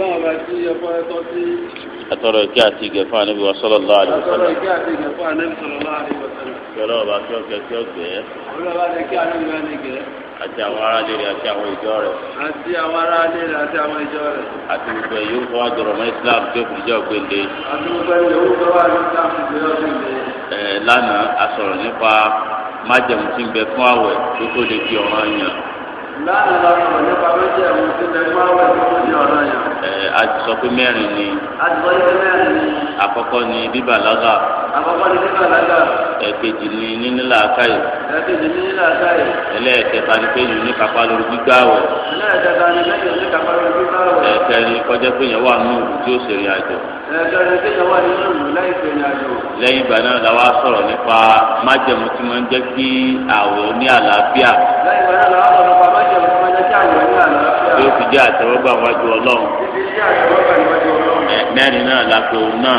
ọlọ́run bá tí ọkọ ẹ̀tọ́ sí. àtọrọ ìkẹ́ àti ìgẹ̀ fún anábì wa sọ́lọ́ lọ́wọ́ àdìbò sọ́lọ́. àtọrọ ìkẹ́ àti ìgẹ̀ fún anábì sọ́lọ́ lọ́wọ́ àdìbò sọ́lọ́. kí ọlọ́run bá kí ọkẹ́ kí ọgbẹ́. ọlọ́run bá kí anábì wa ní gẹ̀ẹ́ àti àwọn aráàlú àti àwọn ìjọ rẹ. àti àwọn aráàlú àti àwọn ìjọ rẹ. àti gbogbo ẹ yóò fọwọ́ dọ̀rọ̀ mọ́ islam tó fi jẹ́ ògbéǹde. àti gbogbo ẹ yóò fọwọ́ islam tó fi jẹ́ ògbéǹde. ẹ lánàá lánàá la a ti sọ pé mẹ́rin ni. a ti ni. àkọ́kọ́ ni bíbà lága. àkọ́kọ́ ni bíbà ẹ̀kejì ni níní làákàyè. ni níní làákàyè. ẹlẹ́ẹ̀kẹta ni pé yìí ní kápá lórí gbígbá wẹ̀. ni pé yìí ní kápá lórí gbígbá wẹ̀. ẹ̀kẹrin kọjá pé yẹn wà ní òwú tí ó ṣèrìn àjò. ẹ̀kẹrin pé yẹn wà ní òwú láì ṣèrìn àjò. lẹ́yìn ìgbà náà la wá sọ̀rọ̀ nípa májẹ̀mú tí wọ́n ń jẹ́ kí àwọ̀ ní àlàáfíà. lẹ́yìn ìgbà náà la wá sọ̀rọ̀ nípa májẹ̀mú yóò fi jẹ́ àtẹwọ́gbà wájú ọlọ́run mẹ́rin náà la pé òun náà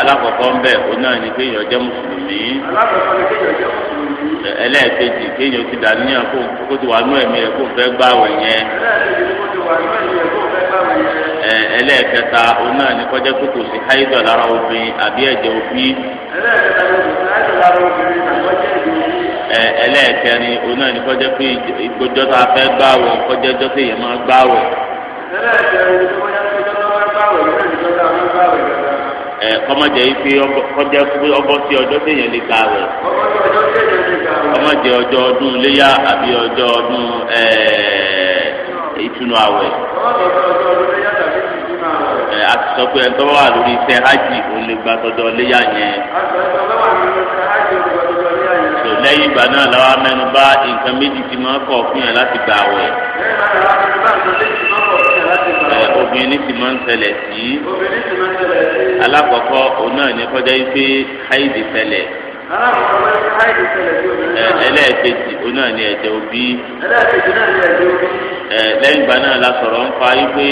alákọ̀ọ́kọ́ ń bẹ̀ òun náà ni kéèyàn jẹ́ mùsùlùmí ẹlẹ́ẹ̀kejì kéèyàn ti dàníyàn kó ti wà nú ẹ̀mí rẹ̀ kó fẹ́ gbààwẹ̀ yẹn ẹlẹ́ẹ̀kẹta òun náà ni kọjá kó kò sí háídọ̀ lára obìnrin àbí ẹ̀jẹ̀ òbí. ẹlẹ́ẹ̀kẹta ẹlẹ́ẹ̀kẹrin òun náà ní kọjá pé ìgbọ́jọ́ tá a fẹ́ gbá wọ̀ kọjá ọjọ́ tí èèyàn máa gbá wọ̀. ẹ kọ́mọdé yìí pé kọjá ọgbọ́n sí ọjọ́ tí èèyàn lè gbá wẹ̀. kọ́mọdé ọjọ́ ọdún léyà àbí ọjọ́ ọdún ìtúnu àwẹ̀. ẹ a sọ pé ẹ tọ́wọ́ wà lórí iṣẹ́ hajj òun lè gbà tọ́jọ́ léyà yẹn. a sọ ẹ tọ́wọ́ wà lórí iṣẹ́ hajj òun lè gbà tọ́jọ́ yẹn. lẹ́yìn ìgbà náà làwa mẹ́nu bà nǹkan méjì tí máa kọ̀ fún yàn láti gbà wẹ̀. obìnrin ti máa ń ṣẹlẹ̀ sí. alákọ̀ọ́kọ́ òun náà ní kọjá yìí pé háìdì ṣẹlẹ̀. ẹlẹ́ẹ̀kejì òun náà ní ẹ̀jẹ̀ òbí. lẹ́yìn ìgbà náà la sọ̀rọ̀ ń pa yìí pé.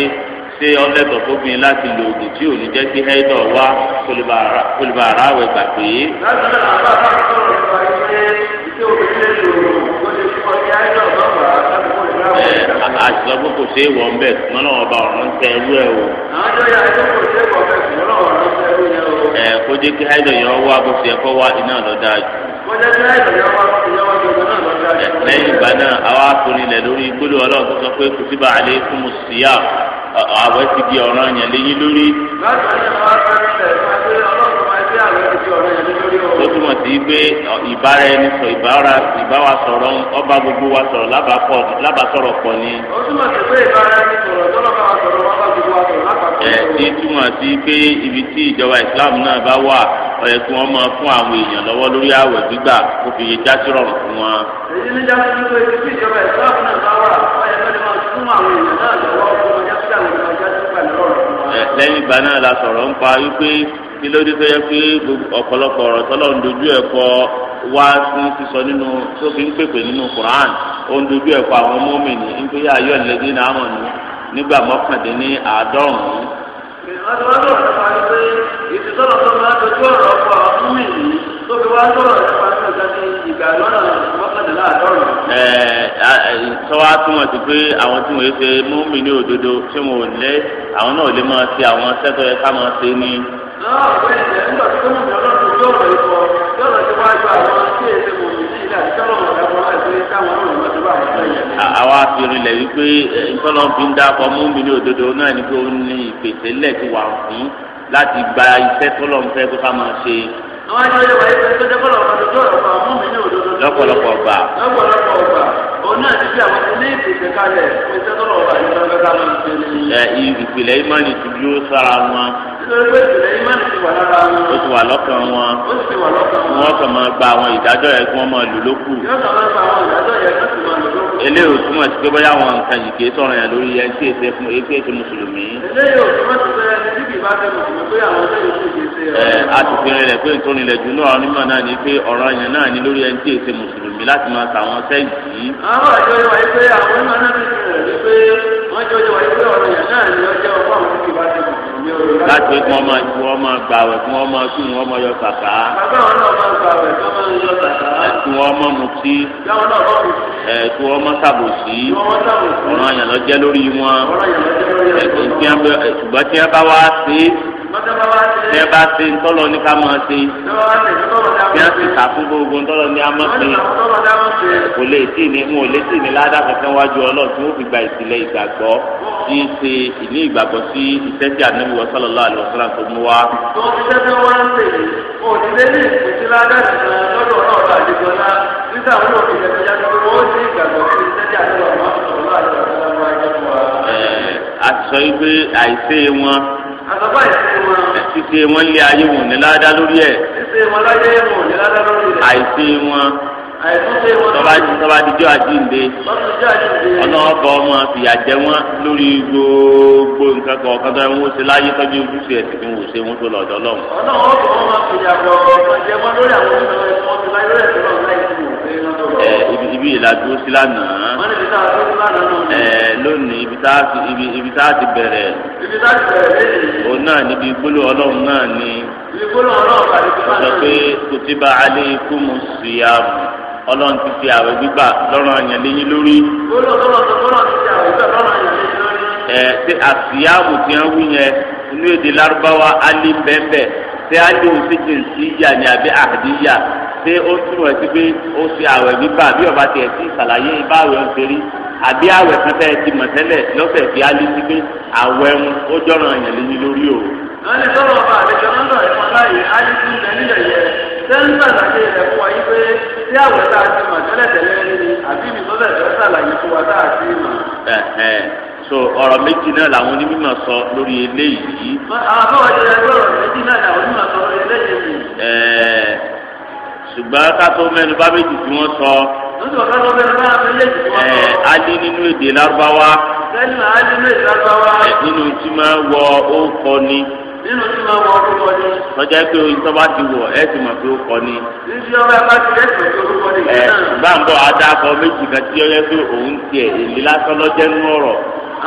ṣé ọlẹ́tọ̀ fóbi láti lo oògùn tí ò ní jẹ́ kí hẹ́dọ̀ wá kólébà ara wẹ̀ gbà pé. àṣìṣe ọgbọ́n kò ṣeé wọ̀ ńbẹ̀ ṣùgbọ́n náà ọba ọ̀rọ̀ ń tẹ ẹrú ẹ o. ẹ kó jẹ́ kí hẹ́dọ̀ yẹn wá bó ṣe ẹ̀kọ́ wá iná jù. kó jẹ́ kí yẹn wá bó lẹ́yìn ìgbà náà àwa àforinlẹ̀ lórí gbólú ọlọ́run tó sọ pé kùtìbà àlẹ́ fún mu síyà àwẹ̀ ti di ọ̀ràn yẹn léyìn lórí. ó túmọ̀ sí pé ìbára ẹni sọ ìbára ìbáwa sọ̀rọ̀ ọba gbogbo wa sọ̀rọ̀ lábàsọ̀rọ̀ pọ̀ ni. ó túmọ̀ sí pé ìbára ẹni sọ̀rọ̀ tọ́lọ́ka wa sọ̀rọ̀ ọba gbogbo wa sọ̀rọ̀ lábàsọ̀rọ̀ pọ̀ ni. ẹ ti túmọ̀ sí pé ibi tí ìjọba ìsìláàmù náà bá wà ó yẹ kí wọ́n máa fún àwọn èèyàn lọ́wọ́ lórí àwẹ̀ gbígbà kó fi já sí rọrùn fún wọn. èyí ní jáde nípa èyí tí ìjọba ẹ̀sọ́ àfihàn náà wà ó yẹ fún àwọn èèyàn náà lọ́wọ́ fún wọn já sí àwọn ìjọba já sí pẹ̀lú rọrùn fún wọn. lẹ́yìn ìgbà náà la sọ̀rọ̀ ń pa wípé kí ló dé tó yẹ pé ọ̀pọ̀lọpọ̀ ọ̀rọ̀ tọ́lọ́ ń dojú ẹ̀ kọ wá fún sísọ nínú tó fi ń pèpè nínú Quran ó ń dojú ẹ̀ kọ àwọn mọ́mìnì ń pé yá ayọ́ ìlẹ́dínlẹ́ àmọ̀ nígbà mọ́kàndínní àádọ́rùn-ún láti wá sọ̀rọ̀ nípa ni pé ètò sọ̀rọ̀ tó máa dojú ọ̀rọ̀ ọkọ̀ ọ̀hún ìlú tó fi wá sọ̀rọ̀ nípa ní ọ̀gá ní ìgbà lọ́nà mọ́kàndínláàdọ́rùn. ẹ ẹ sọ́wọ́ túmọ̀ sí pé àwọn tí wọ́n ṣe mọ́mí ní òdodo tí wọ́n ò lé àwọn náà lè máa ṣe àwọn sẹ́tọ̀ yẹ ká máa ṣe ní. lọ́wọ́ bẹ́ẹ̀ ni nígbà tí gómìnà ọlọ́run yóò rọ̀ ikọ̀ yóò rọ̀ àwa àfihànilẹ̀ wípé ìtọ́nà fi ń dáàbọ̀ mú mi ní òdodo náà ni pé ó ní ìpèsè lẹ̀ ti wà fún láti gba iṣẹ́ tọ́lọ̀ ń fẹ́ kó ká máa ṣe. àwọn ẹni wọlé wọlé tó dé kọ́lọ̀ ọ̀dọ́ ọ̀rọ̀ kan mú mi ní òdodo. lọ́pọ̀lọpọ̀ gbà. lọ́pọ̀lọpọ̀ gbà òun náà ti fi àwọn ilé ìpèsè kalẹ̀ fún iṣẹ́ tó lọ́wọ́ báyìí lọ́wọ́ ká ló ń ṣe ní. ẹ ìpìlẹ̀ ìmánì ti dúró sára wọn. nítorí pé ìpìlẹ̀ ìmánì ti wà lára wọn. ó ti wà lọ́kàn wọn. ó ti wà lọ́kàn wọn. wọ́n kàn máa gba àwọn ìdájọ́ yẹn kí wọ́n máa lò lókù. yóò kàn máa gba àwọn ìdájọ́ yẹn kí wọ́n máa lò lókù. eléyìí ò túmọ̀ sí pé bóyá àwọn nǹkan yìí kì í sọ̀rọ̀ yẹn lórí yẹn tí èsè fún èké èsè mùsùlùmí. eléyìí ò túmọ̀ sí pé ẹni tí kì é. ẹ a ti fi rẹ̀ pé ìtòrìnlẹ̀ jù àwọn àjọ ìwà yìí pé àwọn ìmọ̀ náà ti fi hàn wípé wọ́n jọ ìwà yìí pé ọ̀rọ̀ yẹn náà ni ọjọ́ ọkọ̀ àwọn òkè bá ti láti kí wọn máa ju wọn máa gbà wẹ kí wọn máa kí wọn máa yọ kàkà. bàbá àwọn náà máa gbà wẹ kí wọn máa yọ kàkà. kí wọn máa mutí. káwọn náà máa mutí. ẹ kí wọn máa ṣàbòsí. ọ̀ràn àyànlọ́jẹ́ lórí wọn. ọ̀ràn àyànlọ́jẹ́ lórí wọn. ṣùgbọ́n tí wọ́n bá wá sí ní ẹ bá ṣe ńtọ́lọ ní ká máa ṣe ní a sì kà fún gbogbo ńtọ́lọ ní a máa ṣe kò lè tì ní wọn ò lè tì ní ládàá kankan wájú ọlọ́run tí fi gba ìsìlẹ̀ ìgbàgbọ́ tí í ṣe ìní ìgbàgbọ́ sí iṣẹ́ tí ànábì wọ sallallahu alaihi wasallam tó mú wá. tó ti ṣe fẹ́ àìsè wọn àbábá ìsinmi wọn. ṣíṣe wọn lé ayé wọn ní ládá lórí ẹ. ṣíṣe wọn láyé wọn ní ládá lórí ẹ. àìsí wọn. àìsí wọn. tọ́ba tọ́ba dijọ́ àjíǹde. ọlọ́wọ́ bọ́ ọmọ fìyà jẹ wọn lórí gbogbo nǹkan kan ọ̀kan tó ẹ wọ́n ṣe láyé tọ́jú ojúṣe ẹ̀ tìbí wò ṣe wọ́n tó lọ́dọ̀ ọlọ́run. ọlọ́wọ́ bọ́ ọmọ fìyà jẹ wọn lórí àwọn ibi ìlàdúró sí lánàá. wọ́n ní ibi tá a dúró sí lánàá lónìí. ẹ lónìí ibi tá a ti ibi ibi tá a ti bẹ̀rẹ̀. ibi tá a ti bẹ̀rẹ̀ lẹ́yìn. òun náà níbi gbólóhùn ọlọ́run náà ni. ibi gbólóhùn ọlọ́run kàdé tó bá lọ. sọ pé kutiba alaykumu siyam ọlọ́run ti fi àwẹ̀ gbígbà lọ́rùn àyàn léyìn lórí. gbólóhùn ọlọ́run ti fi àwẹ̀ gbígbà lọ́rùn àyàn léyìn lórí. ẹ ṣé ó túmọ̀ sí pé ó ṣe àwẹ̀ bíbà bí ọba tiẹ̀ sí ìsàlàyé ibà àwẹ̀ ń ṣe rí àbí àwẹ̀ kan tẹ́ ẹ ti mọ̀ tẹ́lẹ̀ lọ́sẹ̀ fi á lé sí pé àwẹ̀ ń ó jọ̀ràn èèyàn lé ní lórí o. wọ́n ní ọba àlejò náà ẹ̀fọn láàyè á nílẹ̀ yẹ sẹ́yìn pàtàkì rẹ̀ fún wa yí pé tí àwẹ̀ tá a ti mọ̀ tẹ́lẹ̀ tẹ́lẹ̀ àbí so ọ̀rọ̀ méjì náà làwọn onímọ̀ sọ lórí eléyìí. àwọn akọ́wọ́ ti rẹ̀ gbọ́dọ̀ méjì náà làwọn onímọ̀ sọ lórí eléyìí ṣùgbọ́n kátó mẹ́nu bá méjì tí wọ́n sọ. lóṣù kátó mẹ́nu bá méjì tí wọ́n sọ. ẹ alẹ́ nínú èdè lárúbáwá. sẹ́ni alẹ́ nínú èdè lárúbáwá. ẹ nínú tí máa wọ ó kọ ni. nínú tí máa wọ ó kọ ni. sọjá pé oyin tó bá ti wọ ẹ sì mọ̀ pé ó kọ ni. níbi ọba bá ti rẹ̀ sọ pé ó ni. ẹ gbàǹbọ̀ adakọ méjì kan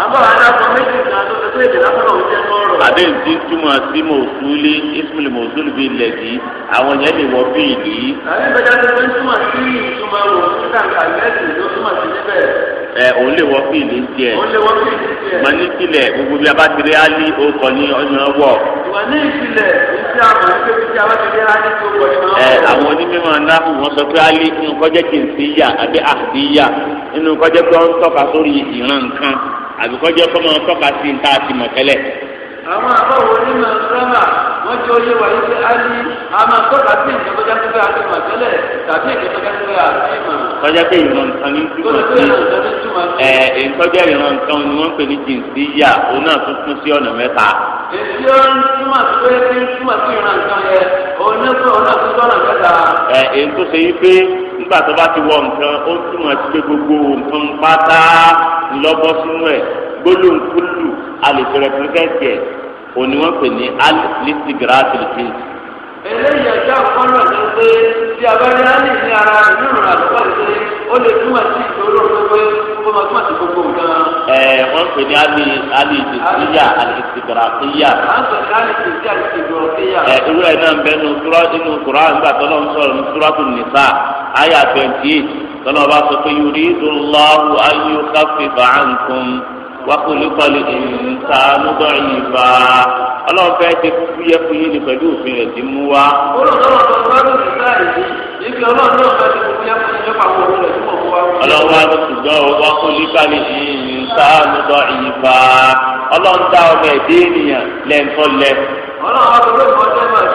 àbá adáfọ méjì kan tó ti pé èdè lásán náà ń jẹ́ lọ́rọ̀. àbẹ́ ìdí túmọ̀ sí mòsúlì ismail mòsúlì bíi lẹ́dí àwọn yẹn lè wọ bíi yìí. àbẹ́ ìgbẹ́jà ti pé túmọ̀ sí ìtumọ̀ òfin kàǹkà lẹ́sìn ló túmọ̀ sí níbẹ̀. ẹ òun lè wọ bíi ní tiẹ̀. òun lè wọ bíi ní tiẹ̀. mọ ní ìpìlẹ̀ gbogbo bí a bá ti rí ali ó kọ ní ọyàn wọ̀. ìwà ní ìpìlẹ̀ ìṣe àbò ẹ àwọn onímọ̀ náà wọ́n sọ pé ali nǹkan jẹ́ kìnsìyà àbí àdìyà nínú nǹkan jẹ́ pé ó ń tọ́ka sórí ìran nǹkan àbíkọ́jọ́ kọ́ máa tọ́ka sí ní tá a ti mọ̀ tẹ́lẹ̀. àwọn àbáwo onímọ̀ sọ́mà wọ́n jẹ́ oyé wáyé pé a ní a máa tọ́ka sí ìjọba tó bẹ́ẹ̀ àti mọ̀ tẹ́lẹ̀ tàbí ìjọba tó bẹ́ẹ̀ àti mọ̀. tọ́jà pé ìran nǹkan ní túmọ̀ sí ẹ̀ ẹ̀ tọ́jà ìran nǹkan ni wọ́n pè ní jìnsíyà òun náà tún kún sí ọ̀nà mẹ́ta. èsì ó ń túmọ̀ sí pé kí ń túmọ̀ sí ìran nǹkan yẹn òun náà tún ọ̀nà mẹ́ta nígbà tó bá ti wọ nǹkan ó túmọ̀ sí pé gbogbo nǹkan pátá ńlọ́bọ́ sínú ẹ̀ gbólóńkúlù alèpẹrẹ pírẹsẹ̀tì ẹ̀ òní wọ́n pè ní alìsígìrá tìlìtì. eléyìí ẹjọ́ kọ́nà ló pé tí abẹ́rẹ́ á lè ní ara ìlú ìrìn àdúgbò ìṣe ó lè túmọ̀ sí ìṣòro pé ó máa túmọ̀ sí gbogbo nǹkan. ẹ wọ́n pè ní ali ali ìdìsíyà alìsígìrá tìyà. ẹ irú ẹ̀ náà ń bẹ́ẹ̀ nù kúrọ́ nínú Kùránì náà ń sọ̀rọ̀ ní àyà twenty eight tọ́lá ọba sọ pé yuridu Allahu an yukhaffifa ankum wákòlùkọ́lù ìnta nùdọ̀ yìí bá ọlọ́run fẹ́ ti fúyẹ́ fún yín ni pẹ̀lú òfin rẹ̀ ti mú wá. ọlọ́run wá ló ṣùgbọ́n wákòlùkọ́lù ìnta nùdọ̀ yìí bá ọlọ́run ọmọ ẹ̀dẹ́ ènìyàn lẹ́ńtọ́ lẹ. ọlọ́run wá ló lóyún ọjọ́ náà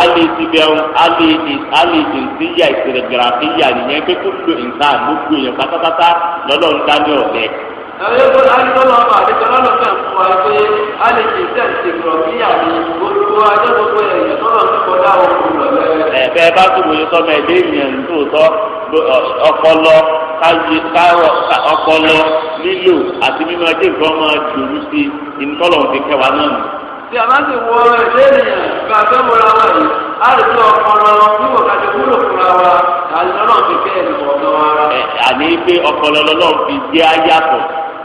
alìdìsíyà ìsìrẹ̀gìràfíyà nìyẹn pé kó lo nǹkan àgbógbó yẹn pátápátá lọ́dọ̀ ń dá ní ọ̀dẹ́. ẹ̀rọ ìgbọ́dọ̀ ọba àdéjọ́ fún wa pé ni gbogbo ajọ́gbogbo ẹ̀yẹ tọ́lọ̀ ń kọjá ọkùnrin lọ́lẹ́. ẹ̀ẹ́dẹ́ bá tún wòye sọ́mọ ẹ̀dẹ́ ìyẹn lóòótọ́ ọpọlọ ọpọlọ àti mímọ máa sí ìtọ́lọ̀ òfin kẹwàá náà tí a bá sì wọ ẹlẹ́nìyàn gba fẹ́ múra wa yìí a lè fi ọpọlọ wíwọ kájọ wúlò fúnra wa àlọ́nà fi kẹ́ ẹ̀ lọ́wọ́ ara. àní pé ọpọlọ lọ́lọ́ fi jẹ́ àyàtọ̀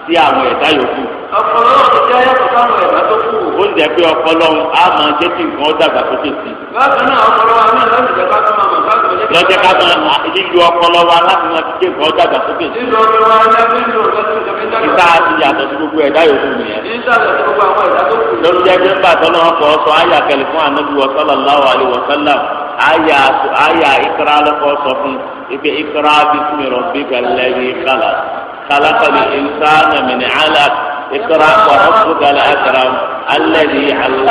sí àwọn ẹ̀dá yòókù ọpọlọ ọdún tí ayé kọta àwọn ẹ̀bá tó kù. ó ń jẹ́ pé ọpọlọ ń á máa jẹ́ kí nǹkan ó dàgbà sókè sí. bákan náà ọpọlọ wa náà láti jẹ́ ká tó máa mọ̀ káàkiri jẹ́ kí. lọ́jọ́ ká máa lílo ọpọlọ wa láti máa fi gé nǹkan ó dàgbà sókè sí. lílo ọpọlọ wa láti fi lò lọ́sí ìjọba ìjọba. ìta àti yàtọ̀ sí gbogbo ẹ̀dá yòókù nìyẹn. ìta àti gbogbo àwọn ẹ̀dá tó kù. lórí jẹ́gbẹ́ ń bàtọ́ náà kọ́ sọ àyà kẹlifọ́n ànábi sallallahu alaihi wasallam àyà àyà ìkra lọ́kọ́ sọ fún ibi ìkra bismi rabbika alladhi khalaq khalaqal insana min alaq اقرأ وربك الأكرم الذي علم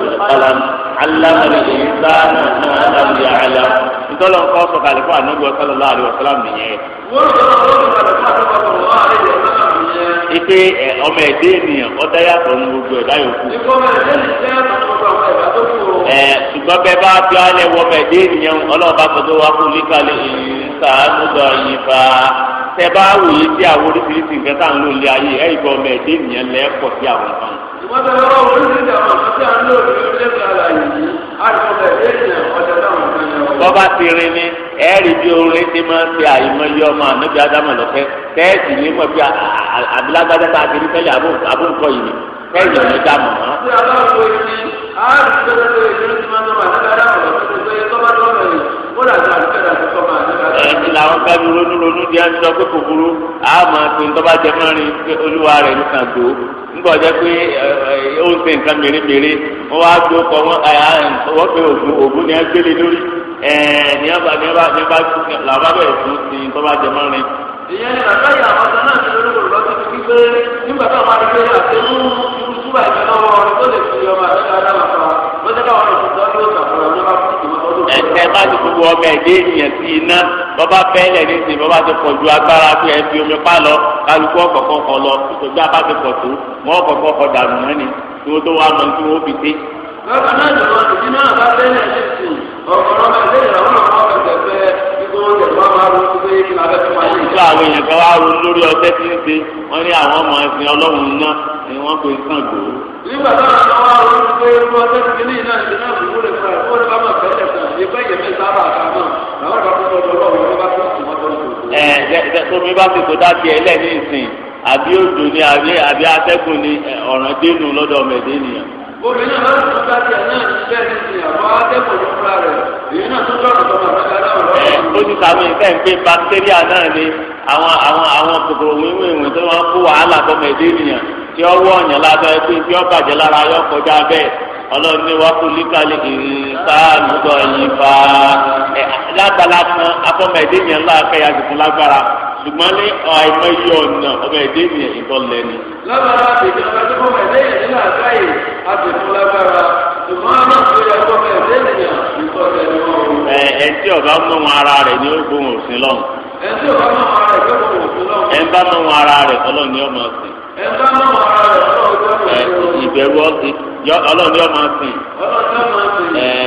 بالقلم علم الإنسان ما لم يعلم nítorí ọkọ sọ kalẹ̀ fún anabi ọsọlọlá àlè ọsọlá nìyẹn. wọ́n sọ fún ọkọ kalẹ̀ fún anabi ọsọlọlá àlè ọsọlá nìyẹn. ipe ọmọ ẹdẹ ènìyàn ọdẹ yàtọ̀ ní gbogbo ẹ̀dá yòókù. ṣùgbọ́n bẹ́ẹ̀ bá bí alẹ́ wọ́n ọmọ ẹdẹ ènìyàn ọlọ́ọ̀bá tó tó wá fún líkalẹ̀ ènìyàn sàánú lọ yìí bá tẹ bá wòye sí àwọn oríṣiríṣi nǹkan tá à ń lò lé ayé ẹ ìgbà ọmọ ẹdẹ ènìyàn lẹ sí àwọn ọmọ yìí. ìwọ́n oríṣiríṣi àwọn ọ̀sán tí a ń lò ní orílẹ̀-èdè yìí á ti fọ́ bẹ̀rẹ̀ táwọn ọ̀sán yẹn wọ́n. bọ́bá ti rin ni ẹ̀ẹ́rì bí orin ti máa ń ṣe àìmọye ọmọ ànábi ádámọ̀ lọ́fẹ́ tẹ́ẹ̀sì ní mọ̀ bí abilágbádá tá a ti rí tẹ́lẹ̀ abóǹkọ yìí ni tẹ́ẹ̀sì ní dá mọ̀ mọ́. ṣé aláwọ̀ ẹ̀ẹ́dì làwọn kájú ronú ronú di àjọ pé kòkòrò àmọ́ pé ntọ́ba jẹ mọ́rin pé olúwa rẹ̀ ní kan tó ńgbọ́ jẹ́ pé ó ń ṣe nǹkan mèremère wọ́n wá gbé ọkọ̀ wọn wọ́n pe ògùn ògùn ní agbélé lórí ẹ̀ẹ́ ní abà ní abà ní abà làwọn abẹ́rẹ́ fún ti ntọ́ba jẹ mọ́rin. ìyẹn ni bàbá àwọn ọ̀sán náà ti lórí olùkọ́ tó gbé nígbà tó àwọn arúgbó ẹ̀kẹ́ bá ti gbogbo ọmọ ẹ̀dẹ́ ènìyàn sí iná bọ́bá fẹ́lẹ̀ ní sè bọ́bá ti pọ̀ ju agbára pé ẹ fi omi pa lọ kálukú ọ̀kọ̀ọ̀kan kọ lọ ìtòjú abá ti pọ̀ tó wọ́n ọ̀kọ̀ọ̀kan kọ dànù náà ni tí wọ́n tó wá mọ tí wọ́n fi dé. bákan náà ni wọn ti ní nígbà àwọn èèyàn kan wá ronú lórí ọtẹ tí ń ṣe wọn ní àwọn ọmọ ẹsìn ọlọ́run náà ni wọ́n pe Ṣàngó. nígbà táwọn ọmọ wa ronú pé irú ọtẹ tí ní iná ìdíná ìdúró lè fún ẹ kó lè bá máa fẹ́ ẹ̀ sàn ìgbẹ́ ìyẹ̀mí sábà àtàwọn àwọn ọ̀dọ́ tó lọ lọ́wọ́ ìwé bá tó sùn mọ́tò lọ́wọ́. ẹ ẹ tómi bá ti tó dákì ẹ lẹ́ni ìsìn àbí òjò ni àbí àbí atẹ́kùn ni ọ̀ràn dénú lọ́dọ̀ mẹ̀dẹ́nìyàn. obìnrin náà lọ́dún tó dájú ẹ̀ náà ṣiṣẹ́ ní ti a akẹ́kọ̀ọ́ ló fúra rẹ̀ èyí o àwọn àwọn àwọn kòkòrò tó wàhálà tí tí lára yọ kọjá kú líkàlì yìí fa ṣùgbọ́n ní àìmọ iye ọ̀nà ọmọ ẹ̀dẹ́ ni ẹ̀yìn tó lẹ́ni. lábàárà àgbèjọ ọjọ́ ọmọ ẹ̀dẹ́ yẹn nínú àgbá yìí a sì fún lágbára ṣùgbọ́n ọmọ ìgbéyà ọmọ ẹ̀dẹ́ nìyàn ìtọ́ lẹ́nu ọ̀hún. ẹ ẹ tí ọba mọ wọn ara rẹ ni ó òsín lọhùn. ẹ tí ọba mọ wọn ara rẹ gbóhùn òsín lọhùn. ẹ bá mọ wọn ara rẹ tọ́lọ́ ọmọ ọ̀sìn ìbẹ̀rù ọlọ́run yóò máa sìn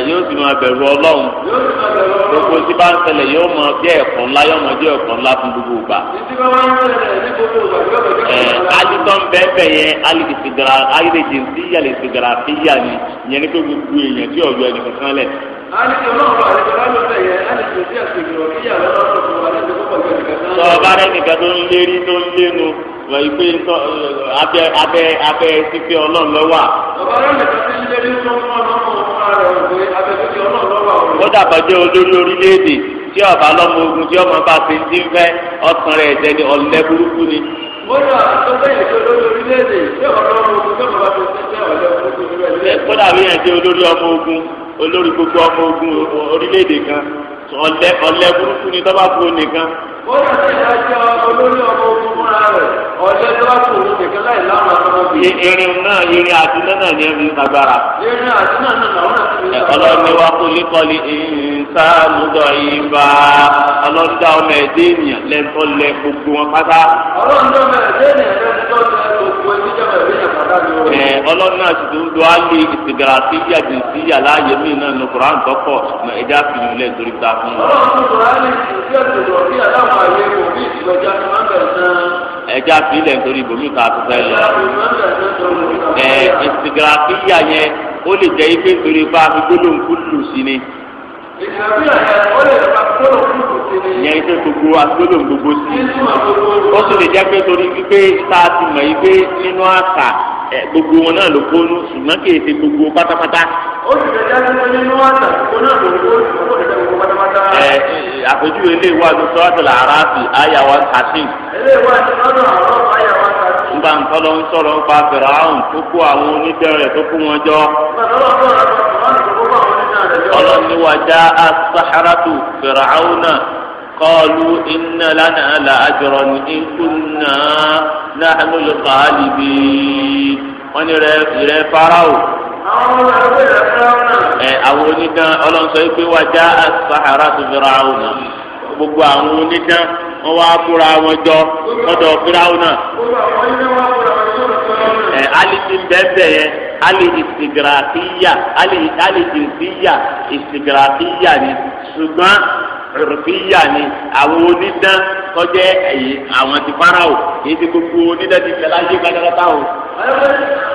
yóò sì máa bẹ̀rù ọlọ́run gbogbo tí bá ń ṣẹlẹ̀ yóò máa jẹ́ ẹ̀kọ́ ńlá yóò máa jẹ́ ẹ̀kọ́ ńlá fún gbogbo ìgbà. alítọ́ ń bẹ́ẹ̀ bẹ́ẹ̀ yẹn alìkìsìgara ayédèjì ń síyà lè sìgara fíyà ni ìyẹn ní pé gbogbo èèyàn tí ọ̀yọ́ ẹnì kankan lẹ̀. alìkìsìgara ló fẹ̀ yẹn alìkìsìgara fíyà lọ́wọ́ sọ ọba rẹ nìkan tó ń lérí tó ń lénu wọ ìpè ńtọ abẹ abẹ abẹ ti fi Ọlọ́run lọ wà. ọba rẹ nìkan tó ń lérí tó ń mọ ọmọ ọmọ rẹ òwe abẹ tó fi Ọlọ́run lọ wà. kódà bàjẹ́ olórí orílẹ̀-èdè tí ọba lọ́mọ ogun tí ọmọ bá ti ti fẹ́ ọ̀sán rẹ̀ jẹ́ ni ọ̀lẹ́ burúkú ni. kódà tó bẹ́ẹ̀ tó lórí orílẹ̀-èdè tí ọba lọ́mọ ogun tí ọmọ bá ti ti fẹ́ ọ̀lẹ́ burúkú ni. kódà ọlẹ ọlẹ burúkú ni tọ́ba kú nìkan. ó yàtọ̀ ìdájọ́ olórí ọmọ ogun fúnra rẹ̀ ọlẹ tọ́ba kú nìkan láì láwọn ọmọbìnrin. irin náà irin àti náà ni ẹbí agbára. irin àti náà náà làwọn àti náà. ọlọ́ni wa kò lè kọ́lé ìsánú dọ̀ ìbá ọlọ́dà ọmọ ẹ̀dẹ́ ènìyàn lẹ́tọ́ lẹ gbogbo wọn pátá. ọlọ́dà ọmọ ẹ̀dẹ́ ènìyàn lẹ́tọ́ lẹ gbogbo ẹni jẹ́ ọlọ́run náà ti dúró wá lé ìsìgàrà sí yàjẹ̀ sí yàrá yẹmí náà nù kúrán tọkọ̀ ẹ̀dá fún un. ọlọ́run tó sọ̀rọ̀ á lè fi sí ọ̀dọ̀dọ̀ bí aláwọ̀ ayé kò ní ìdílọ́jà tó máa ń bẹ̀rẹ̀ náà. ẹja àfilẹ̀ nítorí ibòmí kan àti fẹ́ lọ. ẹ ìsìgìràfíyà yẹn ó lè jẹ́ ife nítorí bá a fi gbólóhùn kúlù sí ni. ìsìgìràfíyà yẹn ó lè jẹ́ bá a fi gbólóhùn sí ni. ìyẹn ife gbogbo agbólóhùn gbogbo sí. ó sì lè jẹ́ pé torí wípé tá a ti mọ̀ yí pé nínú àṣà gbogbo wọn náà ló kónú ṣùgbọ́n kì í ṣe gbogbo pátápátá. ó sì lè jẹ́ pé nínú àṣà náà ló kónú Eh, àpèjúwe ilé wa ní sọ́dọ̀lá aráàfì àyà wa kàtí. ilé wa ní sọ́dọ̀ àrọ́ àyà wa kàtí. nígbà ńkọ́lọ́ ń sọ̀rọ̀ nípa fèrè àrùn tó kó àwọn oníbẹ̀rẹ̀ tó kó wọn jọ. ọlọ́ni asaharatu fèrè àrùn náà kọ́ọ̀lù iná lánàá la àjọrọ̀ ní ìkùnà náà ló lè kọ́ àlìbí wọ́n ní rẹ ìrẹ farao. àwọn ọmọ ẹgbẹ́ rẹ farao náà. ẹ àwọn onídán ọlọ́nsọ yìí pé wájà àsàhárà tó farao náà gbogbo àwọn onídán wọ́n wá kóra wọn jọ lọ́dọ̀ farao náà. ẹ alisi bẹ́ẹ̀ yẹn ali istigrafiya ali ali jinsiya istigrafiya ni ṣùgbọ́n rufiya ni àwọn onídán kọjá ẹ̀yìn àwọn ti farao èyí ti gbogbo onídán ti fẹ́ láyé kájọ́ o ẹgbẹ́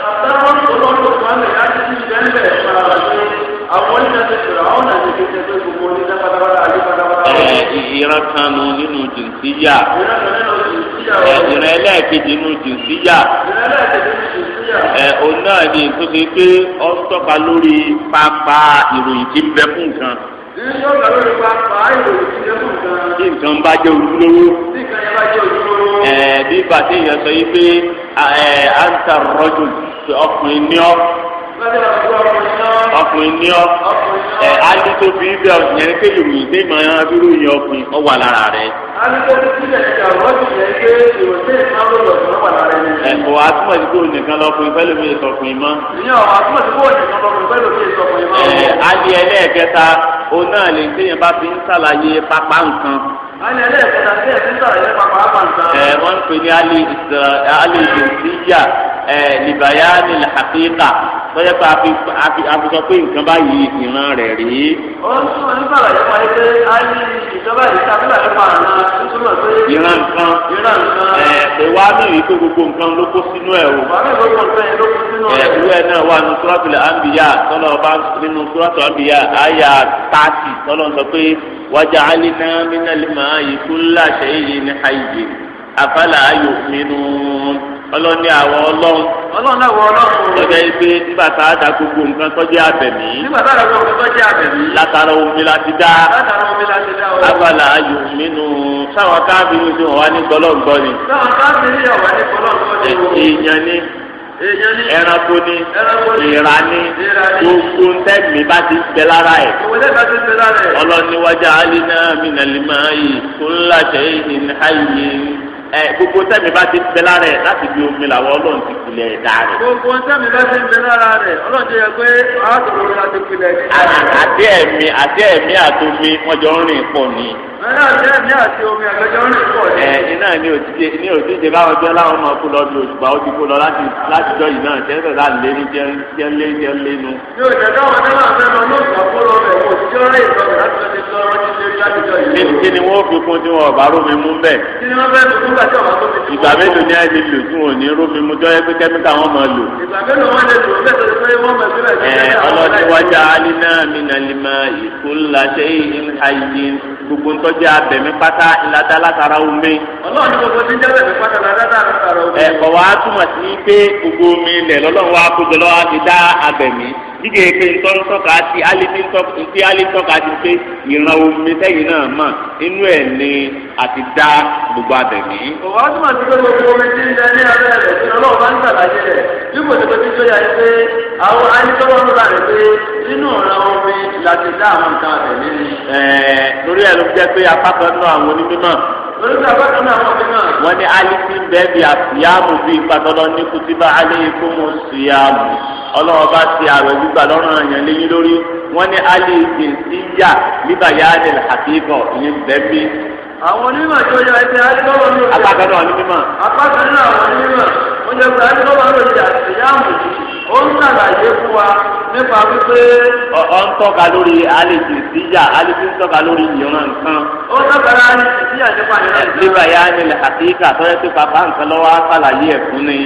àtàwọn olóńtò kan lè láti fi ìdẹ́nbẹ̀ ìfaraba sí àwọn oníṣẹ́ṣe sọ̀rọ̀ àwọn ọ̀nà ìdíje tẹ́tẹ́ gbogbo oníṣẹ́ pátápátá ayé pátápátá. ẹ ìran kan nu nínú jìnsíyà ẹ ìran ẹlẹ́ẹ̀kejì nínú jìnsíyà ẹ òun náà ni tó ṣe pé ó ń tọ́ka lórí pápá ìròyìn tí ń bẹ fún nǹkan tí nǹkan bá jẹ́ ojúlówó ẹ̀ bí bàtí èèyàn sọ yìí pé àǹtà rọ́jò ọkùnrin ní ọ́ ọkùnrin ní ọ ẹ adi tó fi bẹ ọ yẹn ké ìròyìn tẹ ìmọ̀ ẹran abirú yẹn ọkùnrin ọ wà lára rẹ. ẹ kò wá túmọ̀ sí kó nìkan lọkùnrin fẹ́ lómi ìsọkùnrin mọ́. ẹ adi ẹlẹ́ẹ̀kẹta òun náà lè téèyàn bá fi ń ṣàlàyé pápá nǹkan ẹ wọ́n ń pè ní alẹ́ ìdòsíyà ẹ libaya ni làkàkíkà lọ́jọ́ pé àfisọ pé nǹkan báyìí ìran rẹ̀ rí. ó ń sún ní bàbá yẹn wáyé pé a ní ìjọba ìta nígbà nípa àná nítorí pé. ìran nǹkan ìran nǹkan. ẹ pé wá ní ìrí pé gbogbo nǹkan ló kó sínú ẹ o. wàá ní gbogbo nǹkan yẹn ló kó sínú ẹ. ẹ ìwé náà wà ní suratul anbiya tọ́lọ bá nínú suratul anbiya àyà tààtì tọ́lọ sọ pé wájà alina minal ọlọ́ni àwọn ọlọ́run. ọlọ́run àwọn ọlọ́run. lọ́jọ́ yìí pé nígbà tá a da gbogbo nǹkan tó jẹ́ abẹ̀mí. nígbà tá a da gbogbo nǹkan tó jẹ́ abẹ̀mí. látara omi la ti dá. látara omi la ti dá o. abala ayò nínú sáwọn káfíìnì tí wọn wá ní gbọlọ́ngbọ́ ni. sáwọn káfíìnì yà wá ní gbọlọ́ngbọ́ ni. èèyàn ni ẹranko ni ìra ni gbogbo ntẹ́gbìn bá ti bẹ lára ẹ gbogbo tẹmí bá ti ń bẹ lára ẹ láti bí omi làwọn Ọlọ́run ti kulẹ ẹ̀dá rẹ̀. gbogbo tẹmí bá ti ń bẹ lára rẹ̀ Ọlọ́run ti yẹ pé àtòkòrò láti kulẹ ẹ̀dá rẹ̀. àti ẹ̀mí àti ẹ̀mí wọn jọ ń rìn pọ̀ ni ẹ̀yin náà ní òtíje ní òtíje báwọn jẹ́ láwọn ọmọ kú lọ bí òṣùpá ó ti kó lọ láti láti jọ yìí náà tẹ́lẹ̀ láti lé ní jẹ́ jẹ́ lé jẹ́ lé nu. yóò jẹ́ káwọn ẹgbẹ́ náà fẹ́ lọ lóògbà kó lọ bẹ̀ kó tí ó rẹ̀ ìtọ́jú láti lọ sí lọ́rọ́ ní ilé láti jọ yìí. kí ni wọ́n fi kún tí wọn ọ̀bá rómi mú bẹ́ẹ̀. kí ni wọ́n fẹ́ fi kún ọ̀bá rómi mú. ìgbà mélòó ní rómi lò tọ́jú abẹ̀mí pátá ìlàdá látara omi. ọlọ́run ní gbogbo tí ń jẹ́ bẹ̀mí pátá ìlàdá látara omi. ẹ̀kọ́ wa túmọ̀ sí pé gbogbo omi ilẹ̀ lọ́lọ́run wa kó jọ lọ́wọ́ á fi dá abẹ̀mí dídì èké ntọ́ntọ́ka ti alẹ́bí ntí alẹ́tọ́ka ti pé ìran omi sẹ́yìn náà mà inú ẹ̀ ni àti dá gbogbo abẹ̀mí. ọ̀wá tó máa ti gbé gbogbo omi tí ń bẹ ní abẹ́ rẹ̀ tí ọlọ́run bá ń ṣàlàyé rẹ̀ bí kò ní kó ti tó yà yí pé àwọn alẹ́tọ́wọ́ ń bá rẹ̀ pé nínú ọ̀ràn omi láti dá àwọn nǹkan abẹ̀mí ni. ẹ̀ẹ́ lórí ẹ̀ ló jẹ́ pé apá kan náà àwọn onímọ̀ wọ́n ní alisi ń bẹ́ẹ̀ bí àfìyàmù bí ìpàtọ́lọ́ ní kùtìbà aléyìnkùmù síyàmù ọlọ́wọ́ bá ti àwẹ̀ gbígbà lọ́rùn àyàn léyìn lórí wọ́n ní alisi ń síyà nígbà yáa ní làkàtì ìyẹn bẹ́ẹ̀ bí àwọn onímọ̀ tó yọ ẹgbẹ́ alẹ́kọ̀ọ́ ní òjò. apá kan náà ní mímọ̀. apá kan náà àwọn onímọ̀ ó jẹ́ pé alẹ́kọ̀ọ́ ní òjò àtìyáàmù ó ń ṣàlàyé fún wa nípa wípé. ọ̀ ń tọ́ka lórí alèjì síjà alèjì ń tọ́ka lórí ìran nǹkan. ó tọ́ka lórí síjà nípa ìran nǹkan. nígbà yá ni àtìkà tọ́jọ́ pé bàbá nǹkan lọ́wọ́ ṣàlàyé ẹ̀ fún ni.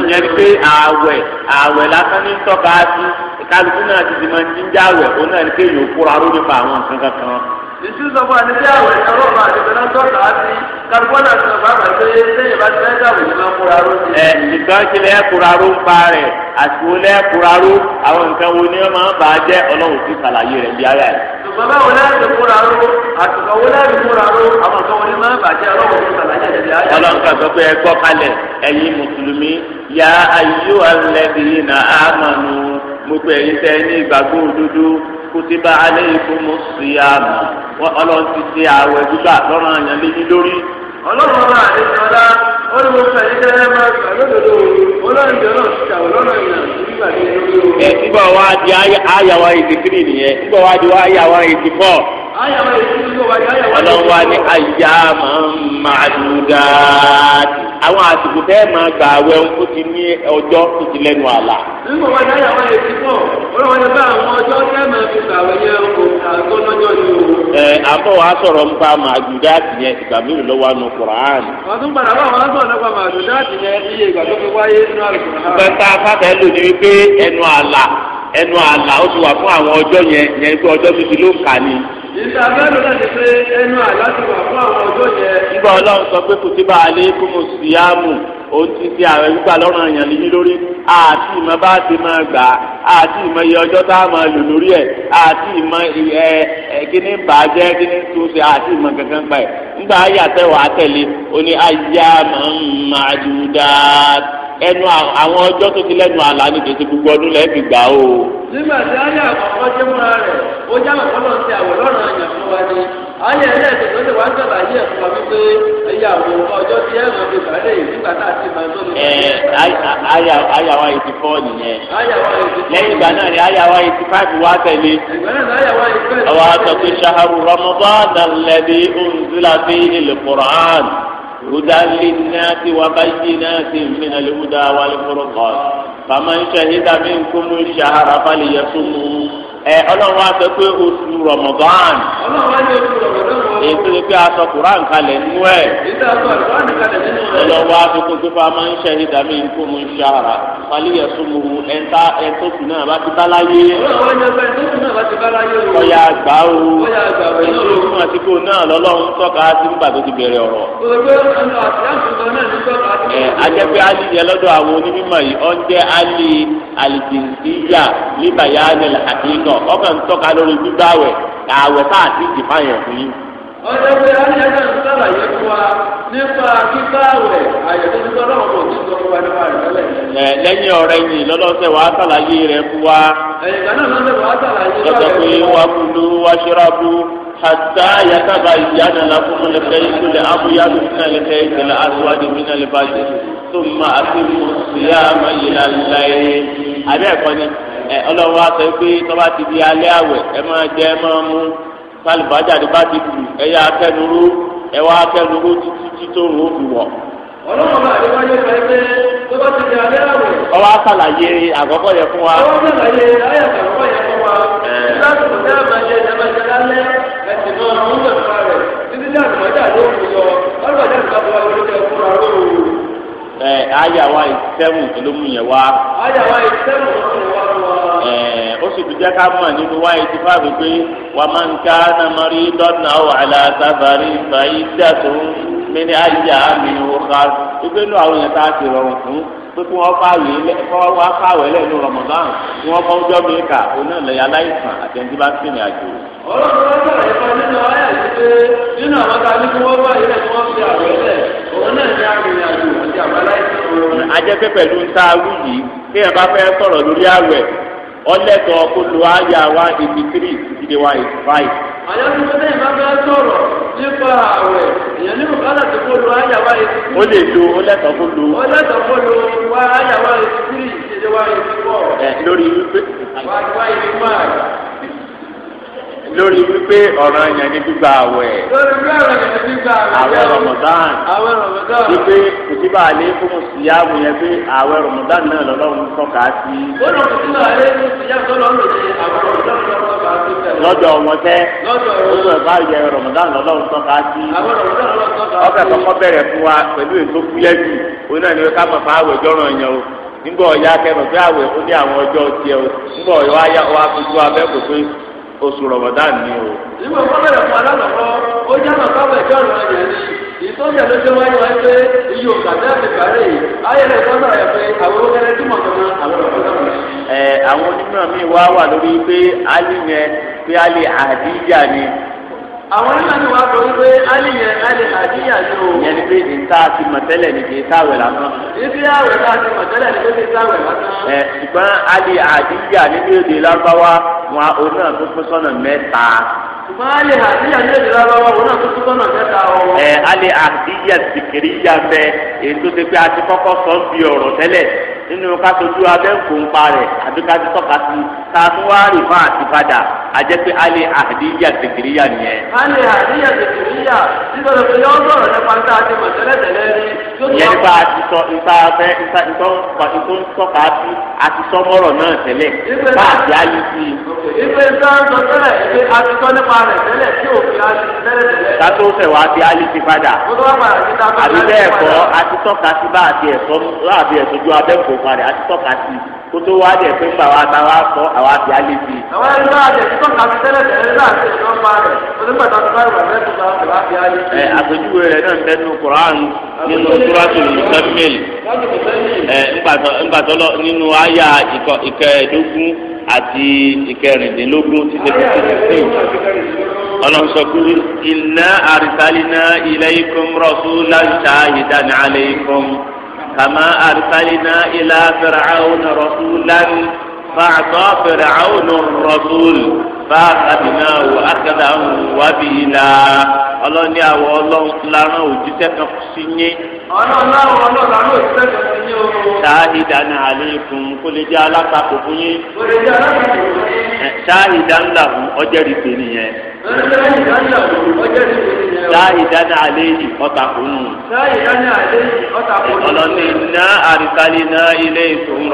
ìyẹn ni pé ààwẹ̀ ààwẹ̀ lásán ní tọ́ka sí kálukú náà ti di máa ń jíjà ààwẹ̀ òun náà ni kéèyàn kóra lórí pa àwọn nǹkan ìṣú sọ fún àdébí àwẹ̀ ìṣòro ọ̀rọ̀ àdébí náà tọ́ka á sí kálukọ́nà sọ bá ti dàbò ní máa kóra ró. ẹ nìkan lẹ́ kóra ń pa rẹ̀ lẹ́ kóra àwọn nǹkan wo ni máa ń bà á jẹ́ ọlọ́run ti rẹ̀ bí ara rẹ̀. kóra kutiba aleikum siyam ọlọ́run ti ṣe àwẹ̀ gbígbà lọ́rọ̀ àyàn lé lórí. ọlọ́run ọba máa gbà náà ti àwọn lọ́rọ̀ àyàn nígbà tí lórí o. ẹ wá di àyàwá nìyẹn nígbà wá di àyàwá ọlọ́run wa ayá máa ń máa àwọn àsìkò tẹ́ máa gbà ń kó ti ní ọjọ́ tó ti lẹ́nu àlà. nígbà wọn yáyà wọn lè ti pọ̀ wọn lè bá àwọn ọjọ́ tẹ́ máa fi gbà yẹn o àgọ́ lọ́jọ́ ni o. ẹ àbọ̀ wa sọ̀rọ̀ ń pa màdùdáàtì yẹn ìgbà mélòó lọ́wọ́ àánú kùránì. wọ́n padà bá wọn sọ̀rọ̀ nípa màdùdáàtì yẹn iye ìgbà tó fi wáyé nínú àlùkùránì. bẹ́ẹ̀ afáfẹ́ lò ní wípé ìta abẹ́rù náà ti pé ẹnu àlásùwà fún àwọn ọjọ́ yẹn. nígbà ọlọ́run sọ ààrẹ gbígbà lọ́rùn lè iye ọjọ́ tá a máa lò lórí ẹ̀ àti ìmọ̀ kankan gbà ẹ̀ nígbà ayé àtẹ̀wọ̀ àtẹ̀lé ayé ẹnu àwọn ọjọ́ tó ti lẹ́nu àlá ni kìí ṣe gbogbo ọdún lẹ́ẹ̀ fi gbà o. nígbà tí ayé àkọ́kọ́ jẹ́ múra rẹ̀ ó já àkọ́kọ́ náà ti àwẹ̀ lọ́rùn àyàn fún wa ni ayé ẹlẹ́ẹ̀kẹ́ tó lè wá sọ̀rọ̀ ayé ẹ̀fọ́ wa wípé ẹ̀yà ọjọ́ tí ẹ̀rọ fi bàálẹ̀ nígbà tá a ti máa tó lè. ayé àwa eighty four nìyẹn lẹ́yìn ìgbà náà ni ayé àwa eighty five wá tẹ̀lé. ọwọ́ àtọ̀kẹ́ sàhàrù rọmọbọ́ọ̀dà lẹ́bi هدى للناس وبينات من الهدى والفرقان فمن شهد منكم الشهر فليصمه ẹ ọlọ́run á sọ pé oṣù rọmọdán. ọlọ́run èyí tó ṣe pé aṣọ kuran kalẹ̀ nínú ẹ̀. ọlọ́wọ́ àfikún tó fà máa ń ṣe ẹ̀dá mi kó mu ń ṣàrà falíyẹ̀ súnmu ẹ̀ńtà ẹ̀tọ́sù náà bá ti bá láyé. ọ̀yà àgbà o èyí tó fún àtìkò náà lọ́lọ́run tọ́ka sí nígbà tó ti bẹ̀rẹ̀ ọ̀rọ̀. ẹ̀ ajẹ́pẹ́ alì yẹn lọ́dọ̀ àwọn onímọ̀ yìí ọ́n jẹ́ alì alìjìnsíyà níbàyà àti ìkọ̀ ọkàn tọ́ka lórí gbígbáwẹ̀ àwẹ̀ tá ọjọ́ pé ayẹyẹ náà ń sàlàyé fún wa nípa kíkà àwẹ̀ àyẹ̀wò tó lọ́wọ́ nípa lẹ́yìn ọ̀rẹ́ yìí lọ́lọ́sẹ̀ wàá sàlàyé rẹ̀ fún wa. ẹ̀yìnká náà lọ́sẹ̀ wàá sàlàyé rẹ̀ fún wa. ọjọ́ pé ìyáná fúnà tó tálùbájáde bá ti kù ẹ̀yà akẹ́nuró ẹ̀wà akẹ́nuró títí títí òun ó fi wọ̀. ọlọ́run bá fẹ́ pé tó bá ti di abẹ́ àwẹ̀. ọwọ́ àṣàlàyé àkọ́kọ́ yẹ fún wa. ọwọ́ àṣàlàyé àkọ́kọ́ yẹ fún wa. ìlànà a máa jẹ lálẹ́ ẹ̀sìn náà ń rẹ̀ títí fi yọ sì fi jẹ́ ká mọ̀ nínú wáyé tí fáàbí pé wà máa ń ká nàmọ́rí dọ́nà ọ̀wà aláàtàbárí ìfàyí dàtó mẹ́ni ayé àmì òkà ìgbé nù àwọn yẹn tá a ti rọrùn fún pé kí wọ́n fáwé lẹ́ kọ́ wá fáwé lẹ́ nù rọmọdán kí wọ́n kọ́ ọjọ́ mi kà oná lẹ̀ yà láìsàn àti ẹni tí bá ń sìn àjò. ọ̀rọ̀ tó wá sọ̀rọ̀ nínú ayé àti pé nínú àwọn tá a ní kí wọ́n wá ilẹ̀ ọlẹ́tọ̀ kó lo àyà one eighty three títí dé one eighty five. àyà tó ṣe bẹ́ẹ̀ máa bá sọ̀rọ̀ nípa àwẹ̀ èèyàn nínú kálá tó kó lo àyà one eighty three. ó lè lo ọlẹ́tọ̀ kó lo. ọlẹ́tọ̀ kó lo àyà one eighty three títí dé eighty four. ẹ lórí wípé. one eighty five. lórí wípé ọ̀ràn yẹn ní gbígba àwẹ̀. lórí wípé ọ̀ràn yẹn ní gbígba àwẹ̀. àwẹ̀ rọmọdán. àwẹ̀ rọmọdán. wípé kùtìbà àlẹ́ fún yẹn pé àwẹ̀ rọmọdán náà lọ́lọ́run tọ́ka sí. àlẹ́ ti àwẹ̀ rọmọdán tọ́ka sí. lọ́dọ̀ wọn tẹ́. lọ́dọ̀ wọn. gbogbo ẹ̀fọ́ àyẹ̀ nígbà oṣù rọmọdán ni o. ìwé kọ́bẹ̀rẹ̀ fún alákọ̀ọ́ ó jẹ́ àwọn kábẹ̀ ìjọ ìrìn àjẹ́ ni ìtọ́jú ẹ̀ ló ṣe wáyé wáyé pé iye òkà tẹ́ àti kàárẹ̀ yìí ayẹyẹ kan náà yẹ pé àwọn olókèrè túmọ̀ kan náà àwọn ọ̀rọ̀ kan náà. ẹ àwọn onímọ̀ mi wá wà lórí pé alì yẹn pé alì àdíjà ni àwọn onímọ̀ ni wàá dọ̀wọ́ alìyẹ alì àdíyà yóò. ìyẹn ni pé ní tá ti mọ̀ tẹ́lẹ̀ ní kì í lásán. ibi àwẹ̀ tá a ti mọ̀ tẹ́lẹ̀ ní kì í sáwẹ̀ lásán. ẹ ṣùgbọ́n alì àdíyà nínú lágbáwá wọn náà tó sọ́nà mẹ́ta. ṣùgbọ́n àdíyà lágbáwá náà tó sọ́nà mẹ́ta o. ẹ àdíyà èyí tó ti pé a ti kọ́kọ́ sọ nínú ká sojú abẹ́ǹkó ń pa rẹ̀ àbí ká ti tọ́ka sí ká tún wá rì fún àtipadà àjẹ́ pé alẹ́ àdíyà tẹ̀kìríyà nìyẹn. alẹ́ àdíyà tẹ̀kìríyà nígbà tó fi yọ́ sọ̀rọ̀ nípa tá a ti mọ̀ tẹ́lẹ̀tẹ́lẹ̀ rí. ìyẹn nípa àti sọ nípa abẹ́ nípa ìtọ́ ìtọ́ tọ́ka sí àti sọmọ́rọ̀ náà tẹ́lẹ̀ bá àti alẹ́ sí i. ìgbẹ́ sáńsọ tẹ́lẹ̀ ìgbẹ́ àti nípa rẹ̀ tẹ́lẹ̀ tí òfin àtòkùn rẹ̀ àti tọ́ka sí kó tó wá dẹ̀ pé nígbà wa ta wá sọ àwa fi alẹ́ sí. àwọn ẹni náà dẹ̀ ti tọ́ka sí tẹ́lẹ̀ tẹ́lẹ̀ náà ti ẹ̀dọ́ rẹ̀ tó ti bá ìwà wá fi alẹ́ ẹ àpèjúwe rẹ náà nínú ẹ nínú àyà ìkẹẹ̀ẹ́dógún àti ìkẹrìndínlógún ti ṣe fi كما أرسلنا إلى فرعون رسولا فأعطى فرعون الرسول báàkàbí náà wò ákàdá ń wá bí i la ọlọ́ni àwọ̀ ọlọ́run láràn òjíṣẹ́ kan sí yín. ọlọ́run láwọ̀ ọlọ́run láràn òjíṣẹ́ kan sí yín o. sáàhì dáná àlékún kó lè jẹ́ alátakò fún yín. kó lè jẹ́ alátakò fún yín. sáàhì dáná fún ọjọ́ ìpè sáàhì dáná fún ọjọ́ ìpè sáàhì dáná àléyìn ọ̀tàkùnù. sáàhì dáná àléyìn ọ̀tàkùnù. ọlọ́ni iná àríkálí náà ilé ìtòun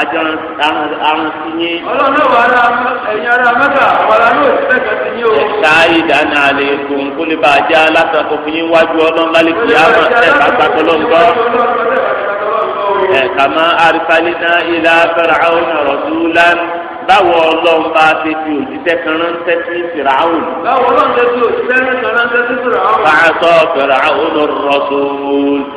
àjọràn àjọràn àrùn sí yín. ọlọ́run náà wà á ẹ̀yin ará mẹ́ta wàrà náà ti fẹ́ẹ́ kẹ́sì yín o. ẹ̀ka ìdáná àlè kùn kó lè bá a jẹ́ alátakò fún yín wájú ọlọ́run lálẹ́ kìí àmọ́ ẹ̀ka gbàgbọ́ lọ́ngbọ́. ẹ̀ka máa arísálí náà ilá fẹ́ràn àwọn rasulan báwo ọlọ́run bá ṣe fi òjíṣẹ́ kan ránṣẹ́ sí fìràhùn. báwo ọlọ́run ṣe fi òjíṣẹ́ kan ránṣẹ́ sí fìràhùn.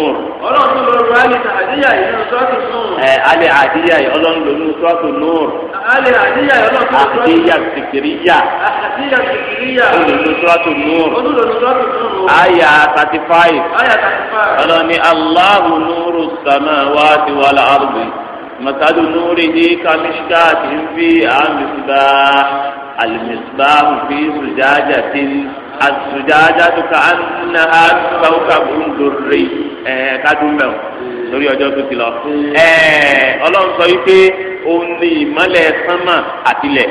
nur. ọlọ́run ló lọ́rùn alẹ́ àdíyà yìí nínú sọ́ọ̀tù nur. ẹ alẹ́ àdíyà yìí ọlọ́run ló nínú sọ́ọ̀tù nur. alẹ́ àdíyà yìí ọlọ́run ló nínú sọ́ọ̀tù nur. àdíyà sìkìríyà. àdíyà sìkìríyà. ó lò nínú sọ́ọ̀tù nur. ó lò nínú sọ́ọ̀tù nur. àyà thirty five. àyà thirty five. ọlọ́ni aláhu nuru samawati wal ardi. مثل نوره كمشكاة فيها مصباح المصباح في زجاجة azujajatu ka anna asawu ka bundurri ẹ kadun bẹ o lórí ọjọ́ tó ti lọ ẹ Ọlọ́run sọ yìí pé òun ni sánmà àtilẹ̀.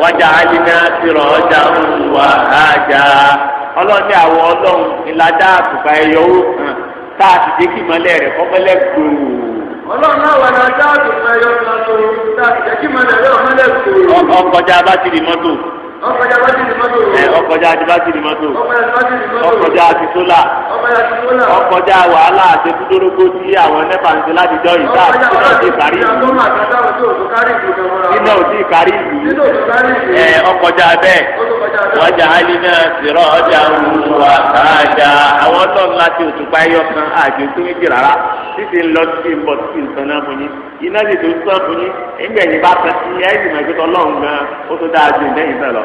wájà alina sírọ ọjà wà ájà ọlọ́ọ̀ni àwọn ọlọ́run ìlàjà àtùpà ẹ̀yọ wò kàn tá a ti dé kí ìmọ̀lẹ́ rẹ̀ kọ́mọ́lẹ́ gbòòrò. ọlọ́run náà wà ní àtùpà kan ọkọjá bátìrì mọ́tò. ọkọjá bátìrì mọ́tò. ọkọjá àti sólà. ọkọjá wàhálà àti kúndórógbó tí àwọn nẹ́pà ń ṣe láti jọ ìta iná òtí kárí ìlú. iná òtí kárí ìlú. ọkọjá bẹ́ẹ̀ wájà alina sírọ̀ ọjà wà káàjà àwọn ọlọ́run láti òtúpa ẹyọ kan àjò tó ń jì rárá títí ń lọ sí ń bọ̀ títí ń tanná fún yín iná lè tó ń sàn fún yín ẹgbẹ̀yìn bá tẹ̀ sí ẹ̀yìn mẹ́gbẹ́tọ̀ ọlọ́run gan ó tó dáa ju ìdẹ́yìn náà lọ.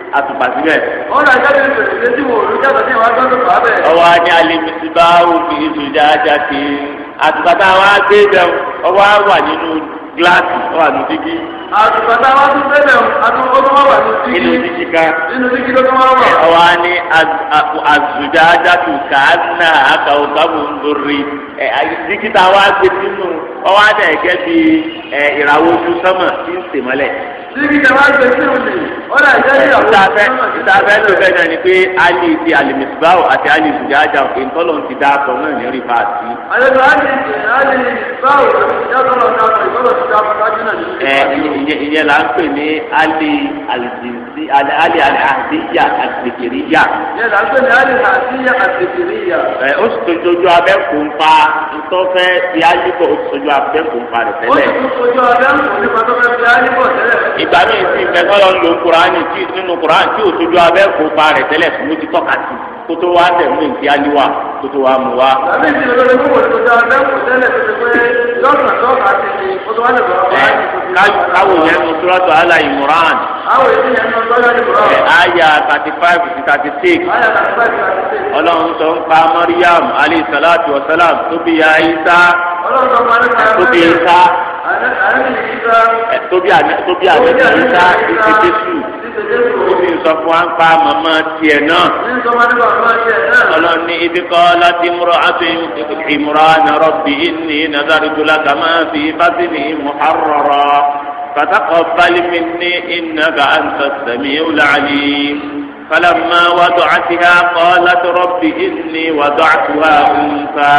àtùpà síbẹ̀. wọ́n lọ jáde lóṣèlú tí wò ló jáde ní ìwádìí ọdún kan bẹ́ẹ̀. ọwọ́ ni alimisi bá omi ìsòjà ajá ti àtùpà tá a wá gbé bẹ́ẹ̀ ọwọ́ á wà nínú gíláàsì ọwọ́ àti dígí. àtùpà tá a wá tún bẹ́ẹ̀ àtùpà tó wà nínú dígí. nínú dígí ká. nínú dígí tó tó wá wà. ọwọ́ ni àzùjà ajá tó kà nà àkà òkàbù ń dorí dígí tá a wá gbé sínú ọwọ́ síbi tẹ̀wá gbé sí òní ọ̀là ìjẹ́lẹ̀ ìyàwó ìtafẹ́ ìtafẹ́ ló fẹ́ náà ni pé ali ti alimisbawo àti ali ìsìnjájà òkè ńtọ́lọ̀ ti dá aṣọ náà ní rí paati. àlejò ali ali ìsìnjáwò ìjọ́tọ̀lọ̀ náà ìtọ́lọ̀ ti dá aṣọ náà ní rí paati. ẹ ìyẹn là ń pè ní ali alìjìn àti alẹ́ àdìyà àtìkìríyà. yẹ́nà pé ní alẹ́ àdìyà àtìkìríyà. ẹ ó sì tó jojú abẹ́kùnfà ntọ́fẹ́ ti alíbọ̀ ó sì tójú abẹ́kùnfà rẹ̀ tẹ́lẹ̀. ó sì tójú abẹ́kùnfà nípa tó fẹ́ fi alíbọ̀ tẹ́lẹ̀. ìgbà míì sì mẹ́tọ́ lọ lo kuraani nínú kuraani tí ó tójú abẹ́kùnfà rẹ̀ tẹ́lẹ̀ fún mi ti tọ́ka sí i kótó wa tẹ̀ mú ìdí aliwa kótó wa mú wa. tàbí ìdí lórí mú wòlé tó dáa bẹ́ẹ̀ kò tẹ́lẹ̀ tó ti pé lọ́sàn-án tó bá ti di kótó wa lè bọ̀ ọ́ káwọ yẹn nu sọ́dọ̀ ala imran. káwọ yẹn nu sọ́dọ̀ imran. ẹ aya thirty five to thirty six. aya thirty five to thirty six. ọlọ́run sọ ń pa mariam alayhi salatu wa salam tóbi ya isa. ọlọ́run sọ pa ní ká tóbi isa. tóbi àná tóbi àná tóbi isa sọ fún wa ń pa màmá tiẹ̀ náà. ọlọ́ni ibi kọ́ láti múra àti ìmúra nàrọ̀ bí ní nàzàrí jula kàmá fi fásitì ní muharrara fataqabbal minni innaka anta sami'ul alim. فلما وضعتها قالت رب إني وضعتها أنثى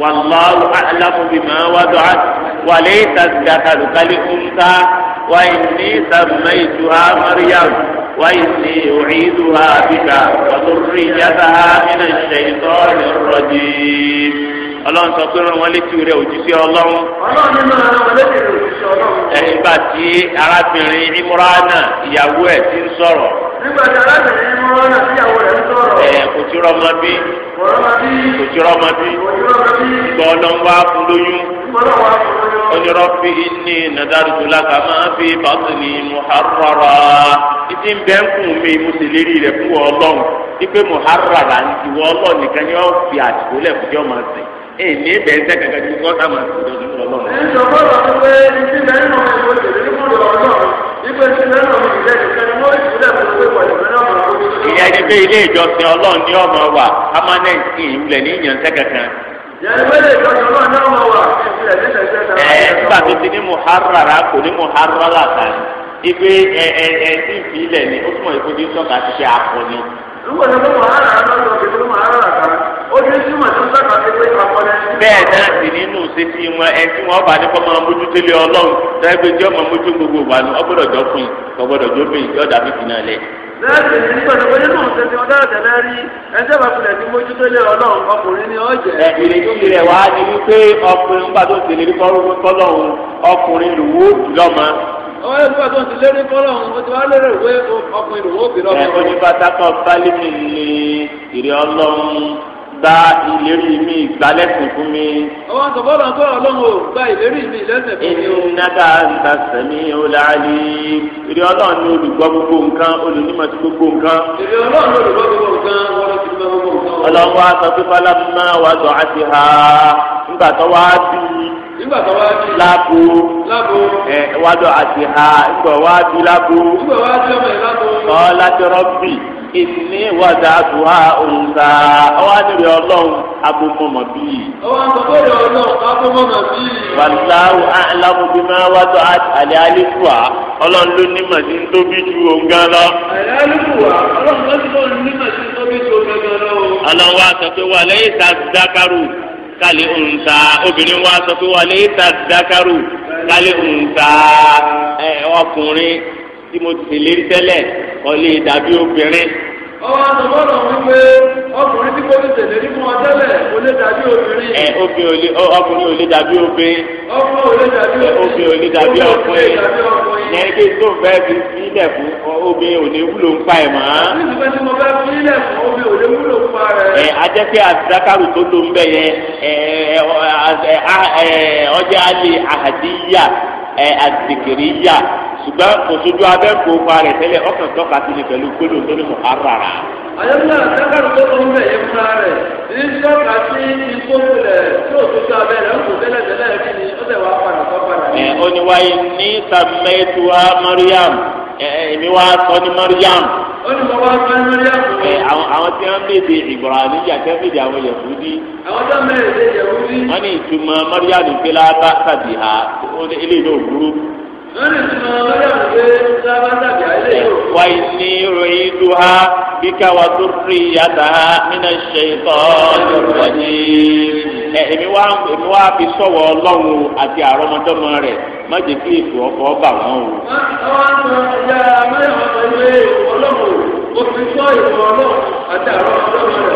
والله أعلم بما وضعت وليس الذكر كالأنثى وإني سميتها مريم وإني أعيدها بك وذريتها من الشيطان الرجيم ọlọ́run sọ pé ràn wọ́n létí rẹ̀ òjíṣẹ́ ọlọ́run. ọlọ́run ní máa ràn létí rẹ̀ òjíṣẹ́ ọlọ́run. ẹ̀yìn gbà tí arábìnrin imurana ìyàwó ẹ̀ ti ń sọ̀rọ̀. nígbà tí arábìnrin imurana ìyàwó rẹ̀ ń sọ̀rọ̀. ẹ̀ kò tí rọ́mọ bí. òtúrọ ọmọdé gbọ ọlọ́ngbà fúlóyún onírọ́ fi ní máa fi bàtúni muharrara ìdí ń bẹ́ ń kùn mo sì lérí rẹ̀ fún ọlọ́run ipe muharrara ń ti wọ ọlọ́run nìkan ni wọ́n fi àtìkó lẹ́kùjọ́ máa sìn èmi bẹ̀ ń tẹ́ka gẹ́gẹ́ máa sìn lọ́dún ọlọ́run. pé ìyẹn ni pé ilé ìjọsìn ọlọ́run ní ọmọ wa a máa ní ìwúlẹ̀ ní ìyànṣẹ́ kankan. ẹ nígbà tó ti ní muharrara kò ní muharrara kan ibi ẹ ẹ ẹ ní ìfilẹ̀ ni ó túmọ̀ ìfojú ti ṣe akọni. bẹ́ẹ̀ náà sì nínú ṣètì wọn ẹ tí wọn bá ní kọ́ máa mójútó lé ọlọ́run dágbé jọ́ máa mójú gbogbo wa ni ọgbọ́dọ̀ jọ fún yìí ọgbọ́dọ̀ jọ fún yìí yọ dàbí fi náà lẹ. tó wọlé náà ṣe ti bá ọkùnrin ni ó ìrètí wá ni wípé ọwọ́ ẹ̀rú bàtọ́ ti lérè kọ́lọ̀ ọ̀hún ti wá lérè ìwé ọkùnrin ìlú wọ́n bìrọ̀. ẹ oní pátákọ̀ pálímì lè ìrẹ́ ọlọ́run gba ìlérí mi gbalẹ́sìn fún mi. ọwọ́ àtọ̀bọ́ ọ̀la tó ọlọ́run ò gba ìlérí mi lẹ́sìn fún mi. ìnáka ńta sẹ́mi ọ̀làlí. ìrẹ́ ọlọ́run ni olùgbọ́ gbogbo nǹkan olùnímọ̀ gbogbo nǹkan. ìrẹ́ ọlọ́run ni olùgbọ́ gbogbo nǹkan wọ́n ti gbọ́ gbogbo nǹkan. ọlọ́run wa sọ pé fálámà wàá sọ àti ha ńgbà tó wá bí nígbà tó wá di. lábo lábo. ẹ wájú àti ha ìgbà wá di lábo. ìgbà wá di ọmọ yẹn lábo. kọ́ láti rọ́bì ìní wàdà àtúwà òǹkà ọwọ́ nílẹ̀ ọlọ́run abomọ́mọ́ bíi. ọwọ́ àgbọ̀gbọ́dọ̀ ọlọ́run abomọ́mọ́ bíi. wàláwù aláwù bí máa wá tó àlẹ́ àlẹ́kùwà ọlọ́run ló ní màsí ń tóbi ju òǹkà lọ. àlẹ́ àlẹ́kùwà ọlọ́run ló ní màsí ń tóbi ju òǹkà lọ. ọlọ́run wa sọ pé wà lẹ́yìn tá a ti dákàrú. Kali òǹta obìnrin wa sọ pé wàlẹ́ ìta dakaru kálí òǹta ọkùnrin tí mo ti lérí tẹ́lẹ̀ kọ́lé dàbí obìnrin ọwọ́ àtọ̀mọ́rọ̀ wípé ọkùnrin tí kò ní tẹ̀lé ní fún ọtẹ́lẹ̀ kò lè dàbí obìnrin. ẹ obìnrin ọkùnrin ò lè dàbí obìnrin. ọkùnrin ò lè dàbí obìnrin. obìnrin ò lè dàbí ọkùnrin. yẹn kí tó fẹ́ fi sílẹ̀ fún obìnrin ò ní wúlò ń pa ẹ̀ mọ́. nígbà tí mo fẹ́ fi sílẹ̀ fún obìnrin ò ní wúlò ń pa rẹ̀. ẹ ajẹ́ pé àdàkàrù tó ló ń bẹ yẹn ọjà alẹ́ àhàdíyà ẹ azikiri yá ṣùgbọ́n òṣojú abẹ́ kó pa rẹ̀ tẹ́lẹ̀ ọkàn tọ́ka sí ni pẹ̀lú gbólóhùn tó ní mọ̀ arára. àyẹ̀wò sẹ́kàrù tó ń bẹ̀ yẹ fúnra rẹ̀ ní sọ́ọ̀kà sí ikú rẹ̀ tí òṣojú abẹ́ rẹ̀ kò tẹ́lẹ̀ tẹ́lẹ̀ rí ni ó tẹ̀ wá padà kọ́ padà. ẹ oníwáyé ní sàmẹ́tù mariam èmi wá sọ ní Mariam. ó ní mo sọ ní Mariam. ẹ àwọn àwọn tí wọn bèbè ìgbọràn níjà tí wọn bèbè àwọn Yahudi. àwọn tí wọn bèbè Yahudi. wọn ní ìtumọ̀ Mariam ní pé látàdì ha ilé ìlú òwúrú. وإني أعيدها بك وذريتها من الشيطان الرجيم èmi wá èmi wá fi sọ̀wọ́ ọlọ́run àti àrọ́mọdọ́mọ rẹ̀ má jẹ́ kí ètò ọkọ̀ bà wọ́n o. wọ́n á sọ ìyá mẹ́rin ọ̀sẹ̀ ilé ọlọ́run sọ ọlọ́run àti àrọ́mọdọ́mọ rẹ̀.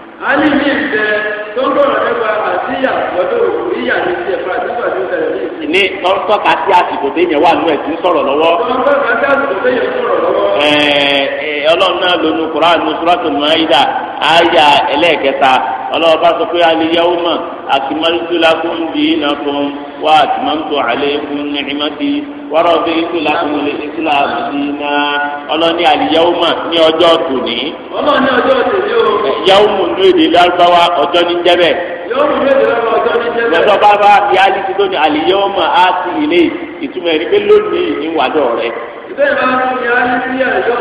ali mi ń bẹ tó ń nípa àdíyà lọ́dọ̀ òkú ní ti ẹ̀fọ́ àdúgbò àti ìtẹ̀lẹ̀ ní sí àsìkò téèyàn wà ẹ̀ tí ń sọ̀rọ̀ lọ́wọ́. sí àsìkò téèyàn sọ̀rọ̀ lọ́wọ́. ọlọ́run náà wọ́rọ̀ bí ìtura tó lè ìtura bìnnà ọlọ́ni àlìyáwómà ní ọjọ́ tòní. ọlọ́ni ọjọ́ tòní o. Eh, yàwómù ní èdè lárúbáwá ọjọ́ ní jẹ́bẹ̀. yàwómù ní èdè lárúbáwá ọjọ́ ní jẹ́bẹ̀. lọ́sọ̀ bá bá fi alisi tó ní àlìyáwómà á sí ilé yìí ìtumọ̀ ẹni pé lónìí ní wàdọ̀ rẹ. bẹ́ẹ̀ máa ń fi àyíká yọ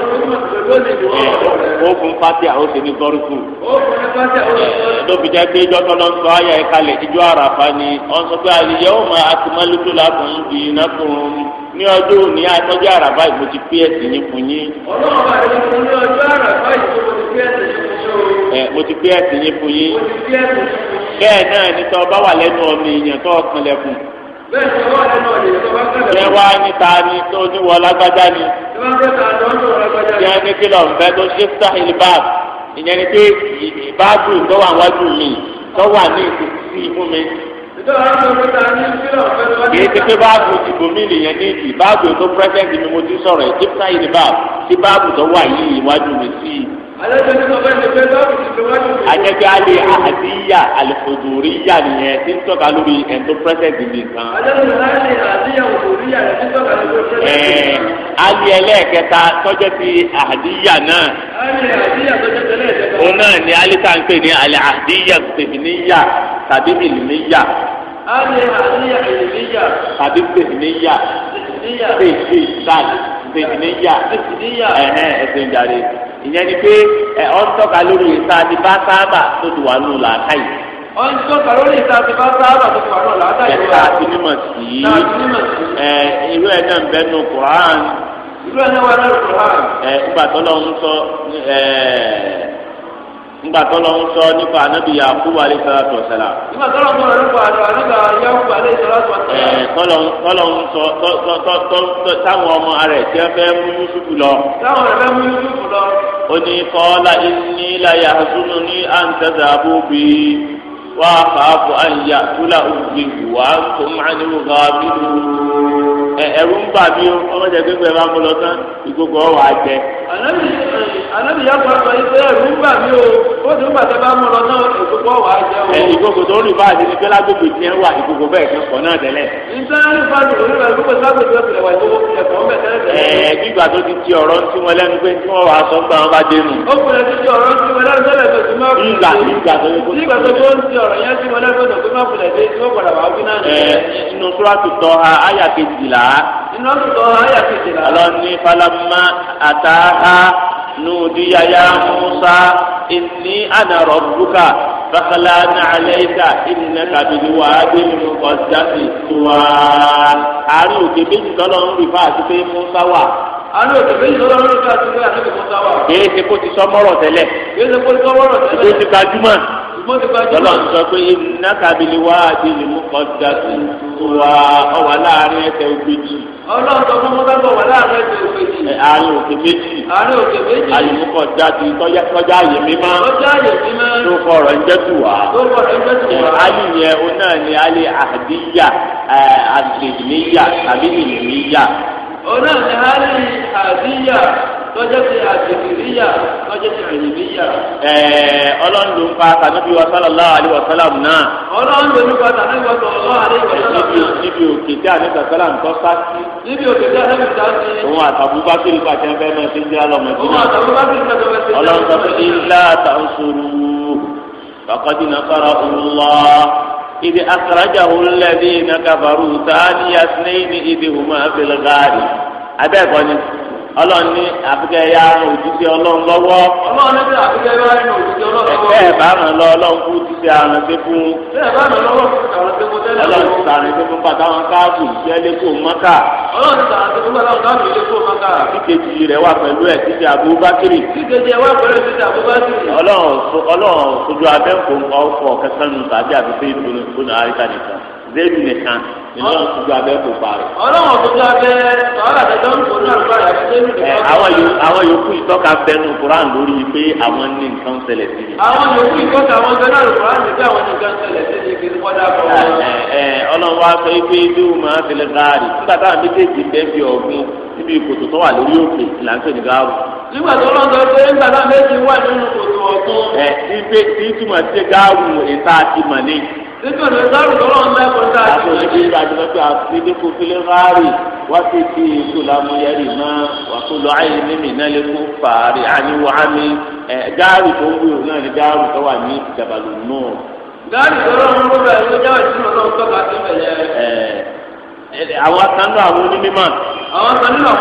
ogun pati àwọn ṣe ní gọrùkù. ogun pati àwọn ṣe ní gọrùkù. ló fi jẹ́ pé ìjọ tọ́lọ́ ń sọ ayé ẹ̀ka lẹ̀ ìjọ àràfà ni wọ́n sọ pé àlìyé ọmọ akímọ́lótó làkùn bí iná kùn ní ọjọ́ òní àtọ́jú àràfà yìí mo ti pé ẹ̀sìn yín fún yín. ọlọ́run bá yẹ kó ní ọjọ́ àràfà yìí mo ti pé ẹ̀sìn yín fún yín ṣé wá níta ni tó níwọ̀ lágbájá ni ṣé ní kí lọ́n bẹ́ tó ṣe sáhìlì báàbù ìyẹn ni pé ìbáàbù tó wà wájú mi tó wà ní ìsìnkú fún mi kìí ti pé báàbù ìbò mi nìyẹn ní ìdí báàbù tó pẹ́sẹ́ǹtì mi mo ti sọ̀rọ̀ ẹ̀ tí báàbù tó wà yìí iwájú mi sí i ajẹgbẹ ali ahadiya alifoduriya nìyẹn tí ń tọ́ka lórí ẹ̀ńtọ́ pẹ́sẹ̀ntì mi kan. ẹ̀ẹ́ ali ẹlẹ́ẹ̀kẹta tọ́jọ́ ti ahadiya náà. òun náà ni ali tá n pè ní ali ahadiya tèmíníyà tàbí ìlúmíyà. ali ahadiya ìlúmíyà. tàbí tèmíníyà. tèmíníyà. tèmíníyà. tèmíníyà. ẹ̀hẹ́n ẹ̀sìn jàre ìyẹn ni pé ẹ ọ́n tọ́ka lórí ìta ti bá sábà tó ti wà nù làákà yìí. ọ́n tọ́ka lórí ìta ti bá sábà tó ti wà nù làákà yìí. ẹ̀ka ti nímọ̀ sí i ẹ̀ irú ẹ̀ náà ń bẹ́ nu Quran. irú ẹ̀ náà wà nù Quran. ẹ̀ ìgbà tó lọ ń sọ ẹ̀ nígbà tó lọ ń sọ nípa anabi yakubu alayhi salatu wa salam. nígbà tó lọ ń sọ nípa anabi yakubu alayhi salatu wa salam. ẹ tọlọ tọlọ ń sọ tọ tọ tọ táwọn ọmọ rẹ̀ tí wọ́n fẹ́ mú yusufu lọ. táwọn rẹ̀ fẹ́ mú yusufu lọ. ó ní kọ́ la inni la yahzununi an tadhabu bi. وأخاف أن يأكله الذئب وأنتم عنه غافلون ẹ̀rù ń bà mí o ọmọ jẹ pé bẹ́ẹ̀ bá mú lọ tán ìgbógun ọwọ́ àjẹ. ànábì yà kọ́ sọ pé ẹ̀rù ń bà mí o ó ti ń bàtẹ́ bá mú lọ tán ìgbógun ọwọ́ àjẹ o. ẹ ìgbógun tó ń rìn báyìí ni bẹ́lá gbogbo tiẹ̀ wà ìgbógun bẹ́ẹ̀ kan kọ́ náà tẹ́lẹ̀. ìtẹ́rẹ́rì fáwọn olùrẹ̀ gbogbo sábẹ̀dì ọ̀pẹ̀lẹ̀ wà ìgbógun ẹ̀kọ́ mẹ́tẹ́rẹ́ wà á sọ gbà wọn bá ti ti ọ̀rọ̀ ọ̀rọ̀ yẹn ti wọlé gbọ́dọ̀ pé má kulẹ̀ dé tí wọ́n padà wà wí náà nìyẹn. inú sùràtù tọ́ ha àyà kejìlá. inú sùràtù tọ́ ha àyà kejìlá. ọlọ́ni falama àtàhà nùdíyàyà musa ìní àná rọ̀dúkà bàkàlà nàlẹ́yìká ìnìyàn kàbìlì wà á dé nínú ọjà ìtura. àárín òkè méjì tọ́lọ́ ń musa wà alo tẹ̀lé ìṣòro lórí ká ti gbé àtúntò mọ́tà wa. kì í ti sọ mọ́rọ̀ tẹ́lẹ̀. kì ti sọ mọ́rọ̀ tẹ́lẹ̀. kó ti gbajúmọ̀ lọ́lọ́ ń sọ pé iná kábìlì wá àdìlì mú kọjá sí wa ọwà láàrin ẹsẹ̀ ògbèjì. ọlọ́run sọ fún mọ́tò wà láàrin ẹsẹ̀ ògbèjì. àárín òkè méjì. àárín òkè méjì. àyèmúkọjá ti kọjá àyè mímá. kọjá àyè mímá. tó fọ̀rọ̀ ń jẹ́tù wá. tó fọ̀rọ̀ ń jẹ́tù wá. alì yẹn o náà ni alì àdíyà àdìlẹ̀yìníyà tàbí ìlìmíyà. o náà ni alì àdíyà tọ́jú ti àjèjìríyà tọ́jú ti àyèmíyà. ẹ ọlọ́run ló ń pa tàbí wa sallallahu alaihi wa sallam náà. ọlọ́run ló ń pa tàbí wa sallallahu alaihi wa sallam náà. níbi òkè tí àní sàkálà ń tọ́ sá sí. níbi òkè tí àní sàkálà ń tọ́ sí. òun àtàbùbá kiri pàṣẹ fẹ́ mọ sí jẹ́ ọlọ́mọdé náà. òun àtàbùbá kiri pàṣẹ fẹ́ sí jẹ́ ọlọ́mọdé náà. إذ أخرجه الذين كفروا ثاني اثنين إذ هما في الغار أبي ọlọ́run ní àfikẹ́ ya ràn òjúṣe ọlọ́run lọ́wọ́. ọlọ́run ní àfikẹ́ ya ràn òjúṣe ọlọ́run lọ́wọ́. ẹ̀kẹ́ ẹ̀ bá ràn lọ ọlọ́run kú ti ṣe àrùn ṣe fún. ẹ̀ bá ràn lọ́wọ́ àrùn ṣe fún tẹ́lẹ̀. ọlọ́run ti sàrùn ṣe fún bàtà wọn káàbù iṣẹ́ lẹ́kọ̀ọ́ mọ́kà. ọlọ́run ti sàrùn ṣe fún bàtà wọn káàbù lẹ́kọ̀ọ́ mọ́kà. kíkejì rẹ̀ wà pẹ̀lú ẹ̀ títí abubakiri. kíkejì wà zedu nìkan nínú ọ̀túnjú abẹ́ kò parí. ọlọ́run ọ̀túnjú abẹ́ ọ̀rọ̀ àtẹ̀jọ́ ń kọjú àgbáyà zedu nìkan. àwọn yòókù ìtọ́ka bẹnu Quran lórí pé àwọn ní nǹkan sí àwọn yòókù ìtọ́ka Quran ní àwọn sí dábọ̀. níbi ìkòtò tó wà lórí òkè nígbà tó pé méjì wà nínú kòtò ẹ ibi Níbi òní sọ́ọ̀rù tó lọ́n mẹ́kọ̀ọ́ tá a jù. Láti òní ìdájọ́ lọ́pẹ́ àfidíkù fílẹ̀ rárì, wá sí ti èso lámúyẹ́rì mọ́, wà tó lọ ayé mímì náà lé fún fàárì àníwò ámì. Gáàrì tó ń wúlò náà ni gáàrì tó wà ní ìjàbàlù náà. Gáàrì tó lọ́n mú bẹ̀rẹ̀ ló jáwé tí Àwọn kanú àwọn onímọ̀. Wọ́n fẹ́ẹ́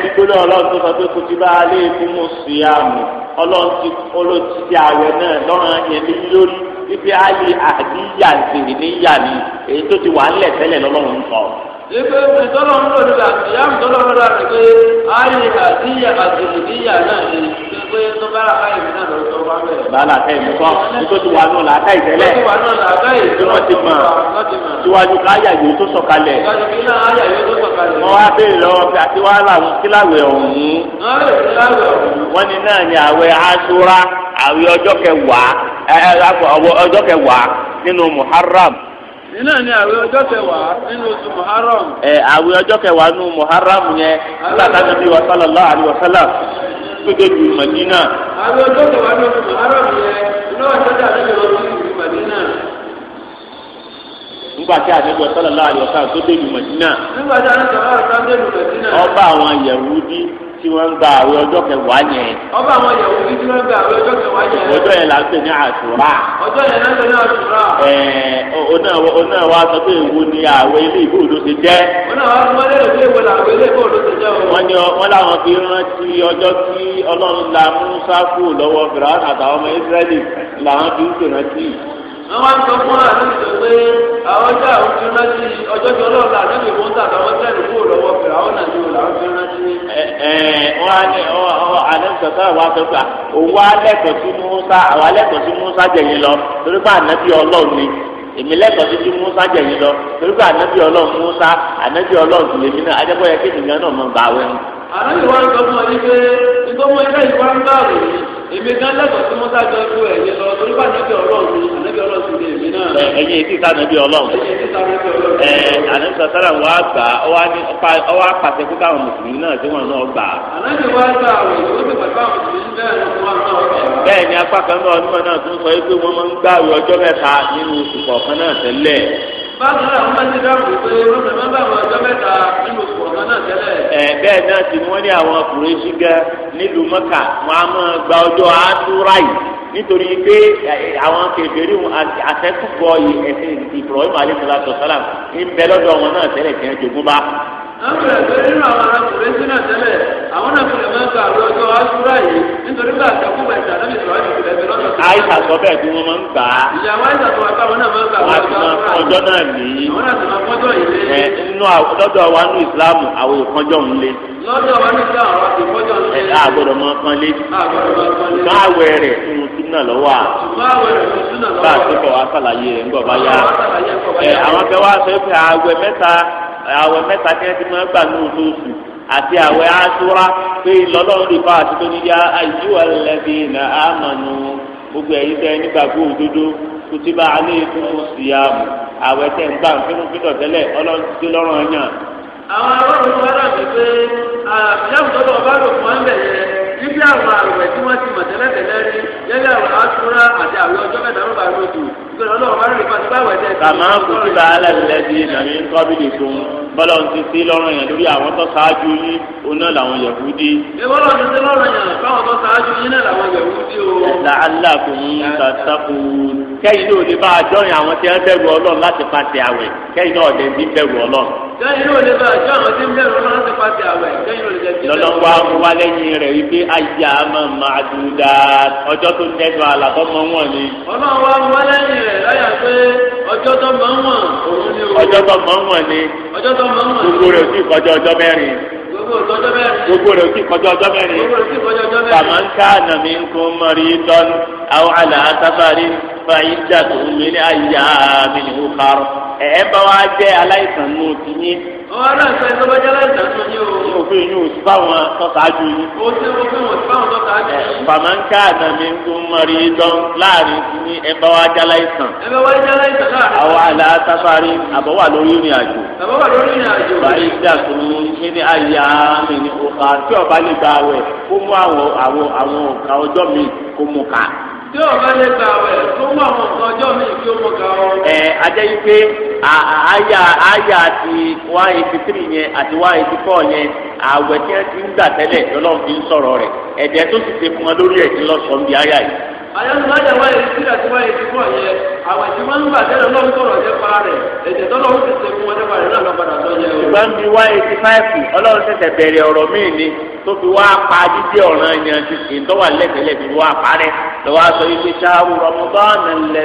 ti gbọ́dọ̀ ọlọ́run tó sọ pé kò ti bá alẹ́ ikú mú sí àmì ọlọ́run ti olóòtú ti ààwẹ̀ náà lọ́rùn ẹ̀mí lórí wípé ayé àdíyà ìsìnkì níyà ni èyí tó ti wà ń lẹ̀ tẹ́lẹ̀ lọ́lọ́run sọ. ife ìtọ́lọ̀ ń lò ní àtìyá ìtọ́lọ̀ ti wọ́n ní náà ni àwẹ̀ àwẹ̀ ọjọ́ kẹwàá ọjọ́ kẹwàá nínú ni ọjọ́ kẹwàá nínú muharram. yẹn nàbí wa sallallahu alayhi wa sallam tó madina. àwẹ̀ ọjọ́ kẹwàá nínú muharram yẹn iná ọjọ́ nàbí wa nígbà tí a nàbí wa sallallahu alayhi tó dé lu madina. nígbà tí a nàbí wa sallallahu tó dé ọba àwọn tí wọ́n gba àwọn ọjọ́ kẹwàá yẹn. ọba àwọn yẹ̀wò bí tí wọ́n gba àwọn ọjọ́ kẹwàá yẹn. ọjọ́ yẹn la ń pè ní àṣùrà. ọjọ́ yẹn la ń pè ní àṣùrà. ẹẹ ọ̀nà ọ̀nà wa sọ pé èwo ni àwọn ilé ìbò ló ti jẹ́. ọ̀nà wa sọ pé èwo ni àwọn ilé ìbò ló ti jẹ́ o. wọ́n ní wọ́n láwọn fi rántí ọjọ́ tí ọlọ́run la Mùsá kú lọ́wọ́ wọ́n wá ń fún àwọn ìjọ àwọn ọjọ́ àwọn ti ọjọ́ tí ọlọ́run là níbi ìwọ́n tà lọ́wọ́ tẹ̀lé kó lọ́wọ́ pẹ̀lú àwọn nàìjíríà wò ti ẹ ẹ ọ ọ wa sí musa àwọn sí musa jẹ̀yìn lọ torí pé ni èmi lẹ́kọ̀ọ́ sí musa jẹ̀yìn lọ torí pé ànábì ọlọ́run musa àná ìwà ń tọ́mọ ní pé ìtọ́mọ ilé ìwà ń bá rè é èmi gan lẹ́kọ̀ọ́ tí mo dájọ́ ju ẹ̀yìn lọ torí bá nàbí ọlọ́run ni ọlọ́run ti lè mí náà. ẹ̀yin etí ta nàbí ẹ wọn á gbà ọ wá gbà. gbà ti pàṣẹ àwọn mùsùlùmí gbà. bẹ́ẹ̀ ni apá kan náà bákan náà wọ́n ti dáhùn pé rúbẹ̀ mẹ́fà wọn ọjọ́ mẹ́ta nínú ọ̀gá náà tẹ́lẹ̀. ẹ bẹ́ẹ̀ náà ti wọ́n ní àwọn kùrẹ́sì gan nílùú mọ́kà wọn á máa gba ọjọ́ àdúrà yìí nítorí pé àwọn kèfèrí àtẹ́kùbọ̀ ẹ̀sìn Ibrahim alayhi salatu wa ń bẹ lọ́dọ̀ wọn náà tẹ́lẹ̀ tiẹ̀ jogún bá na bẹ̀rẹ̀ nínú àwọn arákùnrin sí náà tẹ́lẹ̀ àwọn náà fi lè máa gba àwọn ọjọ́ aṣúra yìí nítorí pé àtẹkùnbẹ̀ ìtàlẹ́mì sọ̀rọ̀ ti tilẹ̀ fi lọ́dọ̀. àìsàn sọ bẹ́ẹ̀ bí wọ́n máa ń gbà á. ìyàwó àìsàn sọ náà máa ń gbà ọjọ́ náà wa nínú àwọn ń a àwẹ̀ mẹ́ta tí wọ́n ti máa gbà ní olóòsù àti àwẹ̀ àtúrà pé lọ́lọ́run rí bá àti tó ní yá àyíwá lẹ́bi nà ámànù gbogbo ẹ̀yin tẹ́ nígbàgbọ́ òdodo kùtìbà alẹ́ ìfún síyàmù àwẹ̀ tẹ̀ ń gbà fínú fínú tẹ́lẹ̀ ọlọ́run ti lọ́rùn ọ̀yàn. àwọn arọ́rùn wa dàbí pé àbíyàwó tó lọ bá lò fún ẹ̀ níbi àwọn àwẹ̀ tí wọ́n ti mọ̀ tẹ́lẹ̀ rí yẹ́lẹ́ àwẹ̀ àtúrà àti àwẹ̀ ọjọ́ mẹ́ta ló bá lò dùn kàmá kùtùbà alẹ́lẹ́dì nàmí kọ́bìlì tó ń bọ́lá ń ti lọ́rùn yẹn lórí àwọn tó ṣáájú yín oná làwọn Yahudi. ìwọ́lọ́ ti sí lọ́rùn yẹn fáwọn tó ṣáájú yín náà làwọn Yahudi o. la'allakum tattaqun kẹ́yìn náà lè bá àjọyìn àwọn tí wọ́n bẹ̀rù ọlọ́run láti pàṣẹ àwẹ̀ kẹ́yìn náà lè ní bẹ̀rù ọlọ́run. kẹ́yìn náà lè bá àjọyìn àwọn tí wọ́n bẹ̀rù ọlọ́run láti pàṣẹ àwẹ̀ kẹ́yìn náà lè jẹ́ lọ́lọ́ wa mú wa lẹ́yìn rẹ̀ wípé ayé a máa máa dúdà ọjọ́ tó nẹ́nu àlàbọ̀ mọ́ wọn ni. ọlọ́run wa mú wa lẹ́yìn rẹ̀ láyà pé ọjọ́ tó mọ́ wọn òun ni. ọjọ́ tó mọ́ wọn ni. ọjọ́ tó mọ́ wọn ni. gbogbo rẹ̀ sì kọjá ọjọ́ mẹ́rin gbogbo rẹ̀ kí kọjá ọjọ́ mẹ́rin. gbogbo rẹ̀ kí kọjá ọjọ́ mẹ́rin. bàmá ń ká nàmí ń kún mọ́rí dán àwọn àlà àtàbárí fa ìjà tó ń lé ní àyà mi ní o karọ ẹ ẹ bá wa jẹ aláìsàn nù ti yín. ọ̀rọ̀ náà sọ ìjọba jẹ́ aláìsàn tó yín o. yóò fi yín o sí fáwọn tọ́sáájú yín. o ṣe o fi wọn sí fáwọn tọ́sáájú yín. bàmáńkà àdàmì ń kún mọ́rí dán láàrin ti yín ẹ bá wa jẹ aláìsàn. ẹ bá wa jẹ aláìsàn láàrin. àwọn àlà sáfárì àbọ̀wà lórí ìrìn àjò. àbọ̀wà lórí ìrìn àjò. fa ìjà tó ń ní àyà mi ní o karọ tí ọba lè gba àwẹ̀ kó mú àwọn àwọn àwọn ọjọ́ mi kó mú ká tí o bá lè gbà wẹ̀ tó mú àwọn nǹkan ọjọ́ mi kí o mọ̀ ga ọ. ẹ ajẹ́ yìí pé àyà àyà àti one eighty three yẹn àti one eighty four yẹn àwẹ̀ tí wọ́n ti ń gbà tẹ́lẹ̀ lọ́lọ́run fi ń sọ̀rọ̀ rẹ̀ ẹ̀jẹ̀ tó sì ṣe fún wọn lórí ẹ̀jẹ̀ lọ́sọ̀ọ́ bí àyà yìí àyànlájà wa yẹ sí àti wa yẹ ti bọ̀ yẹ àwọn tí wọ́n ń gbà tẹ́lẹ̀ lọ́wọ́ sọ̀rọ̀ yẹ pa rẹ̀ ẹ̀jẹ̀ tọ́lọ́ ó ti ṣe fún wọn nípa rẹ̀ náà lọ́padà tó yẹ. ṣùgbọ́n bí wá eighty five ọlọ́run ṣẹ̀ṣẹ̀ bẹ̀rẹ̀ ọ̀rọ̀ míì ni tó fi wá pa dídé ọ̀ràn ènìyàn ti kì í tọ́wà lẹ́tẹ̀lẹ̀ fi wá parẹ́ lọ́wọ́ aṣọ ibi ṣáàrù rọmọdọ́ọ̀nà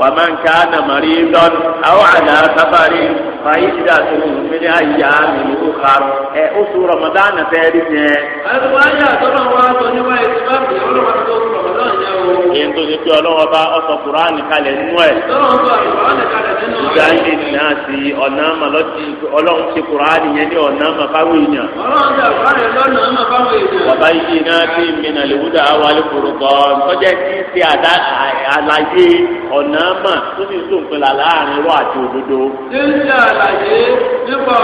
ومن كان مريضا أو على سفر فعدة من أيام أخر أسو رمضان تاريخ أسو أيام تنوى تنوى إسلام يقول رمضان èyí tó ṣe pé ọlọ́wọ́ ọsọ kuraani kalẹ̀ nínú ẹ̀ ìgbà ń lè nà ọ̀nà àmà lọ́tì ọlọ́run ṣe kuraani yẹn ní ọ̀nà àmà fáwọn èèyàn. bàbá yìí awa ti mìíràn lèwúdà àwọn alẹ́kùnrin kan tọ́jà tí ń ṣe àlàyé ọ̀nà tó láàrin àti òdodo. ń ṣe àlàyé nípa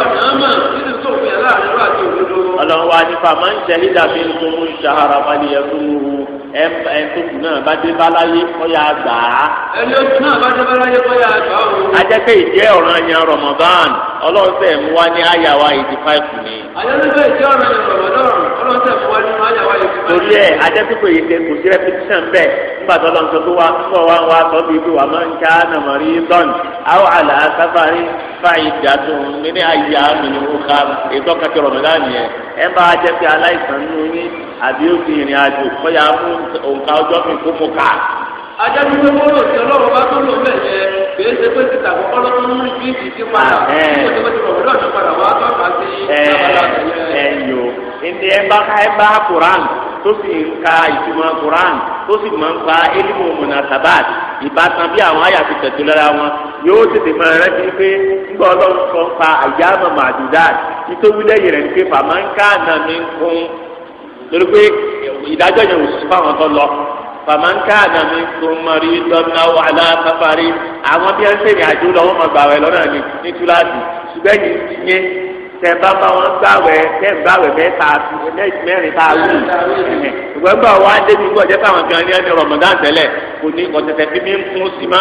ẹ ẹ tó kù náà bá dé báláyé kọ́ yà gbà á. ẹni o tún náà bá dé báláyé kọ́ yà gbà ó. ajẹ́pẹ́ ìjẹ́ ọ̀ràn yẹn Ramadan ọlọ́run fẹ́ẹ̀ mú wá ní àyàwá eighty five ni. àyẹ̀lẹ́fẹ́ ìjẹ́ ọ̀ràn yẹn Ramadan torí ẹ adẹ́sípò yìí ṣe kò sí rẹpítíṣàn bẹ́ẹ̀ nígbà tó lọ́n tó tó wá tó wá wá tó bíi pé wà máa ń ká nàmọ́rí lọ́n àwọn àlà sáfàrí fàyè dàtún nínú àyà mìíràn òkà ètò kàkẹ́ rọ̀mọ́dán yẹn ẹ bá a jẹ́ pé aláìsàn nínú yín àbí ó fi ìrìn àjò kọ́ya fún òǹkà ọjọ́ mi kó fún ká. adẹ́sípò wọ́n ti ọlọ́run bá tó lò bẹ́ẹ̀ yẹn kìí ṣe pé títà kọ́kọ́ ló tún rí bí ìdí padà kó ẹsẹ ẹba ẹba Quran. tó sì ń ka ìtumọ̀ koran tó sì máa ń pa elimu munasabat ìbátan bí àwọn àyà ti tẹ̀tù lára wọn yóò tètè máa rántí pé ńgbọ́ ọlọ́run sọ pa àyà màmá àdúrà ìtòwúlẹ̀ yẹrẹ ní pé fàmà ń ká nàmí kún torí pé ìdájọ́ yẹn ò sí fáwọn tó lọ fàmà ń ká nàmí kún mọ̀rí dọ́nà wàhálà sáfárì àwọn bí wọ́n ń sèyìn àjò lọ́wọ́ mọ̀gbà rẹ̀ lọ́nà ní túláàsì ṣùgbẹ́ tẹ bá bá wọn gbàwẹ tẹ gbàwẹ mẹ́ta mẹ́rin tá a wù ìwé gbà wá débi gbọdẹ káwọn gan ni ẹni rọmọdán tẹ́lẹ̀ kò ní ọtẹtẹ bí mi kún sí mọ.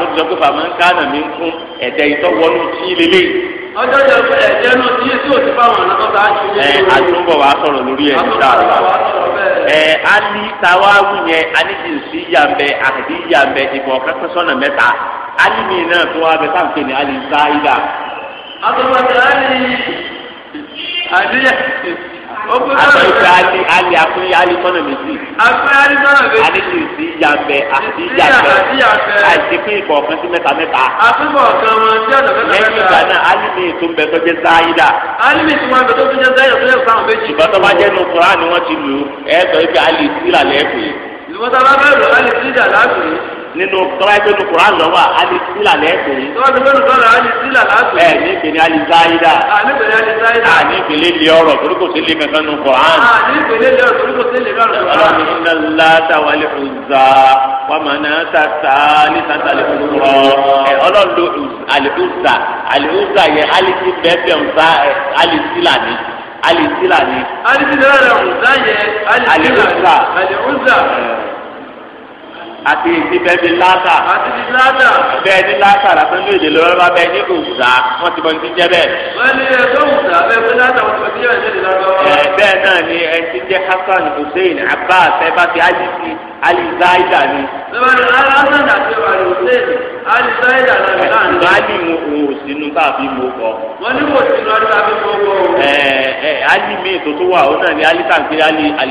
ló fi pé fàmí ń kánà mí ń kún ẹ̀dẹ̀ ìtọ́wọ́nú tí lélẹ̀. ọjọ́ ìjọ pé ẹ̀jẹ̀ náà tí èso ti bá wọn lọ́kọ́ bá ṣe lé. ẹ àtúbọ̀ wàá sọ̀rọ̀ lórí ẹ̀ nígbà àlá. ẹ ali tawawu yẹn anijì sí yambẹ àkàdé yambẹ ìbọn kẹsẹ sọnà mẹ́ta ali mi náà tó wà bẹ sáǹpẹ ní ali sáyidà. àtúbọ̀ tẹ ali àdéhà àtọ̀yìntà ali ali akúnyẹ ali tọ́nà méjì. akúnyẹ ali tọ́nà méjì. ali ti di yabẹ àti yabẹ àti pé ìkọ̀ọ̀kan sí mẹ́ta mẹ́ta. àtúbọ̀ kan wọn sí ọ̀nà mẹ́ta mẹ́ta. lẹ́yìn ìgbà náà ali mi tó ń bẹ tó jẹ́ sáyidà. ali mi tó máa bẹ tó tún jẹ́ sáyidà tó yẹ fún àwọn méjì. ṣùgbọ́n tó bá jẹ́ nu kura ni wọ́n ti lù ẹ́ sọ ibi ali sílà lẹ́ẹ̀kì. ìwọ́n tá a bá bẹ́ẹ̀ lọ ali sílà láàbù nínú tọ́lájú ní kuran lọ wa alisila lẹ́ẹ̀kọ́ yìí. tọ́wọ́ ti gbẹ́nu sọ́la alisila láàbù. ẹ ní ìpele alizaida. a ní ìpele alizaida. a ní ìpele lè ọ̀rọ̀ torí kò sí lè kankan nu kuran. a ní ìpele lè ọ̀rọ̀ torí kò sí lè kankan nu kuran. ọlọ́run ní iná láta wà lè ọ̀zà wà má ná tata ní tata lè kúrọ̀. ẹ ọlọ́run lo aliusa aliusa yẹ alisi bẹ́ẹ̀ alisila ni alisila ni. alisila rẹ̀ ọ̀zà yẹ alisila. aliusa. aliusa àti ìdí bẹ́ẹ̀ ni láàtà. àti ìdí láàtà. bẹ́ẹ̀ ni láàtà làtọ́ ní èdè lọ́wọ́ bá bẹ́ẹ̀ ní òwúzà wọ́n ti mọ ní jẹ́ bẹ́ẹ̀. wọ́n ní ẹ̀kọ́ òwúzà bẹ́ẹ̀ fún láàtà wọ́n ti mọ ní jẹ́ bẹ́ẹ̀ ní lọ́wọ́. bẹ́ẹ̀ náà ni ẹ ti jẹ́ Hasan Hussein Abbas ẹ bá ti ájì sí Ali Zaida ni. Ali mu òun sínú tàbí mo kọ. wọ́n ní wò sínú ọdún tàbí mo kọ. ẹ ẹ Ali mi tó tó wà ó náà ni Ali tàbí Ali al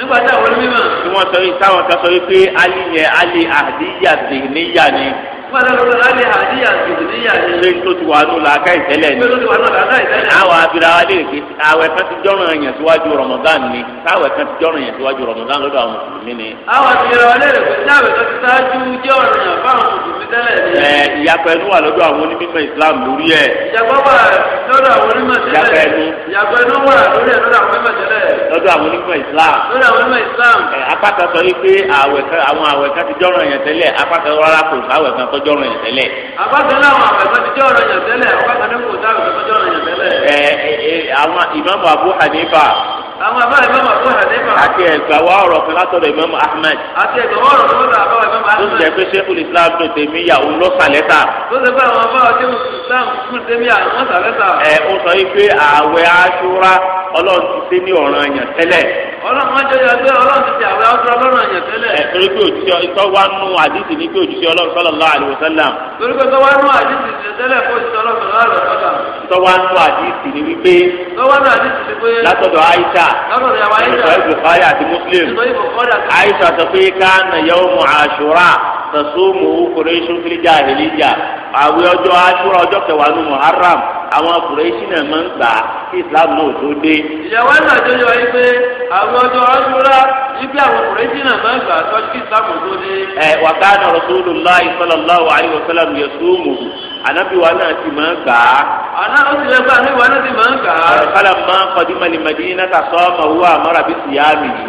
nígbà táwọn onímọ̀. tí wọ́n sọ yìí táwọn kan sọ yìí pé ali yẹn ali àdíyà zèníyà ni wọ́n lọ lọ́dọ̀ láti àdíyà gbèdéyà ni. ṣé tó ti wà nù làákà ìtẹ́lẹ̀ ni. ṣé tó ti wà nù làákà ìtẹ́lẹ̀. àwọn abirawa lè ké àwẹ̀ kan ti jọ́ràn yẹn síwájú rọmọdán ni káwẹ̀ kan ti jọ́ràn yẹn síwájú rọmọdán lọ́dọ̀ àwọn mùsùlùmí ni. àwọn abirawa lè rẹ̀ pé táwẹ̀ kan ti sáájú jọ́ràn yẹn fáwọn mùsùlùmí tẹ́lẹ̀ ni. ẹ ìyapẹ̀ ẹnu wà lọ́dọ̀ àwọn onímọ̀ Islam lórí ẹ̀. ìyapẹ̀ wà lọ́dọ̀ àwọn onímọ̀ tẹ́lẹ̀. ìyapẹ̀ ẹnu wà lórí ẹ̀ lọ́dọ̀ àwọn onímọ̀ tẹ́lẹ̀. lọ́dọ̀ àwọn onímọ̀ Islam tọjọ rìn tẹ́lẹ̀. àbáṣẹlẹ àwọn àfẹsọ ti jẹ ọ̀rọ̀ yàn tẹ́lẹ̀ ọgbàgbọdẹ kò tá àfẹsọ tọjọ rìn yàn tẹ́lẹ̀. ẹ ẹ àwọn Abu Hanifa. àwọn àbá ìmáàmù Abu Hanifa. àti ẹgbà wa ọ̀rọ̀ kan látọ̀dọ̀ ìmáàmù Ahmed. àti ẹgbà wa ọ̀rọ̀ kan látọ̀dọ̀ àbá ìmáàmù Ahmed. tó ń jẹ pé sẹ́kùl islam tó tèmi yà ó lọ sàlẹ́ta. tó ń jẹ pé àwọn àbá ọ̀dẹ́ islam tó tèmi yà ó sàlẹ́ta. ẹ ó sọ yìí pé ààwẹ̀ Àṣúrà Ọlọ́run ti ṣe ní ọ̀ranyàn tẹ́lẹ̀ ọlọ́run ọjọ́ yọ pé ọlọ́run ti ti àwọn ọjọ́ ọlọ́run àyàn tẹ́lẹ̀. ẹ torí pé òjíṣẹ́ ìtọ́ wa nù àdìsí ni pé òjíṣẹ́ ọlọ́run sallallahu alaihi wasallam. torí pé tọ́wá nù àdìsí ti tẹ́lẹ̀ kó òjíṣẹ́ ọlọ́run sallallahu alaihi wasallam. tọ́wá nù àdìsí ni wípé. tọ́wá nù àdìsí ni pé. látọ̀dọ̀ Aisha. látọ̀dọ̀ àwọn Aisha. sọ pé kana tẹ̀sùmù kùrẹ́sù fìlíjà àhìlíjà àwẹ̀ ọjọ́ àṣúrà ọjọ́ kẹwàá nù muharram àwọn kùrẹ́sì náà máa ń gbà kí islam náà tó dé. ìyàwó ẹ̀ náà tó yọ yí pé àwọn ọjọ́ àṣúrà ibi àwọn kùrẹ́sì náà máa ń gbà tó kí islam tó dé. ẹ wa kana rasulullahi sallallahu alaihi wasallam yasumu anabi wa náà ti máa gbà á. àná ti lè gbà anabi náà ti máa gbà á. kala ma qadima al-madinata sama huwa amara bi siyamihi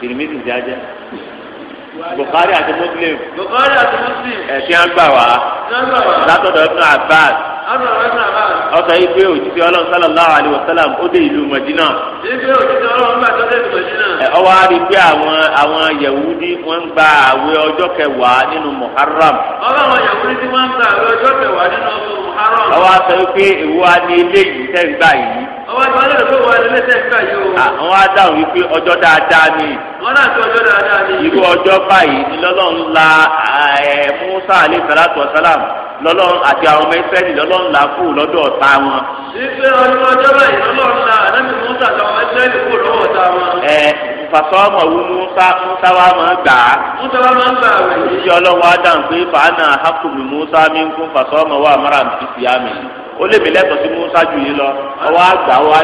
tìrìmìtì jájẹ Bukhari àti Muslim Bukhari àti Muslim ẹ̀sìn àgbà wá látọ̀dọ̀ Ibn Abbas ọsọ yìí pé òjijì ọlọ́run sallallahu alaihi wasallam ó dé ìlú Mẹdínà. ìgbé òjijì ọlọ́run bá tó dé ìlú Mẹdínà. ọwọ́ á rí i pé àwọn àwọn Yahudi wọ́n ń gba àwẹ̀ ọjọ́ kẹwàá nínú Muharram. ọlọ́run àwọn Yahudi wọ́n ń gba àwẹ̀ ọjọ́ kẹwàá nínú Muharram. ọwọ́ á sọ pé èwo á ní eléyìí tẹ́ ń gbà yìí àwọn àti wàlẹ́ lọ́wọ́ wa lẹ́lẹ́ tẹ̀ ká yìí o. àwọn adáhùn wípé ọjọ́ dáadáa ni. wọ́n náà ti ọjọ́ dáadáa ni. irú ọjọ́ báyìí ni lọ́lọ́run la Musa alayhi salatu wa salam lọ́lọ́run àti àwọn ọmọ ìsírẹ́lì lọ́lọ́run là kú lọ́dọ̀ ọ̀tá wọn. ife ọdún ọjọ́ báyìí lọ́lọ́run là ànábì musa àtàwọn ọmọ ìsírẹ́lì kú lọ́wọ́ ọ̀tá wọn. ẹ fasọ́mọ̀ wú musa musa wa máa gbà á. musa wa máa gbà wẹ̀. ìyá ọlọ́wọ́ adam pé fàánà hakùnmí musa mi ń kún fasọ́mọ̀ wa mara bìtì ó lè mi lẹ́tọ̀ọ́ sí musa jù yín lọ ọwọ́ àgbà ọwọ́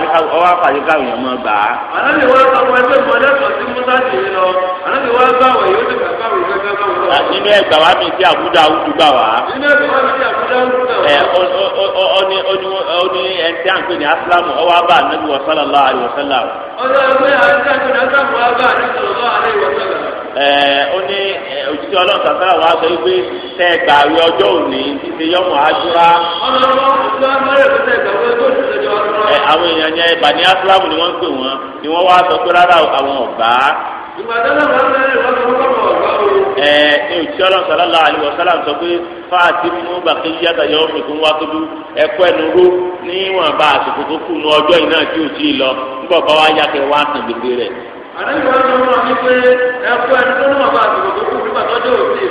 àfàyè káwọn èèyàn máa gbà á. ànábì wá sọ fún ẹgbẹ́ ìmọ̀ lẹ́tọ̀ọ́ sí musa jù yín lọ ànábì wá gbà wọ̀ yóò ti kàkà rò gẹ́gẹ́ bá wọn lọ. nínú ẹgbà wa mi ti àbúdá awúdú gbà wá. nínú ẹgbà wa mi ti àbúdá awúdú gbà wá. ẹ ọni ọni ẹni tí a ń pè ní asilamu ọwọ́ abá ànábì wọ sálàlá àríwọ̀sálà. ọjọ́ ẹgbẹ́ àti àjọyọ̀ Eh, ó ní eh, òjijì ọlọ́run sàfẹ́ àwọn aṣọ yìí pé ẹ gbà wí ọjọ́ òní títí yọmọ àdúrà. Eh, àwọn èèyàn yẹn bani asilamu ni wọ́n ń pè wọ́n ni wọ́n wá sọ pé rárá àwọn ọ̀gbá. ní òjijì ọlọ́run sàlálà àlùwọ̀ sàlá sọ pé fáàtì mú bàkẹ́ yíyá tàyẹ̀ wá tóbi ẹnu ró níwọ̀nba àsìkò tó kù ní ọjọ́ tí àlejò ẹni tó lọ́wọ́ bá àtàwọn tí wọ́n jọ ní wọ́n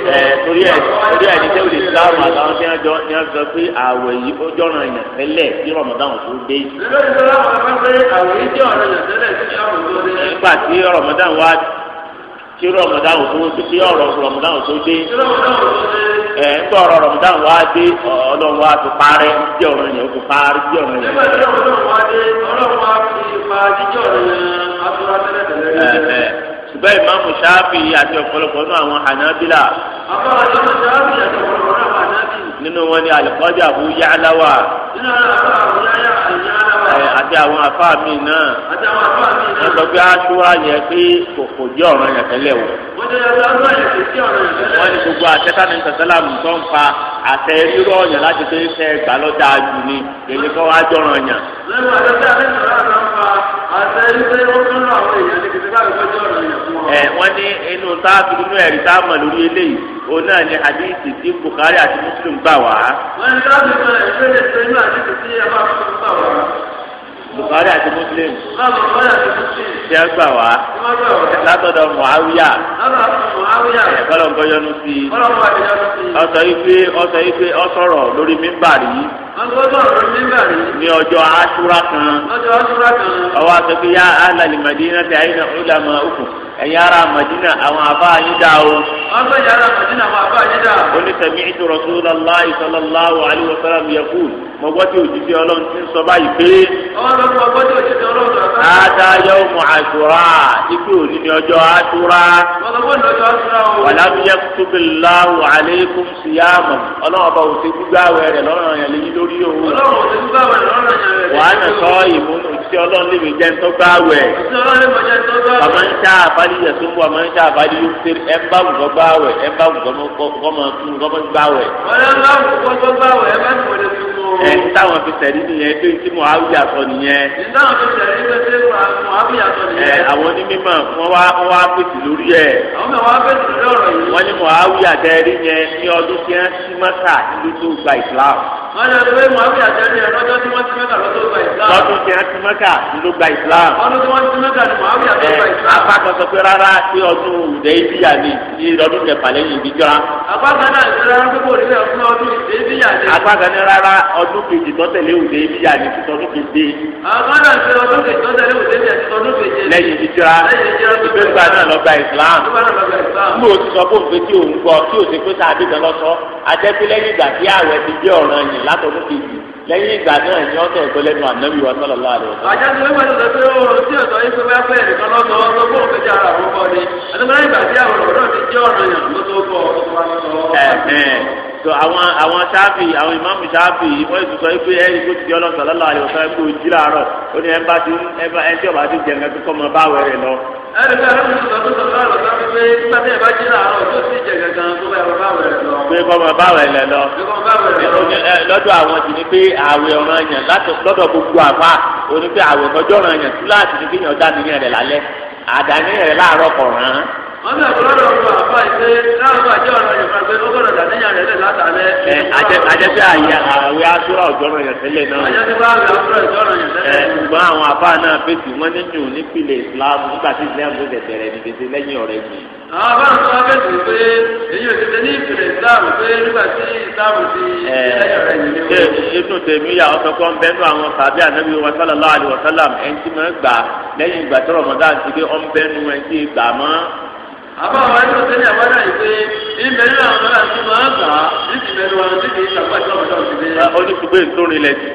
pé àwẹ̀ yìí ó jọ̀ràn èèyàn tẹ́lẹ̀ tí Ramadan tó dé. nígbà tí Ramadan wá tí Ramadan tó tí ọ̀rọ̀ Ramadan tó dé. ẹ nígbà ọ̀rọ̀ Ramadan wá dé Ọlọ́run wá ti parẹ́ jẹ́ ọ̀ràn yẹn ó ti parẹ́ jẹ́ ọ̀ràn yẹn. nígbà tí Ramadan wá dé Ọlọ́run wá fi pa jíjọ́ rẹ̀ ṣùgbọ́n ìmáàmù ṣáàbì àti ọ̀pọ̀lọpọ̀ nínú àwọn hànábìlà. àbá àjọyọ̀ ṣáàbì àti ọ̀pọ̀lọpọ̀ náà wà hànábì. nínú wọn ni alikọ́dì àbú yáláwà. nínú àwọn àbú yáláwà. àti àwọn afá mi náà. àti àwọn afá mi náà. wọ́n sọ pé aṣúra pé kò jẹ́ ọ̀ràn yẹn tẹ́lẹ̀ o. wọ́n ti gbogbo àtẹ́tàní sàtẹ́lámù tó ń pa àtẹ rírọ̀ ọ̀yàn láti fẹ́ gbà lọ́dà ẹ wọ́n ní inú nínú tá a mọ̀ lórí eléyìí òun náà ni hadithi tí Bukhari àti Muslim gbà wá. wọ́n ní láti sọ ìgbésẹ̀ pẹ̀lú àdìsí tí ẹ bá fún un gbà wá. Bukari àti Muslim tí a gbà wá látọ̀dọ̀ Muawiya kọ́lọ̀ nǹkan yọnu sí i ọ̀sọ̀ ife ọ̀sọ̀ ife ọ̀sọ̀rọ̀ lórí mímbàrí ní ọjọ́ Ashura kan ọwọ́ àtọ́kí yá alàlìmọ̀dé náà ti àyìnà ọ̀làmọ̀ òkùnkùn ẹ̀yin ará Madina àwọn àbá yín dá o. wọ́n fẹ́ yàrá ará Madina àwọn àbá yín dá. ó ní sami'tu Rasulullahi sallallahu alaihi wasallam yaqul mo gbọ́ tí òjijì ọlọ́run ti ń sọ báyìí pé. ọlọ́run mo gbọ́ tí òjijì ọlọ́run sọ báyìí. hādhā yawmu Ashura ikú òní ni ọjọ́ Ashura. ọlọ́run ní ọjọ́ Ashura o. wa lam yaktubillāhu 'alaykum siyāmahu ọlọ́run àlìyẹ tó kú àmọ́ níta àbálí yóò fẹ́ ẹ bá wùdọ́ bá wẹ̀ ẹ bá wùdọ́ kọ́mọ tún kọ́mọ gbá wẹ̀. ọ̀rẹ́ bá wùdọ́ bá wẹ̀ ẹ bá tó lè fún un. ẹ táwọn fi tẹ̀lé nìyẹn pé tí mo àwùjọ àtọ nìyẹn. táwọn fi tẹ̀lé pé tí mo àwùjọ àtọ nìyẹn. ẹ àwọn onímọ̀ wọn wá wọn wá pèsè lórí ẹ. àwọn mẹ́wàá wá pèsè lórí ọ̀rọ̀ yìí. wọ́n ní mo àwùjọ àtẹ̀rí yẹn ní ọdún tí wọ́n ti mọ́ta níbi tó gba ìsìlámù. wọ́n lọ pé mo àwùjọ àtẹ̀rí yẹn lọ́jọ́ tí wọ́n ti mọ́ta lọ́jọ́ gba ìsìlámù. lọ́dún tí wọ́n ti mọ́ta ló gba ìsìlámù. ọdún tí wọ́n ti mọ́ta ni mo àwùjọ àtẹ̀rí gba ìsìlámù pé rárá sí ọdún ìdè ìbíyà ni ní ọdún kẹfà lẹ́yìn ìbíjọ́. apákan náà ti rárá pé kò ní lè fún ọdún ìdè ìbíyà ni. apákan ní rárá ọdún kejì tó tẹ̀lé ìdè ìbíyà ni ti tọdún keje. apákan náà ti ọdún kejì tó tẹ̀lé ìdè ìbíyà ti tọdún keje. lẹ́yìn ìbíjọ́ ìgbésùgbà náà lọ gba Islam. mo ti sọ fún òfin tí òun gbọ́ tí òsèpé sáà lẹ́yìn ìgbà náà ni wọ́n tẹ̀sọ́ lẹ́nu ànábì wa sọ́lọ́ láàrin ọ̀sán. àjọ tí wọ́n gbọ́dọ̀ sọ pé ó tí ọ̀sán yìí pé wọ́n fẹ́ ẹ̀rìkan lọ́sọ̀ ọ́ gbọ́ òkèjì ara àwọn ọkọ ni àtúntò ìgbà tí àwọn ọ̀rọ̀ ti jẹ́ ọ̀rọ̀ yàn ló tó kọ́ ọ̀tún wa lọ́sọ̀ọ́ so àwọn àwọn sáfì àwọn ìmáàmù sáfì wọ́n ti sọ pé ẹni tó ti di ọlọ́sọ̀ lọ́la àlè ọ̀sán ẹgbẹ́ òjì làárọ̀ ó ní ẹnba tí ẹnba ẹni tí ọba ti jẹ nǹkan tó kọ́ ọmọ báwẹ̀ pé nígbà tí ẹ̀ bá jí làárọ̀ tó ti jẹ nǹkan tó bá ẹ̀ báwẹ̀ lọ. pé kọ́ ọmọ báwẹ̀ rẹ̀ lọ. pé kọ́ ọmọ báwẹ̀ rẹ̀ lọ lọ́dọ̀ àwọn ti ní pé àwẹ̀ ọ̀ràn yàn lọ́dọ̀ gbogbo àfa òní pé àwẹ̀ tọ́jú ọ̀ràn yàn túláàsì ní kéèyàn dá nìyẹn rẹ̀ lálẹ́ àdáníyàn rẹ̀ láàárọ̀ kọ̀ọ̀ràn wọ́n bẹ̀rẹ̀ lọ́dọ̀ ọ̀rọ̀ àbá ìpè láàbà jẹ́ ọ̀nà yorùbá pé ó gbọ́dọ̀ dàníyàn rẹ̀ lẹ̀ látàlẹ́. ẹ ajẹ́pẹ́ àyè àwẹ̀ asúrà ọ̀jọ́rọ̀ yẹn tẹ́lẹ̀ náà. ajẹ́pẹ́ àwẹ̀ asúrà ọ̀jọ́rọ̀ yẹn tẹ́lẹ̀. ẹ ṣùgbọ́n àwọn àbá náà fèsì wọ́n ní mi ò ní pilẹ̀ islam nígbà tí islam ló dẹ̀ bẹ̀rẹ̀ ní gbèsè lẹ́yìn ọ̀rẹ́ mi. àwọn àbá náà sọ fèsì pé èyí ò ti tẹ ní ìpìlẹ̀ islam pé nígbà tí islam ti lẹ́yìn ọ̀rẹ́ mi ni ó. inú tèmi yà ọ́ sọ́kọ́ ń bẹ́nu àwọn tàbí ànábi wa sallallahu alaihi wa sallam ẹ̀ ń tí mo gbà lẹ́yìn ìgbà tí rọ̀mọ́dá ti gbé ọ́ ń bẹ́nu ẹ̀ ń tí gbà mọ́ àbá àwọn ẹni òsèlè àbádà yìí pé ìmẹ̀ nínú àwọn ọ̀dọ́ àti máa ń gbà á níbi mẹ́nu àwọn tí kì í sàgbà tí ọ̀dọ́ ti dé. olùsùgbé ìtòrin lẹ ti.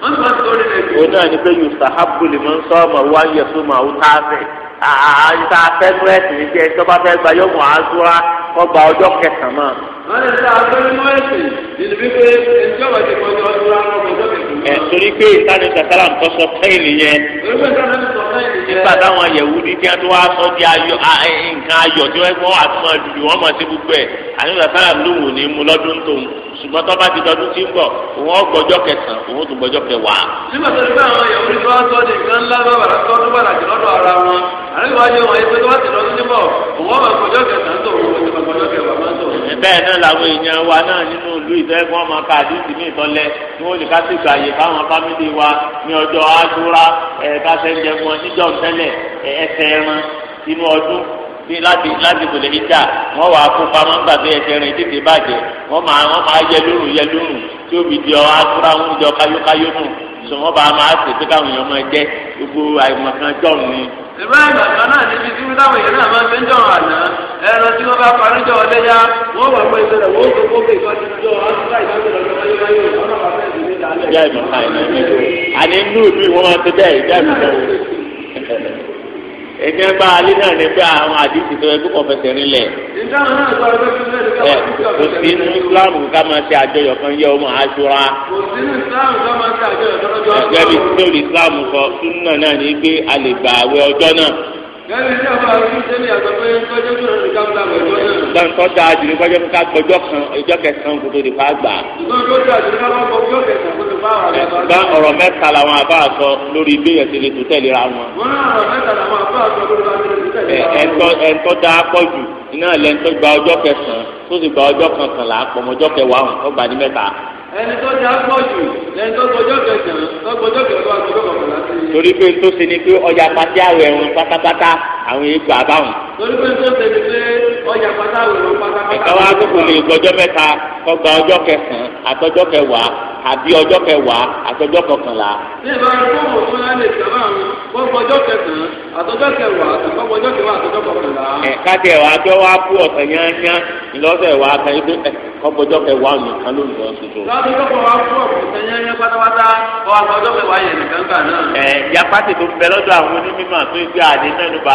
wọ́n ti máa ń torí lẹ ti. òun náà ni pé yorùbá habdul mọ̀ ń sọ ọmọ wa yẹ fún màá tá a fẹ́ àyíká fẹ́nu ẹ̀sìn ní kí ẹ tọ́ba fẹ́ gba yọ̀mù azúra kọ́gba ọjọ́ kẹsàn-án. wọ́n ti sá abẹ́rẹ́ mọ́ ẹ̀sìn ìdìbí pé ìjọba ti kọjá ọdún ẹ torí pé ìtàlẹ̀ sàtàlà sọ fẹ́ẹ̀lì yẹn nígbà táwọn yẹ̀wù ní kí wọ́n tó wá sọ di ayọ̀ nǹkan ayọ̀ tí wọ́n wà tó máa dùdù wọ́n máa ṣe gbogbo ẹ̀ àti sàtàlà ló ní mu lọ́dún tó ń ṣùgbọ́n tó bá ti dọdún tí ń bọ̀ òun ọgbọ́jọ́ kẹsàn-án òun tó gbọ́jọ́ kẹwàá. nígbà tó ní bá àwọn èèyàn orí tó wá sọ ní nǹkan ńlá bàbàrà tó tó bàrà jù lọ́dọ̀ ara wọn àríwájú wọn ẹgbẹ́ tó wá ti dọdún níbọ̀ òun ọmọ ọgbọ́jọ́ kẹsàn-án tó òun ọmọ ọgbọ́jọ́ kẹwàá máa ń tó. bẹ́ẹ̀ náà làwọn èèyàn wa náà nínú ìlú ìtẹ́gbọ́n ọmọ káàdì sí ní ìtọ́lẹ̀ ni wọ́n lè ká sì gbàyè fáwọn fámìlì wa ní ọjọ́ àdúrà ẹ̀ẹ́dásẹ́ńjẹ wọn níjọ́ tẹ́lẹ̀ ẹ̀ẹ́sẹ̀ ẹran inú ọdún bí láti láti tòlè ní jà wọn wàá kó pamọ́ nígbà tó yẹ kẹrin tètè bàjẹ́ wọn máa wọn máa yẹ lóru yẹ lóru tí òbí di ọ asúra ń jọ káyókáyó nù sọmọ bá máa ṣe pé káwọn èèyàn máa jẹ gbogbo àìmọ̀kan jọ̀rùn ni. ìbá ìgbàgbọ́ náà níbi tí táwọn èèyàn náà máa ń fi ń jọ̀rùn àná ẹran tí wọ́n bá parí jọ ọdẹ yá wọ́n wà pé ìṣẹ̀lẹ̀ wọ́n kó kó kéèkó ti jọ asúra ìdájọ́ lọ́jọ́ ayé ayé ọ̀nà èmi ẹ bá alẹ́ náà ní pé àwọn àdìsí tó yẹ kó kọfẹsẹ̀ rinlẹ̀. ẹ kò sí inú islam ká máa ṣe àjọyọ̀ kan yẹ ọmọ àjọra. kò sí inú islam ká máa ṣe àjọyọ̀ kan lọ́jọ́ àjọyọ̀. ẹgbẹ́ mi sí lórí islam kọ súnà náà ní pé a lè gbà àwẹ̀ ọjọ́ náà gẹ́gẹ́ bí ọba àrùn sẹ́mi àgbẹ̀fẹ́ gbọ́jọ́ tó rẹ̀ nìkan gba àgbẹ̀jọ́ náà. gbọ́ntọ́ da àdìrí gbọ́jọ́ fún ká gbọ́jọ́ kan ọjọ́ kẹsàn-án kó tó di fa gbà. gbọ́n ọ̀rọ̀ mẹ́ta làwọn àbá sọ lórí ibi yẹn ti lè tún tẹ̀lé ra wọn. ẹ̀ńtọ́ da pọ̀jù iná lẹ́ńtọ́ gba ọjọ́ kẹsàn-án tó sì gba ọjọ́ kankan là á pọ̀ mọ́jọ́ kẹwàá ẹni tó ní agbọ́jù lẹni tó gbọjọ́ kẹsàn-án tó gbọjọ́ kẹsàn-án tó gbọjọ́ kọkànlá sí i. torí pé tó ṣe ni pé ọjà pàṣẹ àwẹ̀ wọn pátápátá àwọn èèyàn gbà báwọn. torí pé tó ṣe ni pé ọjà pátá wèrè pátápátá. ẹ̀ka wa tó kò lè gbọ́jọ́ mẹ́ta kọgbà ọjọ́ kẹsàn-án àtọjọ́ kẹwàá àbí ọjọ́ kẹwàá àtọjọ́ kọkànlá. ní ìbára fún òun fún alẹ́ ìjọba àwọn gbọ́gbọ́ ọjọ́ kẹsàn-án àtọjọ́ kẹwàá àtọjọ́ kẹwàá àtọjọ́ kọkànlá. ẹ̀ka tí ẹ̀wà tó wá kú ọ̀sẹ̀ yányá ìlọ́sẹ̀ ẹ̀wà kan ibi ẹ̀ kọ́gbọ́jọ́ kẹwàá nìkan ló ń lọ soso. lọ́dún tó wá kú ọ̀sẹ̀ yányá pátápátá ọ̀ àtọjọ́ kẹwàá yẹn nìkan gbà náà.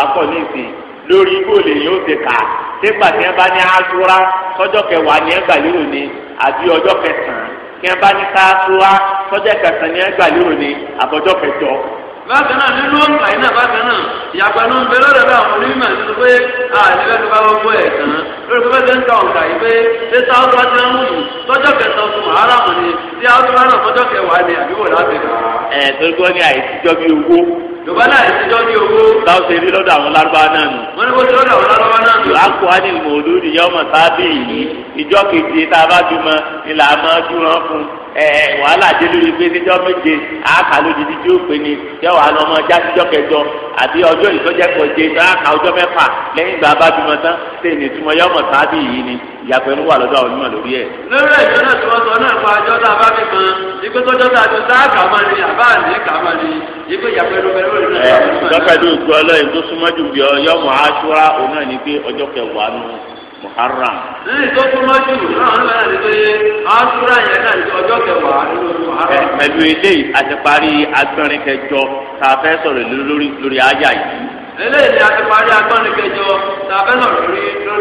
ẹ̀ pọ̀ ní ìsìn lórí igbó lèyìn ó ti kà nígbà tí wọn bá ní asúra sọjọ́ kẹwàá ní ẹgbà lérò ni àbí ọjọ́ kẹsàn-án tí wọn bá ní sáàtúra sọjọ́ kẹsàn-án ní ẹgbà lérò ni àbọ̀jọ́ kẹjọ bákan náà nínú ọ̀pá yìí náà bákan náà ìyàgbá ló ń bẹ lọ́dọ̀ àwọn onímọ̀ nínú pé àlẹ́fẹ́ ah, tó bá gbogbo ẹ̀ tán lórí pé bẹ́ẹ̀ ń ka ọ̀gá yìí pé ṣé sáwọ́tò wá ti ń wù yìí tọ́jọ́ kẹsàn-án fún màáràmù ni tí àwọn ọ̀gá náà tọ́jọ́ kẹwàá ni àbí wò láti rà. ẹ torí pé wọ́n ní àìsíjọ́ bí owó. yorùbá náà àìsíjọ́ bí owó. táwọn ṣe rí lọ́dọ̀ àwọn lárúbá náà nù. wọ́n ní kó ṣe lọ́dọ̀ àwọn lárúbá náà nù. àkó ánìmọ̀ olórí yọmọ sábẹ́ yìí ìjọ kejì tá a bá dùn ni làá máa dùn fún un. ẹ wàhálà dé lórí pé níjọ méje àáka lójijì tí ó pè ní jẹ́ wàá lọ́mọ já síjọ́ kẹjọ àbí ọjọ́ ìtọ́jẹ́ kọjẹ àáka ìgbà tán ṣe ní ìtumọ̀ yọ sáábì yìí ni ìyàpẹ ń wà àwọn lórí lórí náà tí sọ náà tá a bá ìgbé tó sáàkà máa ní àbá kà máa ní ìgbé ló lórí náà. muharram. lẹ́yìn tó súnmọ́ jù náà ń lọ́nà pé àásùrà yẹn náà ti ọjọ́ kẹwàá nínú muharram. pẹ̀lú eléyìí a ti parí agbọ́nrin kẹjọ tá a fẹ́ sọ̀rọ̀ lórí lórí àyà yìí. eléyìí ni a ti parí agbọ́nrin kẹjọ tá a fẹ́ sọ̀rọ̀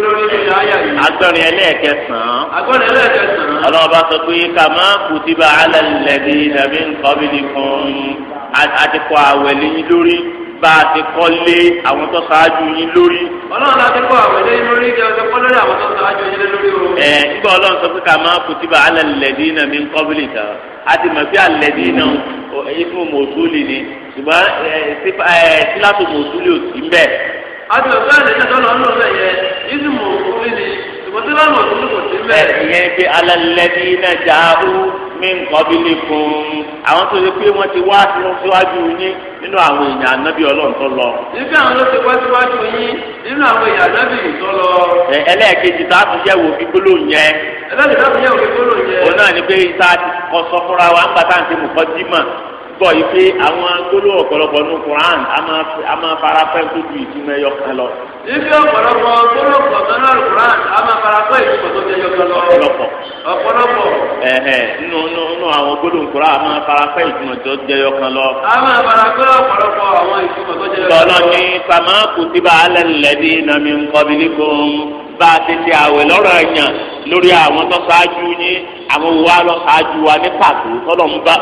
lórí lórí lórí àyà yìí. agbọ́nrin ẹlẹ́ẹ̀kẹsàn-án. agbọ́nrin ẹlẹ́ẹ̀kẹsàn-án. ọlọ́ba sọ pé kàmá kùtìbà alẹ́ lẹ́bi bá a ti kọ́ lé àwọn tó ṣáájú yín lórí. ọlọ́run láti kọ́ àwọn ẹ̀dẹ́ lórí kí ọjọ́ kọ́ lórí àwọn tó ṣáájú yín lórí o. ẹ nígbà ọlọ́run sọ pé ká máa kutiba ala alladina min qabli tán a ti mọ̀ pé alladina ismu mawsuli ni ṣùgbọ́n sílátò mawsuli ò sí mbẹ́. a ti mọ̀ pé alladina tó bẹ́ẹ̀ yẹ ismu mawsuli ni ṣùgbọ́n sílátò mawsuli kò mí nǹkan bí lè fún un àwọn tó ṣe pé wọ́n ti wá síwájú yín nínú àwọn èèyàn ànábì ọlọ́run tó lọ. níbi àwọn ló ti wá síwájú yín nínú àwọn èèyàn ànábì tó lọ. ẹlẹ́ẹ̀kejì tá a tún yẹ̀ wò gbígbóló yẹn. ẹlẹ́ẹ̀kejì tá a tún yẹ̀ wò gbígbóló yẹn. òun náà ni pé ìta kọ sọ fúnra wa ń bàtà ń ṣe mùkọ́ dímọ̀ gbọ́ yìí pé àwọn gbólóhùn ọ̀pọ̀lọpọ̀ ní Quran a máa fara pẹ́ tó ju ìtumọ̀ ẹyọ kan lọ. ibi ọ̀pọ̀lọpọ̀ gbólóhùn ọ̀pọ̀lọpọ̀ ní Quran a máa fara pẹ́ ìtumọ̀ tó ju ẹyọ kan lọ. ọ̀pọ̀lọpọ̀ ọ̀pọ̀lọpọ̀. ẹ̀hẹ̀ nínú nínú àwọn gbólóhùn Quran a máa fara pẹ́ ìtumọ̀ tó ju ẹyọ kan lọ. a máa fara pẹ́ ọ̀pọ̀lọpọ̀ àwọn ìtumọ̀ tó ju ẹyọ lọ. tọ́lọ́ àwọn wo wa lọ ṣáájú wa ní pàtó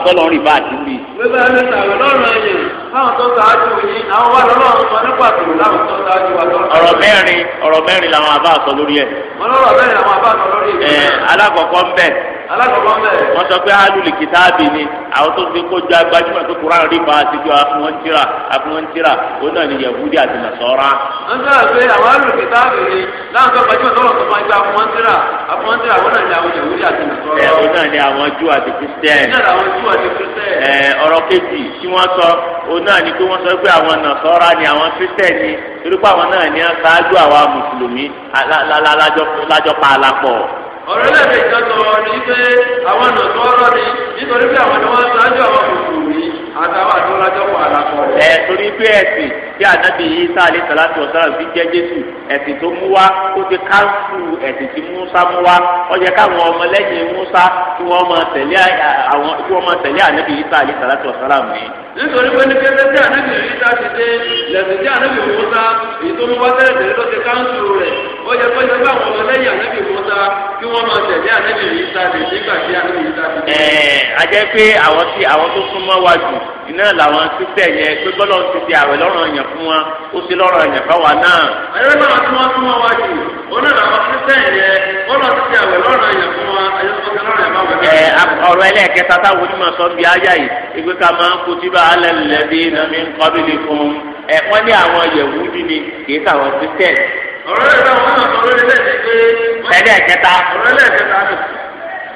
tọ́lọ́rìn bá àti wí. bébà mi sàrò lọ́rùn ẹ̀yìn láwọn tó ṣáájú yìí àwọn wa lọ́rùn sọ ní pàtó láwọn tó ṣáájú wa lọ́rùn. ọ̀rọ̀ mẹ́rin ọ̀rọ̀ mẹ́rin làwọn àbá sọ lórí ẹ̀. wọn lọ́rọ̀ mẹ́rin làwọn àbá sọ lórí ẹ̀. alákọ̀ọ́kọ́ ń bẹ̀ alákọ̀ọ́kọ́ mẹ́. wọ́n sọ pé alùlù kìtáàbì ni àwọn tó fi kó já gbajúmọ̀ tó kura rí ba àtijọ́ afúnwọ́ntìrà afúnwọ́ntìrà ó náà ni yahudi àti nasọ́ra. wọ́n sọ pé àwọn alùlù kìtáàbì ni láwọn tó gbajúmọ̀ tó lọ́kọ̀ máa gba afúnwọ́ntìrà afúnwọ́ntìrà ó náà ni àwọn yahudi àti nasọ́ra. ẹ ó náà ni àwọn jù àti kristian. ẹ ọ̀rọ̀ kejì tí wọ́n sọ ó náà ni pé wọ́n sọ pé àwọn nasọ́ra ni àwọn kristian ni torí pé àwọn náà ni aṣáájú àwa mùsùlùmí lájọ pa àlàpọ̀ ọ̀rọ̀ lẹ́ẹ̀mejì kan sọ̀rọ̀ ní pé àwọn ọ̀nà tó ọ̀rọ̀ ni nítorí pé àwọn ni wọ́n ṣáájú àwọn kòkòrò yìí àtàwọn àtúnlájọ wà lápò. ẹ torí pé ẹsìn tí ànábì Ìsá alayhi salatu wa salam fi jẹ Jésù ẹsìn tó mú wá ó ti káńsù ẹsìn tí Mùsá mú wá ó yẹ káwọn ọmọlẹ́yìn Mùsá kí wọ́n máa tẹ̀lé àwọn kí wọ́n máa tẹ̀lé ànábì Ìsá alayhi salatu wa salam mi. nítorí pé ní kété tí ànábì Ìsá ti dé lẹ́sìn tí ànábì Mùsá ìtòmúwá tẹ́lẹ̀ tẹ́lẹ̀ ló ti káńsù rẹ̀ ó yẹ iná làwọn sísẹ yẹn pé bọ́lọ̀ ti di àwẹ̀ lọ́rọ̀ yẹn fún wa ó sì lọ́rọ̀ yẹn fáwa náà. ẹ̀rọ náà tí wọ́n fún wa wá jù òun náà làwọn sísẹ yẹn bọ́lọ̀ ti di àwẹ̀ lọ́rọ̀ yẹn fún wa ayélujára lọ́rọ̀ yẹn fáwa náà. ọ̀rọ̀ ẹlẹ́ẹ̀kẹta táwọn onímọ̀ sọ bí ayá yìí ìgbé ká máa ń kutiba alẹ́ lẹ́bí nàmí nkọ́bìlì fún ẹ̀ wọ́n ní àwọn yẹ̀wù dídì kì í sàwọn sísẹ. ọ̀rọ̀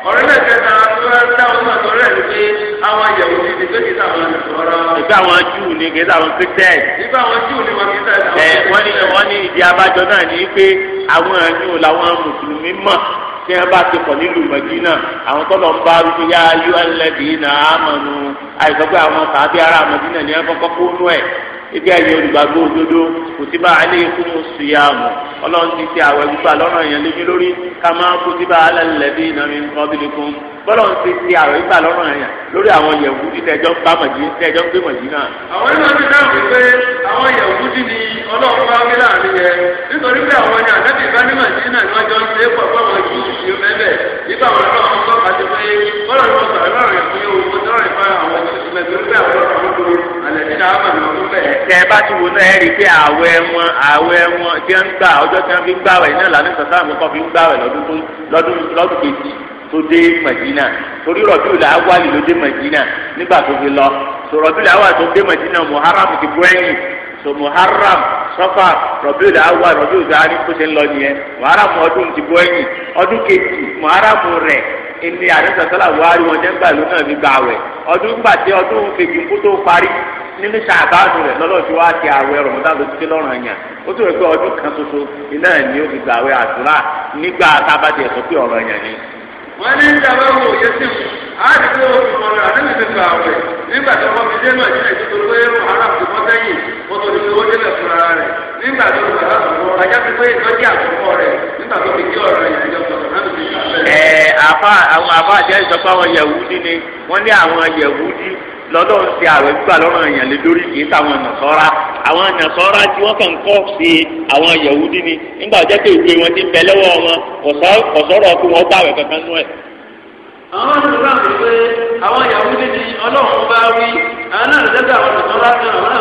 ọ̀rẹ́ náà kẹta táwọn náà sọ̀rọ̀ ẹ̀ ní pé àwọn àyẹ̀wò ti di pé kí táwọn náà sọ̀rọ̀. ìgbà àwọn Júù ni kì í táwọn Christian. ìgbà àwọn Júù ni wọn kì í táwọn. ẹ wọ́n ní wọ́n ní ìdí abájọ náà ní pé àwọn àyùn làwọn mùsùlùmí mọ̀ tí wọ́n bá ti pọ̀ nílùú Mẹdínà àwọn tó ń bá arúgbó yá ayú ẹlẹ́dìí náà á nù àìsàn pé àwọn tàbí ará Mẹdínà ni wọ́n kọ́kọ́ kó nú ẹ̀ ibi ayé olùgbàgbọ́ òdodo kùtìbà aléyìnkú mu sùyàmù ọlọ́run ti ti àwẹ̀ gbígbà lọ́rọ̀ yẹn lébi lórí ká máa kùtìbà alẹ́ lẹ́bí ìnáwó nǹkan bíi kún bọ́lá ń fi ti àrò ìgbà lọ́rùn àyàn lórí àwọn yẹ̀wù tí tẹ̀jọ́ ń bá mọ̀jì tẹ̀jọ́ ń gbé mọ̀jì náà. àwọn ẹ̀rọ mi náà fi àwọn yẹ̀wù tí ni ọlọ́run bá wí láàrin yẹn nítorí pé àwọn ẹni àtẹ́tì ìbánimọ̀ náà ni wọ́n jọ ń ṣe pọ̀ pọ̀ wọn ju ìṣe mẹ́lẹ̀ nígbà wọn náà wọn kọ́ àti pé bọ́lá ló sọ ẹ̀rọ bá ti wò náà ẹ rí i pé àwẹ̀ wọn àwẹ̀ wọn tí wọn gbà ọjọ́ tí wọn fi gbà wẹ̀ náà lànà sọsọ àmì kan fi ń gbà wẹ̀ lọ́dún kejì tó dé Madina torí rọ̀bí ìlà awali ló dé Madina nígbà tó fi lọ so rọ̀bí ìlà awali tó dé Madina Muharram ti bọ́ ẹ̀yìn so Muharram sọ́fà rọ̀bí ìlà awali rọ̀bí ìlà awali kó ṣe ń lọ nìyẹn Muharram ọdún ti bọ́ ẹ̀yìn ọdún kejì Muharram rẹ̀ ìní àdéhùnsọ́lá wàhálì wọn jẹ́ gbàlú náà fi gbà wẹ̀ ọdún gbàdé ọdún kejì kó tó parí nínú sàbáàdù rẹ̀ lọ́lọ́dún wa ti àwẹ̀ rọ̀mọ́tà ló ti ké lọ́rùn ẹ̀yàn ó tún rẹ̀ pé ọdún kan ṣoṣo iná ẹ̀ ní ó fi gbà wẹ̀ àdúrà nígbà tábàdì ẹ̀sọ́ pé ọ̀rọ̀ ẹ̀yàn ni wọ́n ní ìjàmbá wo òye sí mu àti kó o fi mọ̀lẹ́ àdébí ti gbà wẹ̀ nígbà tí wọ́n fi dé náà sílẹ̀ tó lóye ẹ̀rọ haram tó wọ́n sẹ́yìn wọ́n tó ní owó délẹ̀ fún ara rẹ̀ nígbà tó gbà lásìkò ajá ti pé ìtọ́jú àkọ́kọ́ rẹ̀ nígbà tó fi àwọn àfa àjẹ́ ìsọpá àwọn yẹ̀wúdí ni wọ́n ní àwọn yẹ̀wúdí lọ́dọ̀ ń ṣe àwẹ̀ gbígbà lọ́rùn èèyàn lé lórí kì í sáwọn nàṣọ́ra àwọn nàṣọ́ra tí wọ́n kàn kọ́ sí àwọn yahudi ni nígbà jẹ́ pé ìwé wọn ti lọ́wọ́ wọn kò sọ̀rọ̀ kí wọ́n gbàwẹ̀ kankan nú ẹ̀. àwọn ti pé àwọn yahudi ni ọlọ́run bá wí àwọn àwọn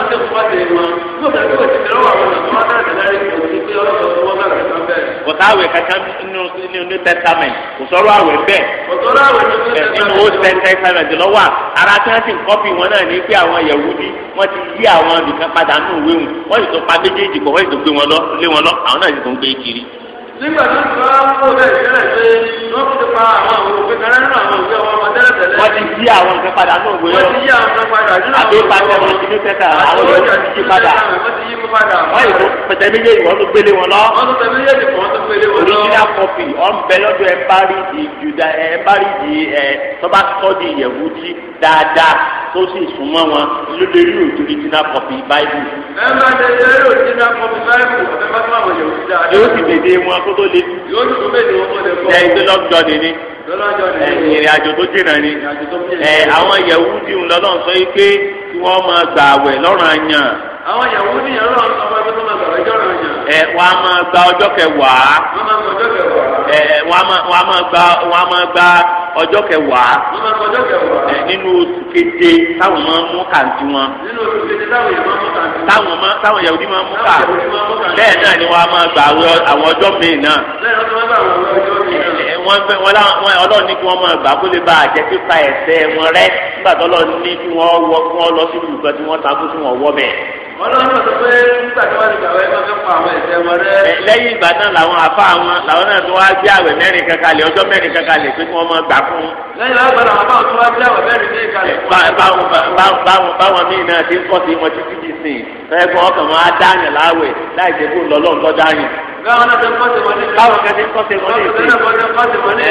ti wọn kò sáwẹ̀ kankan nínú nínú testament kò sọ̀rọ̀ àwẹ̀ bẹ́ẹ̀. kò sọ̀rọ̀ àwẹ̀ nínú old testament lọ́wọ́ ara tí wọ́n ti ń kọ́pì wọn náà ní pé àwọn Yahudi wọ́n ti yí àwọn nìkan padà nù wéwù wọ́n sì tún pa méjèèjì pọ̀ wọ́n sì tún gbé wọn lọ lé wọn lọ àwọn náà sì tún gbé kiri nígbà tó ti wá kó bẹ́ẹ̀ tẹ́lẹ̀ pé wọ́n ti pa àwọn àwọn òfin kan nínú àwọn òfin ọmọ ọmọ tẹ́lẹ̀ tẹ́lẹ̀. wọ́n ti yí àwọn nǹkan padà ní òwe wọn. wọ́n ti yí àwọn nǹkan padà nínú àwọn òwe wọn. àbí pàṣẹ wọn ti ní kẹta àwọn òwe ti yí padà. wọ́n ti yí mú padà. wọ́n yìí fún pẹ̀tẹ́ méjèèjì wọ́n tó gbélé wọn lọ. wọ́n tó pẹ̀tẹ́ méjèèjì kan tó gbélé wọn lọ. original copy ọ̀n bẹ lọ́dọ̀ ẹ̀ bá rí di juda ẹ̀ bá rí di ẹ̀ tọ́ba tọ́ di yẹ̀wù dáadáa tó sì súnmọ́ wọn lóde rí òjòrí tíná kọ̀pì báìbù. ẹ máa lè ṣe rí òjòrí tíná kọ̀pì báìbù ọ̀fẹ́ bá tún àwọn yòówù dáadáa. yóò sì dédé wọn kó tó le. yóò sì tún bèèrè wọn kó lè kọ́. ẹyin tó lọ́jọ́ ni ni ìrìn àjò tó jìnnà ni àwọn yẹ̀wù dìhun lọ́dọ̀ sọ yìí pé kí wọ́n máa gbà àwẹ̀ lọ́rùn àyàn. àwọn yẹ̀wù dìhun lọ́dọ̀ sọ ẹ wọ́n gba ọjọ́ kẹwàá ẹ wọ́n gba wọ́n á gba ọjọ́ kẹwàá nínú oṣù keje táwọn máa mú kàǹtì wọn táwọn máa táwọn yahudi máa mú kà bẹ́ẹ̀ náà ni wọ́n á gba àwọn ọjọ́ míì náà wọ́n fẹ́ wọ́n láwọn ọlọ́run ní kí wọ́n máa gbà kó lè bá àjẹ pípa ẹ̀ṣẹ̀ wọn rẹ́ nígbà tó ọlọ́run ní kí wọ́n wọ kí wọ́n lọ sí ibùdókọ̀ tí wọ́n takú tí wọ́n wọ́ bẹ́ẹ̀ ọlọ́run lẹ́yìn ìgbà náà làwọn àfa àwọn làwọn náà tó wá gbé àwẹ̀ mẹ́rin kankan lè ọjọ́ mẹ́rin kankan lè pé kí wọ́n máa gbà fún. lẹ́yìn lágbà náà báwọn tó wá gbé àwẹ̀ mẹ́rin ní ìkàlẹ̀. báwọn báwọn míì náà ti ń kọ́ sí wọn títí dì sí i. fẹ́ẹ́ ọkàn wọn á dáàyàn láwẹ̀ láì gáwọn ọdún kọ́sẹ̀ wọlé. káwọn kẹsẹ̀ kọ́sẹ̀ wọlé. káwọn kọ́sẹ̀ wọlé.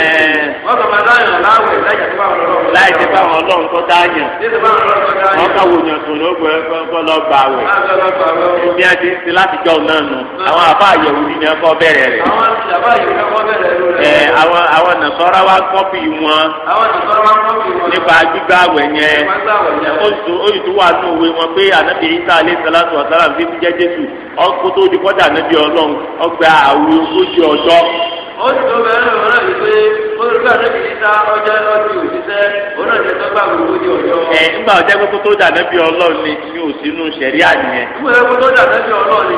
wọ́n kọ́ máa dáyàn láwẹ̀ láyé tó bá wọn lọ́wọ́. láyé tó bá wọn lọ́wọ́ tó dáyàn. wọ́n kà wòyàn tó ló gbẹ kọ́ lọ gbà wẹ̀. bí a ti ti láti jọ náà nù. àwọn àbá àyẹ̀wò ni ẹ kọ́ bẹ̀rẹ̀ rẹ̀. àwọn àwọn nàṣọ́ra wa kọ́pì wọn. nípa gbígbà àwẹ̀ yẹn. oṣù tó wà ní òwe wọn pé ànábì gba àwọn ogójì ọjọ́. ó sì tó bẹ́ẹ̀ lọ́wọ́ náà yìí olùkọ́ àdébí níta ọjọ́ ọtí òṣìṣẹ́ òun náà ogójì ọjọ́. ẹ nígbà ọjọ́ tó ọlọ́run ni sẹ̀rí nígbà tó ọlọ́run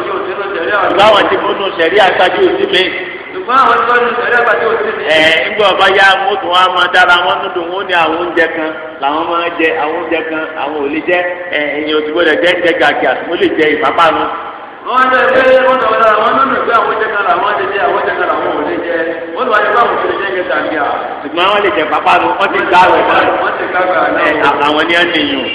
ni ya mọtò wọn máa dára wọn wọn ní àwọn oúnjẹ kan làwọn máa jẹ àwọn oúnjẹ kan àwọn ò lè jẹ òsì jẹ jẹ gàkì àti mo lè àwọn àjọ ẹgbẹ́ wọn náà wọn àwọn náà gbé àwọn jẹ́kan àwọn àjẹ jẹ́ àwọn jẹ́kan àwọn ò lè jẹ́ wọ́n lè wá jẹ́ báwọn òṣèlú jẹ́ kẹta ní à. ṣùgbọ́n wọ́n lè jẹ pápá ló wọ́n ti gbá rẹ̀ náà àwọn ní àníyàn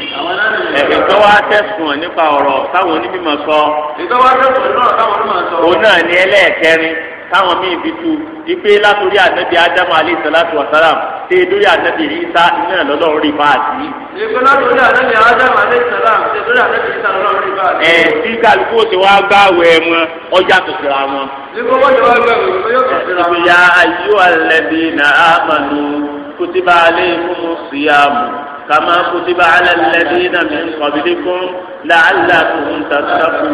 ẹ̀ẹ́dọ́ wa tẹ̀sùn nípa ọ̀rọ̀ táwọn onímọ̀ sọ. ìtọ́wá tẹ̀sùn náà táwọn onímọ̀ sọ. òun náà ní ẹlẹ́ẹ̀kẹrin táwọn míì fi tu ipe látòrí ànábì ádámù alayhi salatu wa salam ṣe lórí ànábì ìsá iná lọ́lọ́run rí bá a sí. ìpè látòrí ànábì ádámù alayhi salam ṣe lórí ànábì ìsá lọ́lọ́run rí bá a sí. ẹ tí kálukú ti wá gbá wẹ wọn ọjà tó sira wọn. ìgbọ́ bọ́ọ̀dù wá gbẹ wẹ̀ wọ́n yóò tó sira wọn. ìgbìyà ayé wà lẹ́bi nà ámàlú kùtìbà alẹ́ ìmúmu síyàmù kàmá kùtìbà alẹ́ lẹ́bi nà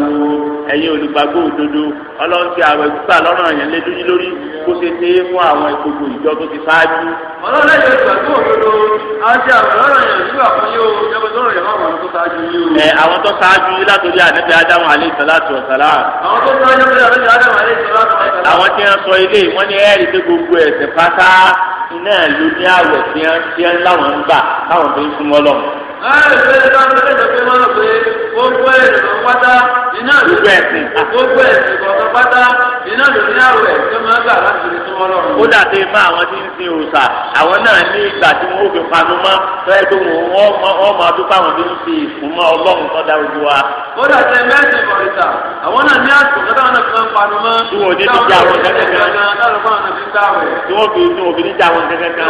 mí ẹ̀yin olùgbàgbọ́ òdodo ọlọ́run ti àwẹ̀ gbígbà lọ́rùn yẹn lé lórí lórí kó ṣe ṣe é fún àwọn gbogbo ìjọ tó ti ṣáájú. ọlọ́run ẹ̀yẹ olùgbàgbọ́ òdodo á ti àwẹ̀ lọ́rùn yẹn gbígbà fún yóò jẹ́pẹ́ lọ́rùn yẹn máa tó ṣáájú yóò. ẹ àwọn tó ṣáájú látòrí ànábì ádámù alayhi salatu wa salam. àwọn tó ṣáájú látòrí ádámù alayhi salatu wa salam. àwọn tí wọn sọ ilé wọn ní ẹ̀rí pé gbogbo ẹ̀ṣẹ̀ pátá iná ló ní àwẹ̀ tí wọn láwọn ń gbà táwọn fi ń súnmọ́ lọ́wọ́ ẹ ṣe é ká ṣe lè fi máa pé gbogbo ẹ̀sìn pátá iná ló gbogbo ẹ̀sìn gbogbo ẹ̀sìn kọ̀ọ̀kan pátá iná ló ní àwẹ̀ tó máa gbà láti fi súnmọ́ lọ́rùn. ó dàbí má àwọn tí ń sin òòṣà àwọn náà ní ìgbà tí wọn ò fi panu mọ́ fẹ́ẹ́ tó wọn wọ́n máa dúpọ̀ àwọn tó ń fi ìfún mọ́ ọlọ́run tó dá wa. ó dàbí mẹ́sìn kọ̀ọ̀ta àwọn náà ní àtúntò táwọn náà fi máa ń panu mọ́. tí wọn ò ní ti àwọn kẹ́kẹ́ kan. tí wọ́n fi ní àwọn kẹ́kẹ́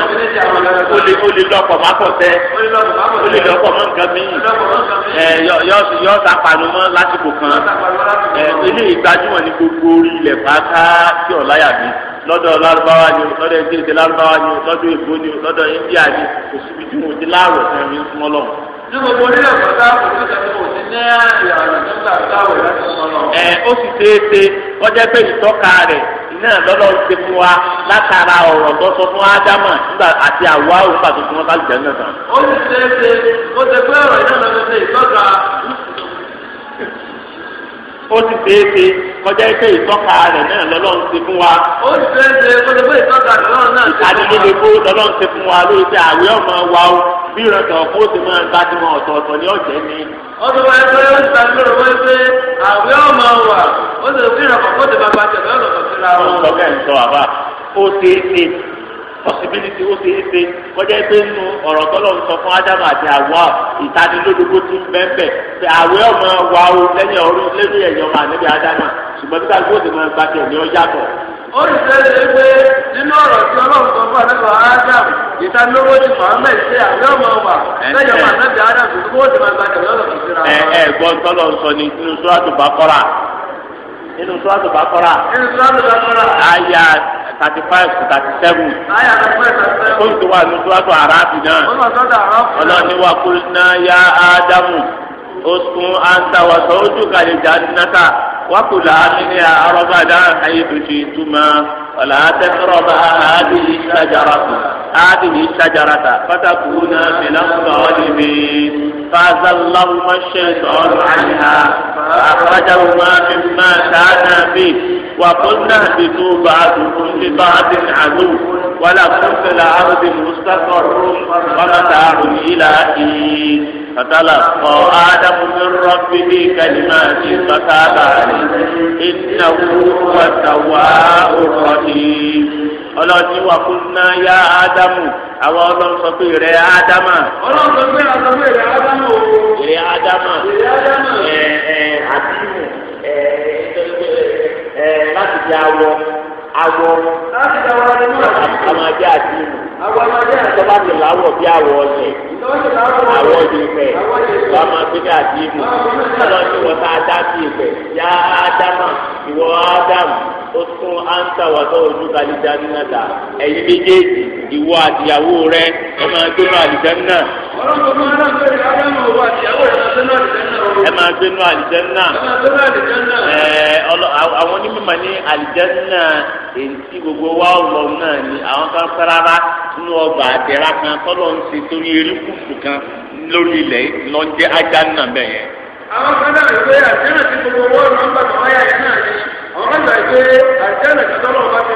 ó lè lọ́pọ̀ má ó lè lọ́pọ̀ lọ́pọ̀ mọ́ nǹkan míì yọ sàpàlù mọ́ lásìkò kan ilé ìgbàjúmọ̀ ní gbogbo orí ilẹ̀ pátá tí ọ̀láyà mi lọ́dọ̀ lárúbáwá ni lọ́dọ̀ èdè èdè lárúbáwá ni lọ́dọ̀ èbó ni lọ́dọ̀ India ni kò síbi tí mo ti láàrọ̀ fún mi fún ọlọ́run. ní gbogbo orílẹ̀ pátá kò sí ìṣẹ̀lẹ̀ kò sí ní ìyàrá nígbà táwọn ìyá ti sọ lọ. ẹ ó sì ṣeé ṣe wọ́n jẹ́ pé ìtọ́ka rẹ̀ iná lọ́lọ́ ń ṣe fún wa látara ọ̀rọ̀ tó sọ fún ádámà nígbà àti àwa òun pàtó fún wọn bá jẹ́ náà tán. ó sì ṣe é ṣe ó ṣe pé ọ̀rọ̀ iná lọ́sọ̀ọ́sẹ̀ ìtọ́jà ó sì ṣeéṣe kọjá ife ìtọ́ka rẹ̀ náà lọ́lọ́run ṣe fún wa. ó sì ṣeéṣe kọjá ife ìtọ́ka rẹ̀ lọ́lọ́run náà ṣe fún wa. àdìgbélé kó lọ́lọ́run ṣe fún wa lórí pé àwẹ̀ ọmọ wa o bí ìrọ̀tọ̀ kó o ti máa bá ọ̀tọ̀ọ̀tọ̀ ní ọ̀jẹ̀ ni. ọdún wa ẹgbẹ́ ó ti tàbí lórí wọ́n pé àwẹ̀ ọmọ wa ó sì fi ìrọ̀kọ̀ kó o ti máa bá ọ̀tọ̀ọ̀tọ̀ possibility ó ṣeé ṣe kọjá pé nínú ọ̀rọ̀ tọ́lọ̀ ń sọ fún ádámù àti àwa ìtanilólobó ti ń bẹ́ẹ̀bẹ́ pé àwẹ̀ ọmọ wa o lẹ́yìn ọ̀rọ̀ lẹ́yìn ẹ̀yọ́ máa níbi ádámù ṣùgbọ́n nígbà tí ó sì máa gba tẹ̀lé ọ yàtọ̀. ó sì ṣe é pé nínú ọ̀rọ̀ tí ọlọ́run sọ fún àdébà ádámù ìtanilólobó ti fà á mẹ́ ṣe àwẹ̀ ọmọ wa lẹ́yìn ọmọ àdébà ádámù ṣùgbọ́n ó sì máa gba tẹ̀lé ọ̀rọ̀ kìí nínú sọ́ọ́tù bá kọ́ra thirty five to thirty seven. Oṣù tó wà ní Sọ́tò Arábì náà. Ọlọ́ni wa kú ná yá Ádámù. Oṣùn àǹtàwọ̀sọ̀ ojú kàlẹ̀ jáde náà. Wákùlà mi ní àrọ́bà náà ayé tó ṣe túmọ̀. ولا تقرب هذه الشجرة هذه الشجرة فتكون من الظالمين فأزلهما الشيطان عنها فأخرجهما مما كانا فيه وقلنا اهبطوا بعضكم لبعض عدو ولكم في الأرض مستقر ومتاع إلى حين فتلقى آدم من ربه كلمات فتاب عليه إنه هو التواب الرحيم rahim ọlọ́ọ̀tí wà kún ná yá ádámù àwọn ọlọ́run sọ pé rẹ̀ ádámà. ọlọ́run sọ pé àtọ́ pé ádámà o. ádámà. ádámà. ẹ ẹ ẹ ẹ láti awọ. awọ àtàmàdé àti ìlú tọ́ba ti láwọ̀ bí awọ ọ̀sẹ̀ awọ ìfẹ́ tọ́ba dá sí yá ádámà ìwọ ádámù ó tún áńtà wà tó ojú ta ẹ̀yin méjèèjì ìwọ àtìyàwó rẹ ẹ máa máa ẹ máa gbé nú àlìjẹ́nà àwọn onímọ̀ ní àlìjẹ́nà èyí tí gbogbo wa lọ náà ni àwọn kan sárára nínú ọgbà àdẹ́rà kan tọ́lọ́ ń ṣe torí erékùsù kan lórí ilẹ̀ lọ́jẹ́ ajá náà bẹ́ẹ̀ yẹn. àwọn kan náà gbé àlìjẹ́nà tí gbogbo wa lọ ń bàtà wáyà yẹn náà ni àwọn kan náà gbé àlìjẹ́nà tí tọ́lọ́ bá fi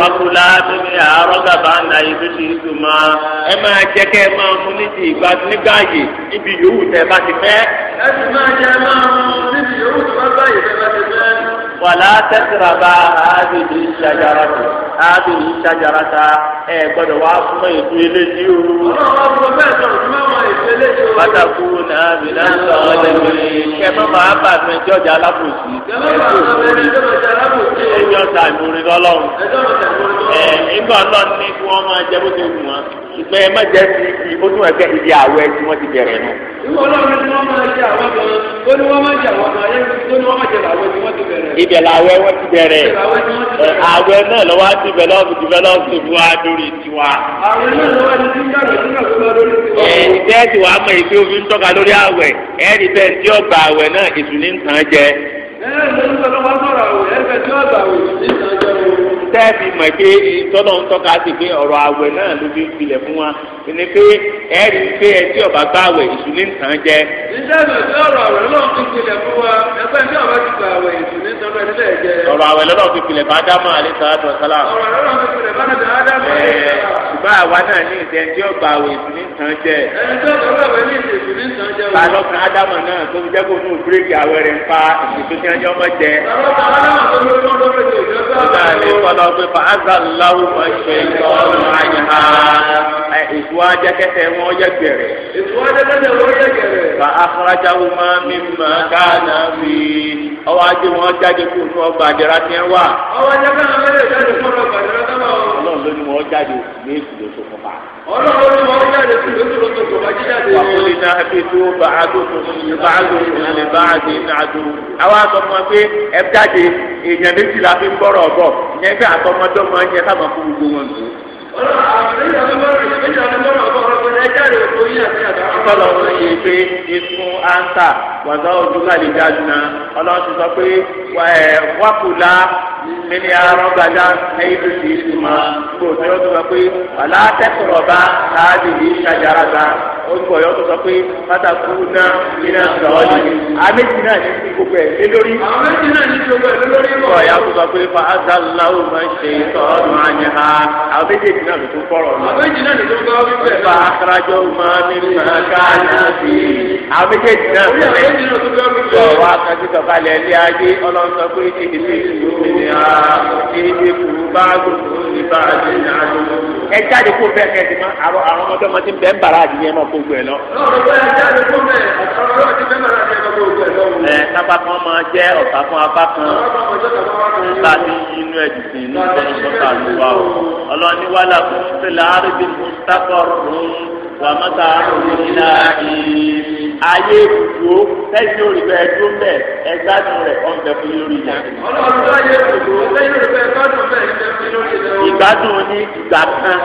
wákúlá tóbi àárọ̀ gàbá ńlá ibi tí ìlú máa ẹ máa jẹ́ kẹ́ ẹ máa mú níbi ìgbà nígbà yìí níbi yòówù tẹ́ bá ti fẹ́. ẹ sì máa jẹ́ máa mú níbi yòówù tó bá bá yìí wàlá tẹsiraba àbìlì ìṣàjàrata àbìlì ìṣàjàrata ẹ gbọ́dọ̀ wá fún ètò eléyìí o. pátákó náà bìlá ń sọ ọ lẹ́gbẹ̀ẹ́ kẹfọ́ máa bà mí jọjà alábòsí. ẹjọ́ ta ìmúrin lọ́lọ́run. ẹ ìgbà náà ní kí wọ́n máa jẹ́ bó ti wù wọ́n ṣùgbọ́n ẹ má jẹ́ sí ibi ó tún ẹgbẹ́ ibi àwẹ̀ tí wọ́n ti bẹ̀rẹ̀ nù. ìwọ ọlọ́run ni wọ́n máa jẹ àwọn kan ó ní wọ́n máa jẹ àwọn kan ayé tó ní wọ́n máa jẹ làwẹ̀ tí wọ́n ti bẹ̀rẹ̀. ibẹ̀ làwẹ̀ wọ́n ti bẹ̀rẹ̀ àwẹ̀ náà lọ́wọ́ á dìbẹ̀lọ́ọ̀bù dìbẹ̀lọ́ọ̀bù fún wa lórí tiwa. àwẹ̀ náà lọ́wọ́ á di tí ń dàgbà fún wa lórí tiwa. ẹ̀ ǹjẹ́ ti wàá mọ ìpè òfin tọ́ka lórí àwẹ̀ ẹ̀ẹ́dì bẹ́ẹ̀ tí ọgbà àwẹ̀ náà ètùní ń tàn jẹ. ẹ̀ẹ́dì bẹ́ẹ̀ tí ọgbà àwẹ̀ ẹ̀ẹ́dì àwẹ̀ ètùní tẹ́ fi mọ̀ pé ìtọ́nà ń tọ́ka sí pé ọ̀rọ̀ àwẹ̀ náà ló fi filẹ̀ fún wa ni pé ẹ rí i pé ẹ tí ọba gbá àwẹ̀ ìṣù ní nǹkan jẹ. iṣẹ́ ìṣẹ́ ọ̀rọ̀ àwẹ̀ lọ́wọ́ fi filẹ̀ fún wa ẹgbẹ́ tí ọba ti gba àwẹ̀ ìṣù ní nǹkan bẹ́ẹ̀ jẹ. ọ̀rọ̀ àwẹ̀ lọ́wọ́ fi filẹ̀ fún ádámù alẹ́ sàlátù ọ̀sálà. ọ̀rọ̀ lọ́wọ́ fi filẹ̀ fún ádámù alẹ́ sàlátù ṣùgbọ́n àwa náà ní ìṣe tí ó gba àwẹ̀ ìsìn ní ìtàn jẹ. ẹni tó sọ pé fàáza láwù máa ṣe ìtọ́nù àyà ìfúwájẹkẹsẹ wọn yẹ gẹrẹ. ìfúwájẹkẹsẹ wọn yẹ gẹrẹ. fa afarajawo máa mi máa gánà mi. ọwọ́ ajé wọn jáde kó fún ọgbà àjẹrà tí ń wà. ọwọ́ ajé káwọn mẹ́lẹ̀ jáde fún ọgbà àjẹrà tí ń wà. ọlọ́run ló ní wọn jáde ní èsì lóṣù kọfà ọlọ́run ni wọ́n jáde sí lójú lójú kò bá jíjáde. wàhálì náà fi tó bàádó bàádó ìlànà bàádé nàdó. àwa sọ fún wa pé ẹ jáde èèyàn méjì la fi ń bọ̀rọ̀ bọ̀ ìyẹn bí àtọmọdọ́ máa ń yẹ ká máa gbogbo wọn ọlọ́run àwọn pé ẹ ansa wàzọ́ ojú kàlíjà jùlọ ọlọ́run ti sọ pé wàkùlà mímí arán gbàdá ẹyìn tó ti ìtumọ̀ gbòòtú ọdún wa pé wàlá tẹsọrọ bá káàdì yìí ṣàjára bá orúkọ yọ tó sọ pé pátákó náà iná sọ̀rọ̀ yìí àméjì náà ní ti gbogbo ẹ̀ lé lórí. àméjì náà ní ti gbogbo ẹ̀ lé lórí. ọ̀rọ̀ ya tó sọ pé fa azaláwo máa ń ṣe sọ́ọ̀nù àyànhá àwọn méjèèjì náà ló tún fọ̀rọ̀ lọ. àméjì náà ló tún fọ̀rọ̀ wípé. fa akarajọ máa mi máa ká nàbí. àwọn méjèèjì náà ló tún fọ̀rọ̀ wípé. ọ̀rọ̀ akájú sọ̀kalẹ̀ ilé ayé ọlọ́run gbogbo ẹ lọ. ẹ sábà kan máa jẹ ọ̀tá fún apá kan nígbà tí inú ẹ̀jù sí inú ìtọ́jú sọ́kà ló wà o. ọlọ́ni wà lápò ń tẹ̀lé àrídì fún sákọ̀rọ̀ wà mọ́ta àrùn ìlà ayé ibùdó tẹ́sí orí bẹ́ẹ̀ tó bẹ́ẹ̀ ẹ gbádùn rẹ̀ ọ̀n bẹ fún lórí ìjà. ọlọ́run tó ayé ibùdó tẹ́sí orí bẹ́ẹ̀ gbádùn bẹ́ẹ̀ ìgbádùn ní ìgbà kan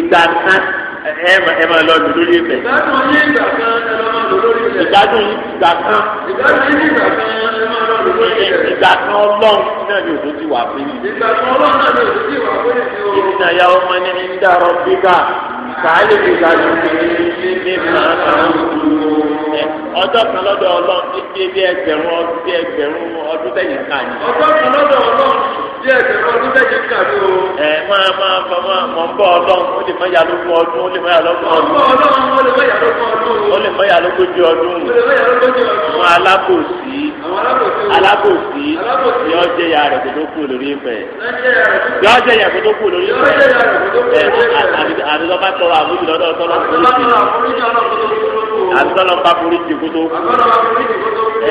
ìgbà kan ẹ máa lọ lò lórí ibẹ̀. ìgbádùn yín ìgbà kan ẹ máa lò lórí ibẹ̀. ìgbádùn yín ìgbà kan. ìgbádùn yín ìgbà kan ẹ máa lọ lò lórí ibẹ̀. ìgbà kan ọlọ́run náà ni òtún ti wà pé. ìgbà kan ọlọ́run náà ni òtún ti wà pé. ìdìnnà ya ọmọ ní ní dàrọ bíkà kàálẹ̀ ìgbà tó ti ní ní màá kàn án lò yẹn ọjọ́ kan lọ́dọ̀ ọlọ́run ti fi bí ẹgbẹ̀rún ọdún bí ẹgbẹ̀rún ọdún tẹ̀yìn kà ní. ọjọ́ kan lọ́dọ̀ ọlọ́run bí ẹgbẹ̀rún ọdún tẹ̀yìn kà ní o. ẹ máa máa bọ máa mọ̀ ń bọ̀ ọlọ́run ó lè má yà ọdún ó lè má yà ọdún. ó lè má yà ọdún. ó lè má yà ọdún. àwọn alábòsí alábòsí yọ jẹ ya rẹ kótó kú lórí ìfẹ́. yọ jẹ ya kótó kú lórí ìfẹ́. ẹ àdìsọ́ bá tọrọ àbújù lọ́dọ̀ tọ́lọ́ àbújù lọ́dọ̀ tọ́lọ́ forí jì kótó.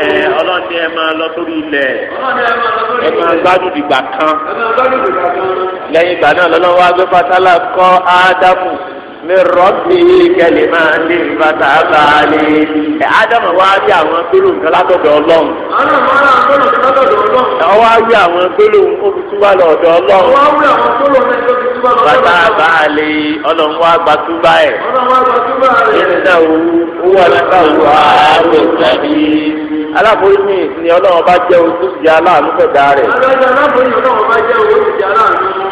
ẹ ọlọ́ọ̀ni ẹ máa lọ sórí ilẹ̀ ẹ máa gbádùn dìgbà kan lẹ́yìn ìgbà náà lọ́lọ́wọ́ agbẹ́fà kọ́ ádámù mi rọ́bì kẹlẹ̀ máa ní bàtà báàlì. Ádámù wá rí àwọn gbólóhùn kan látọ̀dọ̀ Ọlọ́run. Ádámù wá rí àwọn gbólóhùn kan látọ̀dọ̀ Ọlọ́run. Ọwọ́ á rí àwọn gbólóhùn ó fi túbà lọ́dọ̀ Ọlọ́run. Ọwọ́ á rí àwọn gbólóhùn náà tó fi túbà lọ́dọ̀ Ọlọ́run. Bàtà báàlì Ọlọ́run wá gba túbà ẹ̀. Ọlọ́run wá gba túbà ẹ̀. Ìnáwó wọ́n ká wà á lò tàbí aláboyún ni ọlọ́run bá jẹ́ ojú ti aláàánú pẹ̀dá rẹ̀. aláboyún ọlọ́run bá jẹ́ ojú ti aláàánú.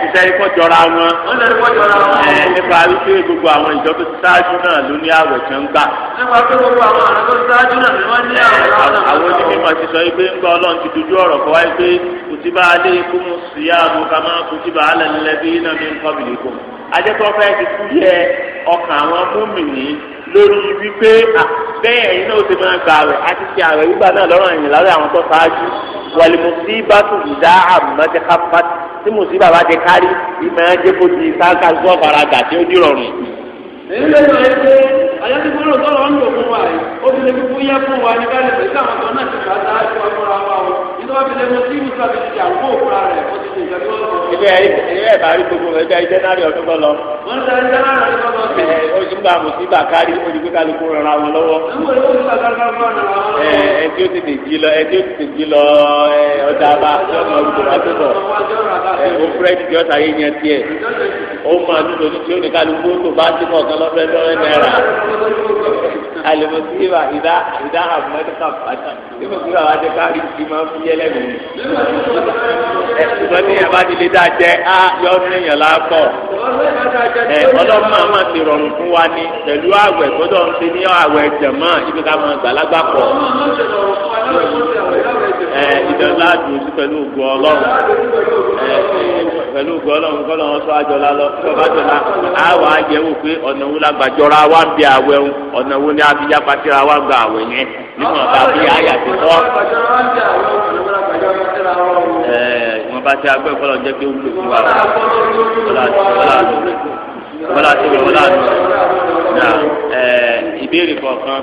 ṣiṣẹ́ ikọ́ jọra wọn. wọ́n ṣe ikọ́ jọra wọn. ẹ nípa wípé gbogbo àwọn ìjọ tó ti ṣáájú náà ló ní àwẹ̀ tó ń gbà. nípa pé gbogbo àwọn àrùn tó ti ṣáájú náà ni wọ́n ní àwẹ̀ náà. àwọn onímọ̀ ti sọ pé ńgbà ọlọ́run ti dojú ọ̀rọ̀ kọ́ wáyé pé kùtìbà alaykum siyamu kama kùtìbà ala alladhina min qablikum. ajẹ́kọ̀ọ́fẹ́ ti kú yẹ ọkàn àwọn lórí wípé bẹ́ẹ̀ ẹ̀yin náà ó ti máa gba àwẹ̀ àti ti àwẹ̀ gbígbà náà lọ́rọ̀ ẹ̀yìn lábẹ́ àwọn tó ṣáájú wàlẹ̀ mùsíbà tó ìdá àmọ́tẹ́ kápá tí mùsíbà bá ti kárí ìmọ̀ ẹ̀jẹ̀ kò ti sáńkà sí ọ̀faragà tí ó dìrọ̀rùn. èyí lè lọ ẹgbẹ́ ayélujára tọrọ ń lò fún wa yìí ó ti lè fi fún yẹ fún wa ní ká ibẹ̀ ibẹ̀ bá rí gbogbo ẹgbẹ́ ẹgbẹ́ náà rí ọdún kọlọ. ẹ oṣùgbà mùsùlùmí àkárí olùgbé kálukú rọra wọn lọ́wọ́. ẹ ẹ tí ó tètè jí lọ ẹ tí ó tètè jí lọ ẹ ọjà bá ọmọ olùkọ́ bá tó bọ̀. ẹ o fúrẹ́dì tí ọ̀tá yẹn yẹn tiẹ̀. ó máa ń tó tí ó ní kálukú tó ti kọ̀ kan lọ́fẹ́ lọ́rẹ́ náírà jẹ lẹ́nu. ẹ ṣùgbọ́n ní yàrá ti lè dá jẹ á yọ ní yàrá pọ̀. ẹ ọlọ́run máa máa ti rọrùn fún wa ní pẹ̀lú àwẹ̀ gbọ́dọ̀ ń ti ní àwẹ̀ jẹ̀mọ́ ibi ká máa gbàlagbà pọ̀. ẹ ìdọ̀lá dùn sí pẹ̀lú ògùn ọlọ́run. ẹ pẹ̀lú ògùn ọlọ́run kọ́ lọ́wọ́ sọ àjọlá lọ sọ àjọlá àwọn àjẹwò pé ọ̀nà wo la gbàjọra wa ń bi àwẹ̀ ọ̀nà wo ni abiyá patira wa ń gba àwẹ̀ yẹn nígbà bá fi àyà ti tọ́ ìwọ̀nba tí a gbọ́ ìfọlọ́ jẹ́ pé ó wúlò fún wa wọ́lá àdó wọ́lá àdó wọ́lá àdó na ìbéèrè kọ̀ọ̀kan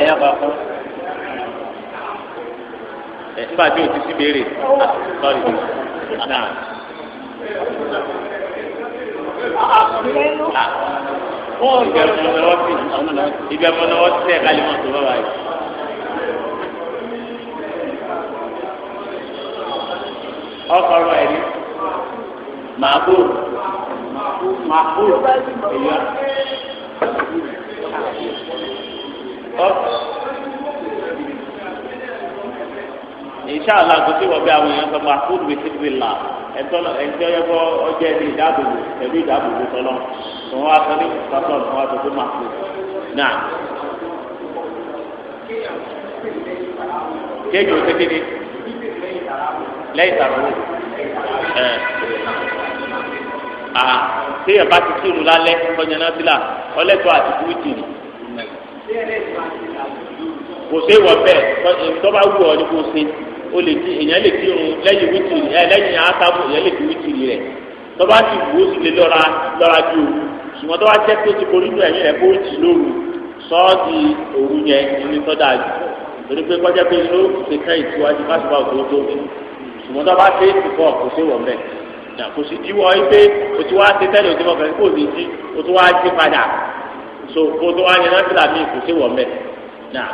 ẹ̀yà kọ̀ọ̀kan ẹ̀ nígbà tí o ti sí béèrè sọ́ọ̀rì náà. ìgbà mọ́nà wọ́n ti tẹ̀ kálí mọ́tò báwa yìí. ọkọọrọ ẹni màbú màbú èyí ọ. inṣàlá kò sí wọ́n bí àwọn èèyàn sọ màbú mi ti fi là ẹtọlọ ẹtọ yẹ kọ ọjọ ẹni ìdáàbòbò pẹ̀lú ìdáàbòbò tọlọ tó wọn aṣọ ní pàtó tó wọn aṣọ tó máa kú kéèyàn ó ṣe kéde lẹ́yìn tààrọ̀ wò ẹ̀ à téèyàn bá ti kírun lálẹ́ kọjá náà sílà ọlẹ́tọ̀ àti kúrìtì ni kò sí ìwọ bẹ́ẹ̀ tọ́ba wù ọ́ ní kò sí o lè ti èèyàn lè kírun lẹ́yìn wítìrì ẹ lẹ́yìn àtàbù èèyàn lè fi wítìrì rẹ̀ tọ́ba ti wù ó sì lè lọ́ra lọ́ra ju o ṣùgbọ́n tọ́ba jẹ́ pé ti borí lóyún ẹ̀yìn rẹ̀ kó jì lóru sọ́ọ̀dì òru yẹn ní sọ́dà jù torí pé kọjá pé ló ṣe ká ìtura ju fásitì ṣùgbọ́n tó bá ṣe é tìkọ́ kò sí wọ̀ mẹ́ nà kò sì jíwọ́ yìí pé o ti wá ṣe tẹ́lẹ̀ o ti mọ̀ fẹ́ kó o ti jí o tó wá jí padà so kó o tó wá yẹn náfìlà míì kò sí wọ̀ mẹ́ nà.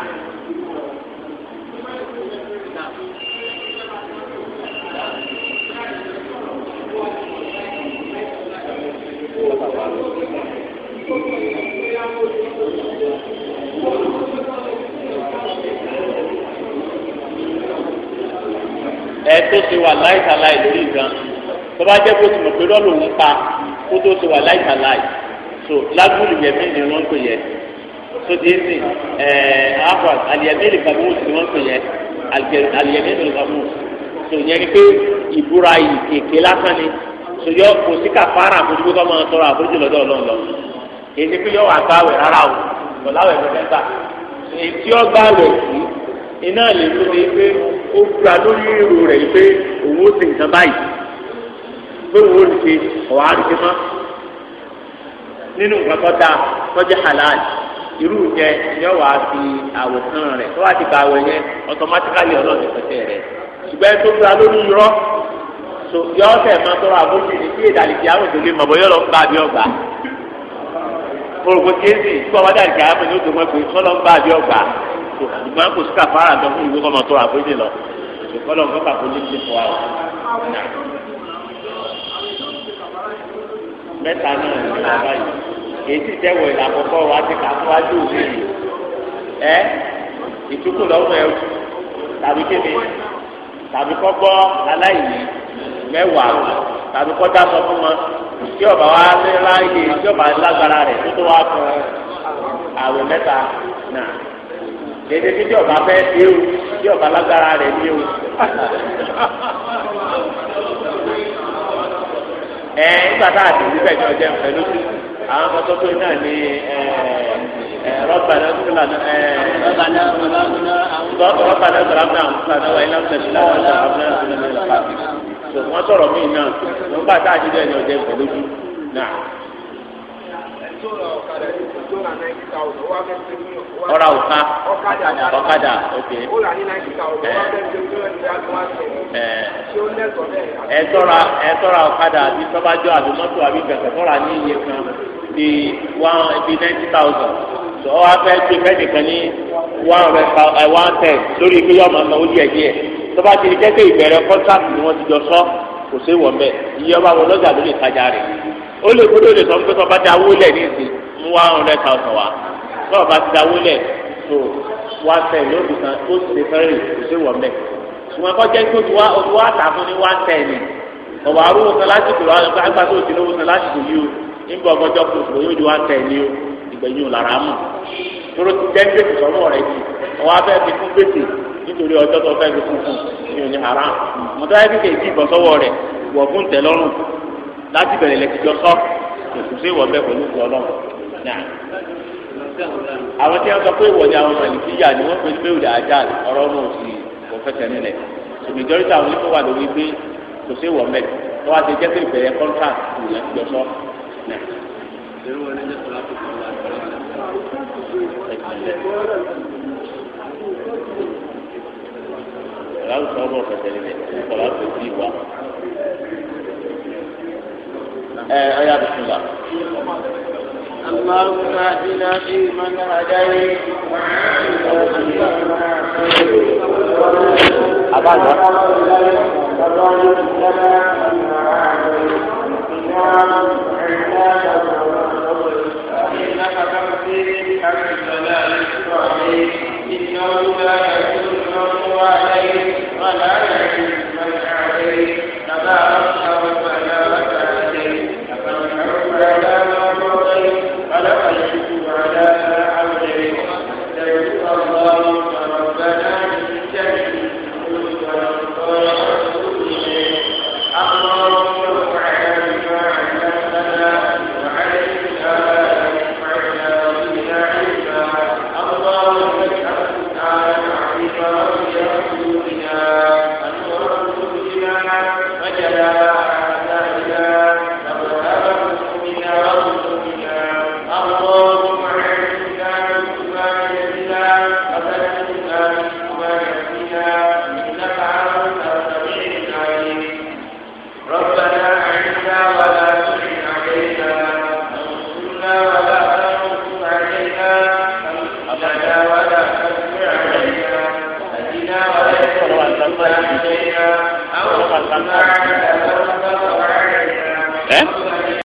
Thank you. ẹ tó ṣe wà láìsàláì lórí gan tó bá jẹ́ kó tó mọ̀ pé lọ́lọ́ òun pa kó tó ṣe wà láìsàláì so lágbóòlù yẹmí ni wọ́n ń pè yẹ so déèsì ẹ àpà àlìyẹmí lè fà mọ́ọ̀sì ni wọ́n ń pè yẹ àlìyẹmí lè fà mọ́ọ̀sì so yẹn ni pé ìbúra èké lásán ni so yọ kò sí kàfàrà àfojúkó tó máa tọrọ àforíjì lọ́dọ̀ ọlọ́run lọ èyí ni pé yọ wà gbáwẹ̀ rárá o ọ̀làwẹ̀ lọ́dẹ̀ gbà èyí tí ọ gbáwẹ̀ yìí iná lè ló ní pé ó gba lórí èrò rẹ̀ pé òun ó sì nǹkan báyìí pé òun ó lè ṣe ọ̀hún àrùkí mọ́ nínú nǹkan tó dáa tó jẹ́ halal irú jẹ yóò wá fi àwòkán rẹ̀ tó wá ti ba àwẹ̀ yẹn ọ̀tọ́mátíkálì ọlọ́ọ̀dẹ pẹ̀tẹ́ rẹ̀ ṣùgbọ́n tó gba lórí irọ́ so yọ ọsẹ máa tọrọ àbójú ní kí ìdàlìkì àwọn òdòdó mọ̀ bọ́ yọ lọ ń bá àbí ọgbà orúkọ kéésì tí wọn bá dàrí àwọn ènìyàn tó pé sọlọ ń bá àbí ọgbà kó àdìgbò kò sí kàfàrà tó fún ìwé kọ́mọ tó àgbélé lọ ìkọlọ nǹkan kàkó ní ti fọ àwọn. mẹ́ta náà ní ìlú báyìí èyí ti tẹ́wọ̀ ìlà àkọ́kọ́ wa ti kà fún wájú òbí yìí ẹ ìtukù lọ́wọ́ ẹ tàbí kéde tàbí kọ́ gbọ́ aláìní mẹ́wàá tàbí kọ́ dá sọ fún wọn tí ọba wa ní láàyè tí ọba lágbára rẹ̀ tó tó wá fún àwẹ̀ mẹ́ta náà. kéde kí jọba fẹ́ dé o jọba lágbára rẹ̀ dé o. ẹ nígbà tá a ti rí ha ha ha ha ha àwọn ọmọ tó tó náà ní ha náà tó ha ha ha náà ha ha ha náà tó ha náà wà ha ha ha ha ha ha tó ha ha ha ha ha ha ha ha ha ha ha ha ha ha ha ha ha ọ̀rà òka ọ̀kadà òkè ẹ̀ tọ́ra ẹ̀ tọ́ra ọ̀kadà àti sọ́bàjọ́ àti mọ́tò àbí kẹ̀kẹ́ tọ́ra ní iye kan di one bi ninety thousand sọ wá fẹ́ gbé fẹ́nìkan ní one eh, one ten lórí pé yọ̀ọ́ máa sanwó díẹ̀ díẹ̀ tọ́ba ti di kẹ́kẹ́ ìbẹ̀rẹ̀ kọ́ńtàkì ni wọ́n ti jọ sọ kò sí wọ̀n bẹ́ẹ̀ iye ọba wọn lọ́jà lórí ìtajà rẹ̀ ó lè gbọ́dọ̀ lè sọ pé sọba dáwó lẹ ní ìsìn mú one hundred thousand wá sọba ti dáwó lẹ tó wá fẹ yóò fi san tó ti fẹrẹ ìṣe wọ mẹ ṣùgbọ́n kọ jẹ kó wá ojú wá tà fún ní one ten ní ọwọ́ arúgbó kan lásìkò wà lọ gbàgbà tó ti lówó san lásìkò yìí o nígbà ọgbọjọ kò sùn yóò di one ten ní o ìgbẹ̀yìn ò lára mọ tóró ti jẹ gbèsè sọ̀rọ̀ rẹ jì ọwọ́ abẹ fi fún gbèsè nítorí ọjọ́ tó fẹ́ fi fún fún ní òní haram mọtò láti bẹ̀rẹ̀ lẹ́tìjọ́ sọ kò sí ìwọ bẹ́ẹ̀ pẹ̀lú ìwọ náà náà. àwọn tí wọ́n sọ pé ìwọ ni àwọn màlìkíyà ni wọ́n pe pé òde ajá ọ̀rọ̀ náà sì kò fẹsẹ̀ nílẹ̀ ṣùgbọ́n ìjọ àwọn onífọ̀ wà lórí pé kò sí ìwọ mẹ́ẹ̀ tó wá ti jẹ́ pé ìbẹ̀rẹ̀ contract kò lẹ́tìjọ́ sọ náà. Ìyá ń sọ ọmọ tẹ̀lé ẹ ọyà bisimilá. اللهم اهدنا فيمن هديت إنك تغفر بحمد لا يشفع إنه لا يكون من عليه ولا يكون من عليه تبارك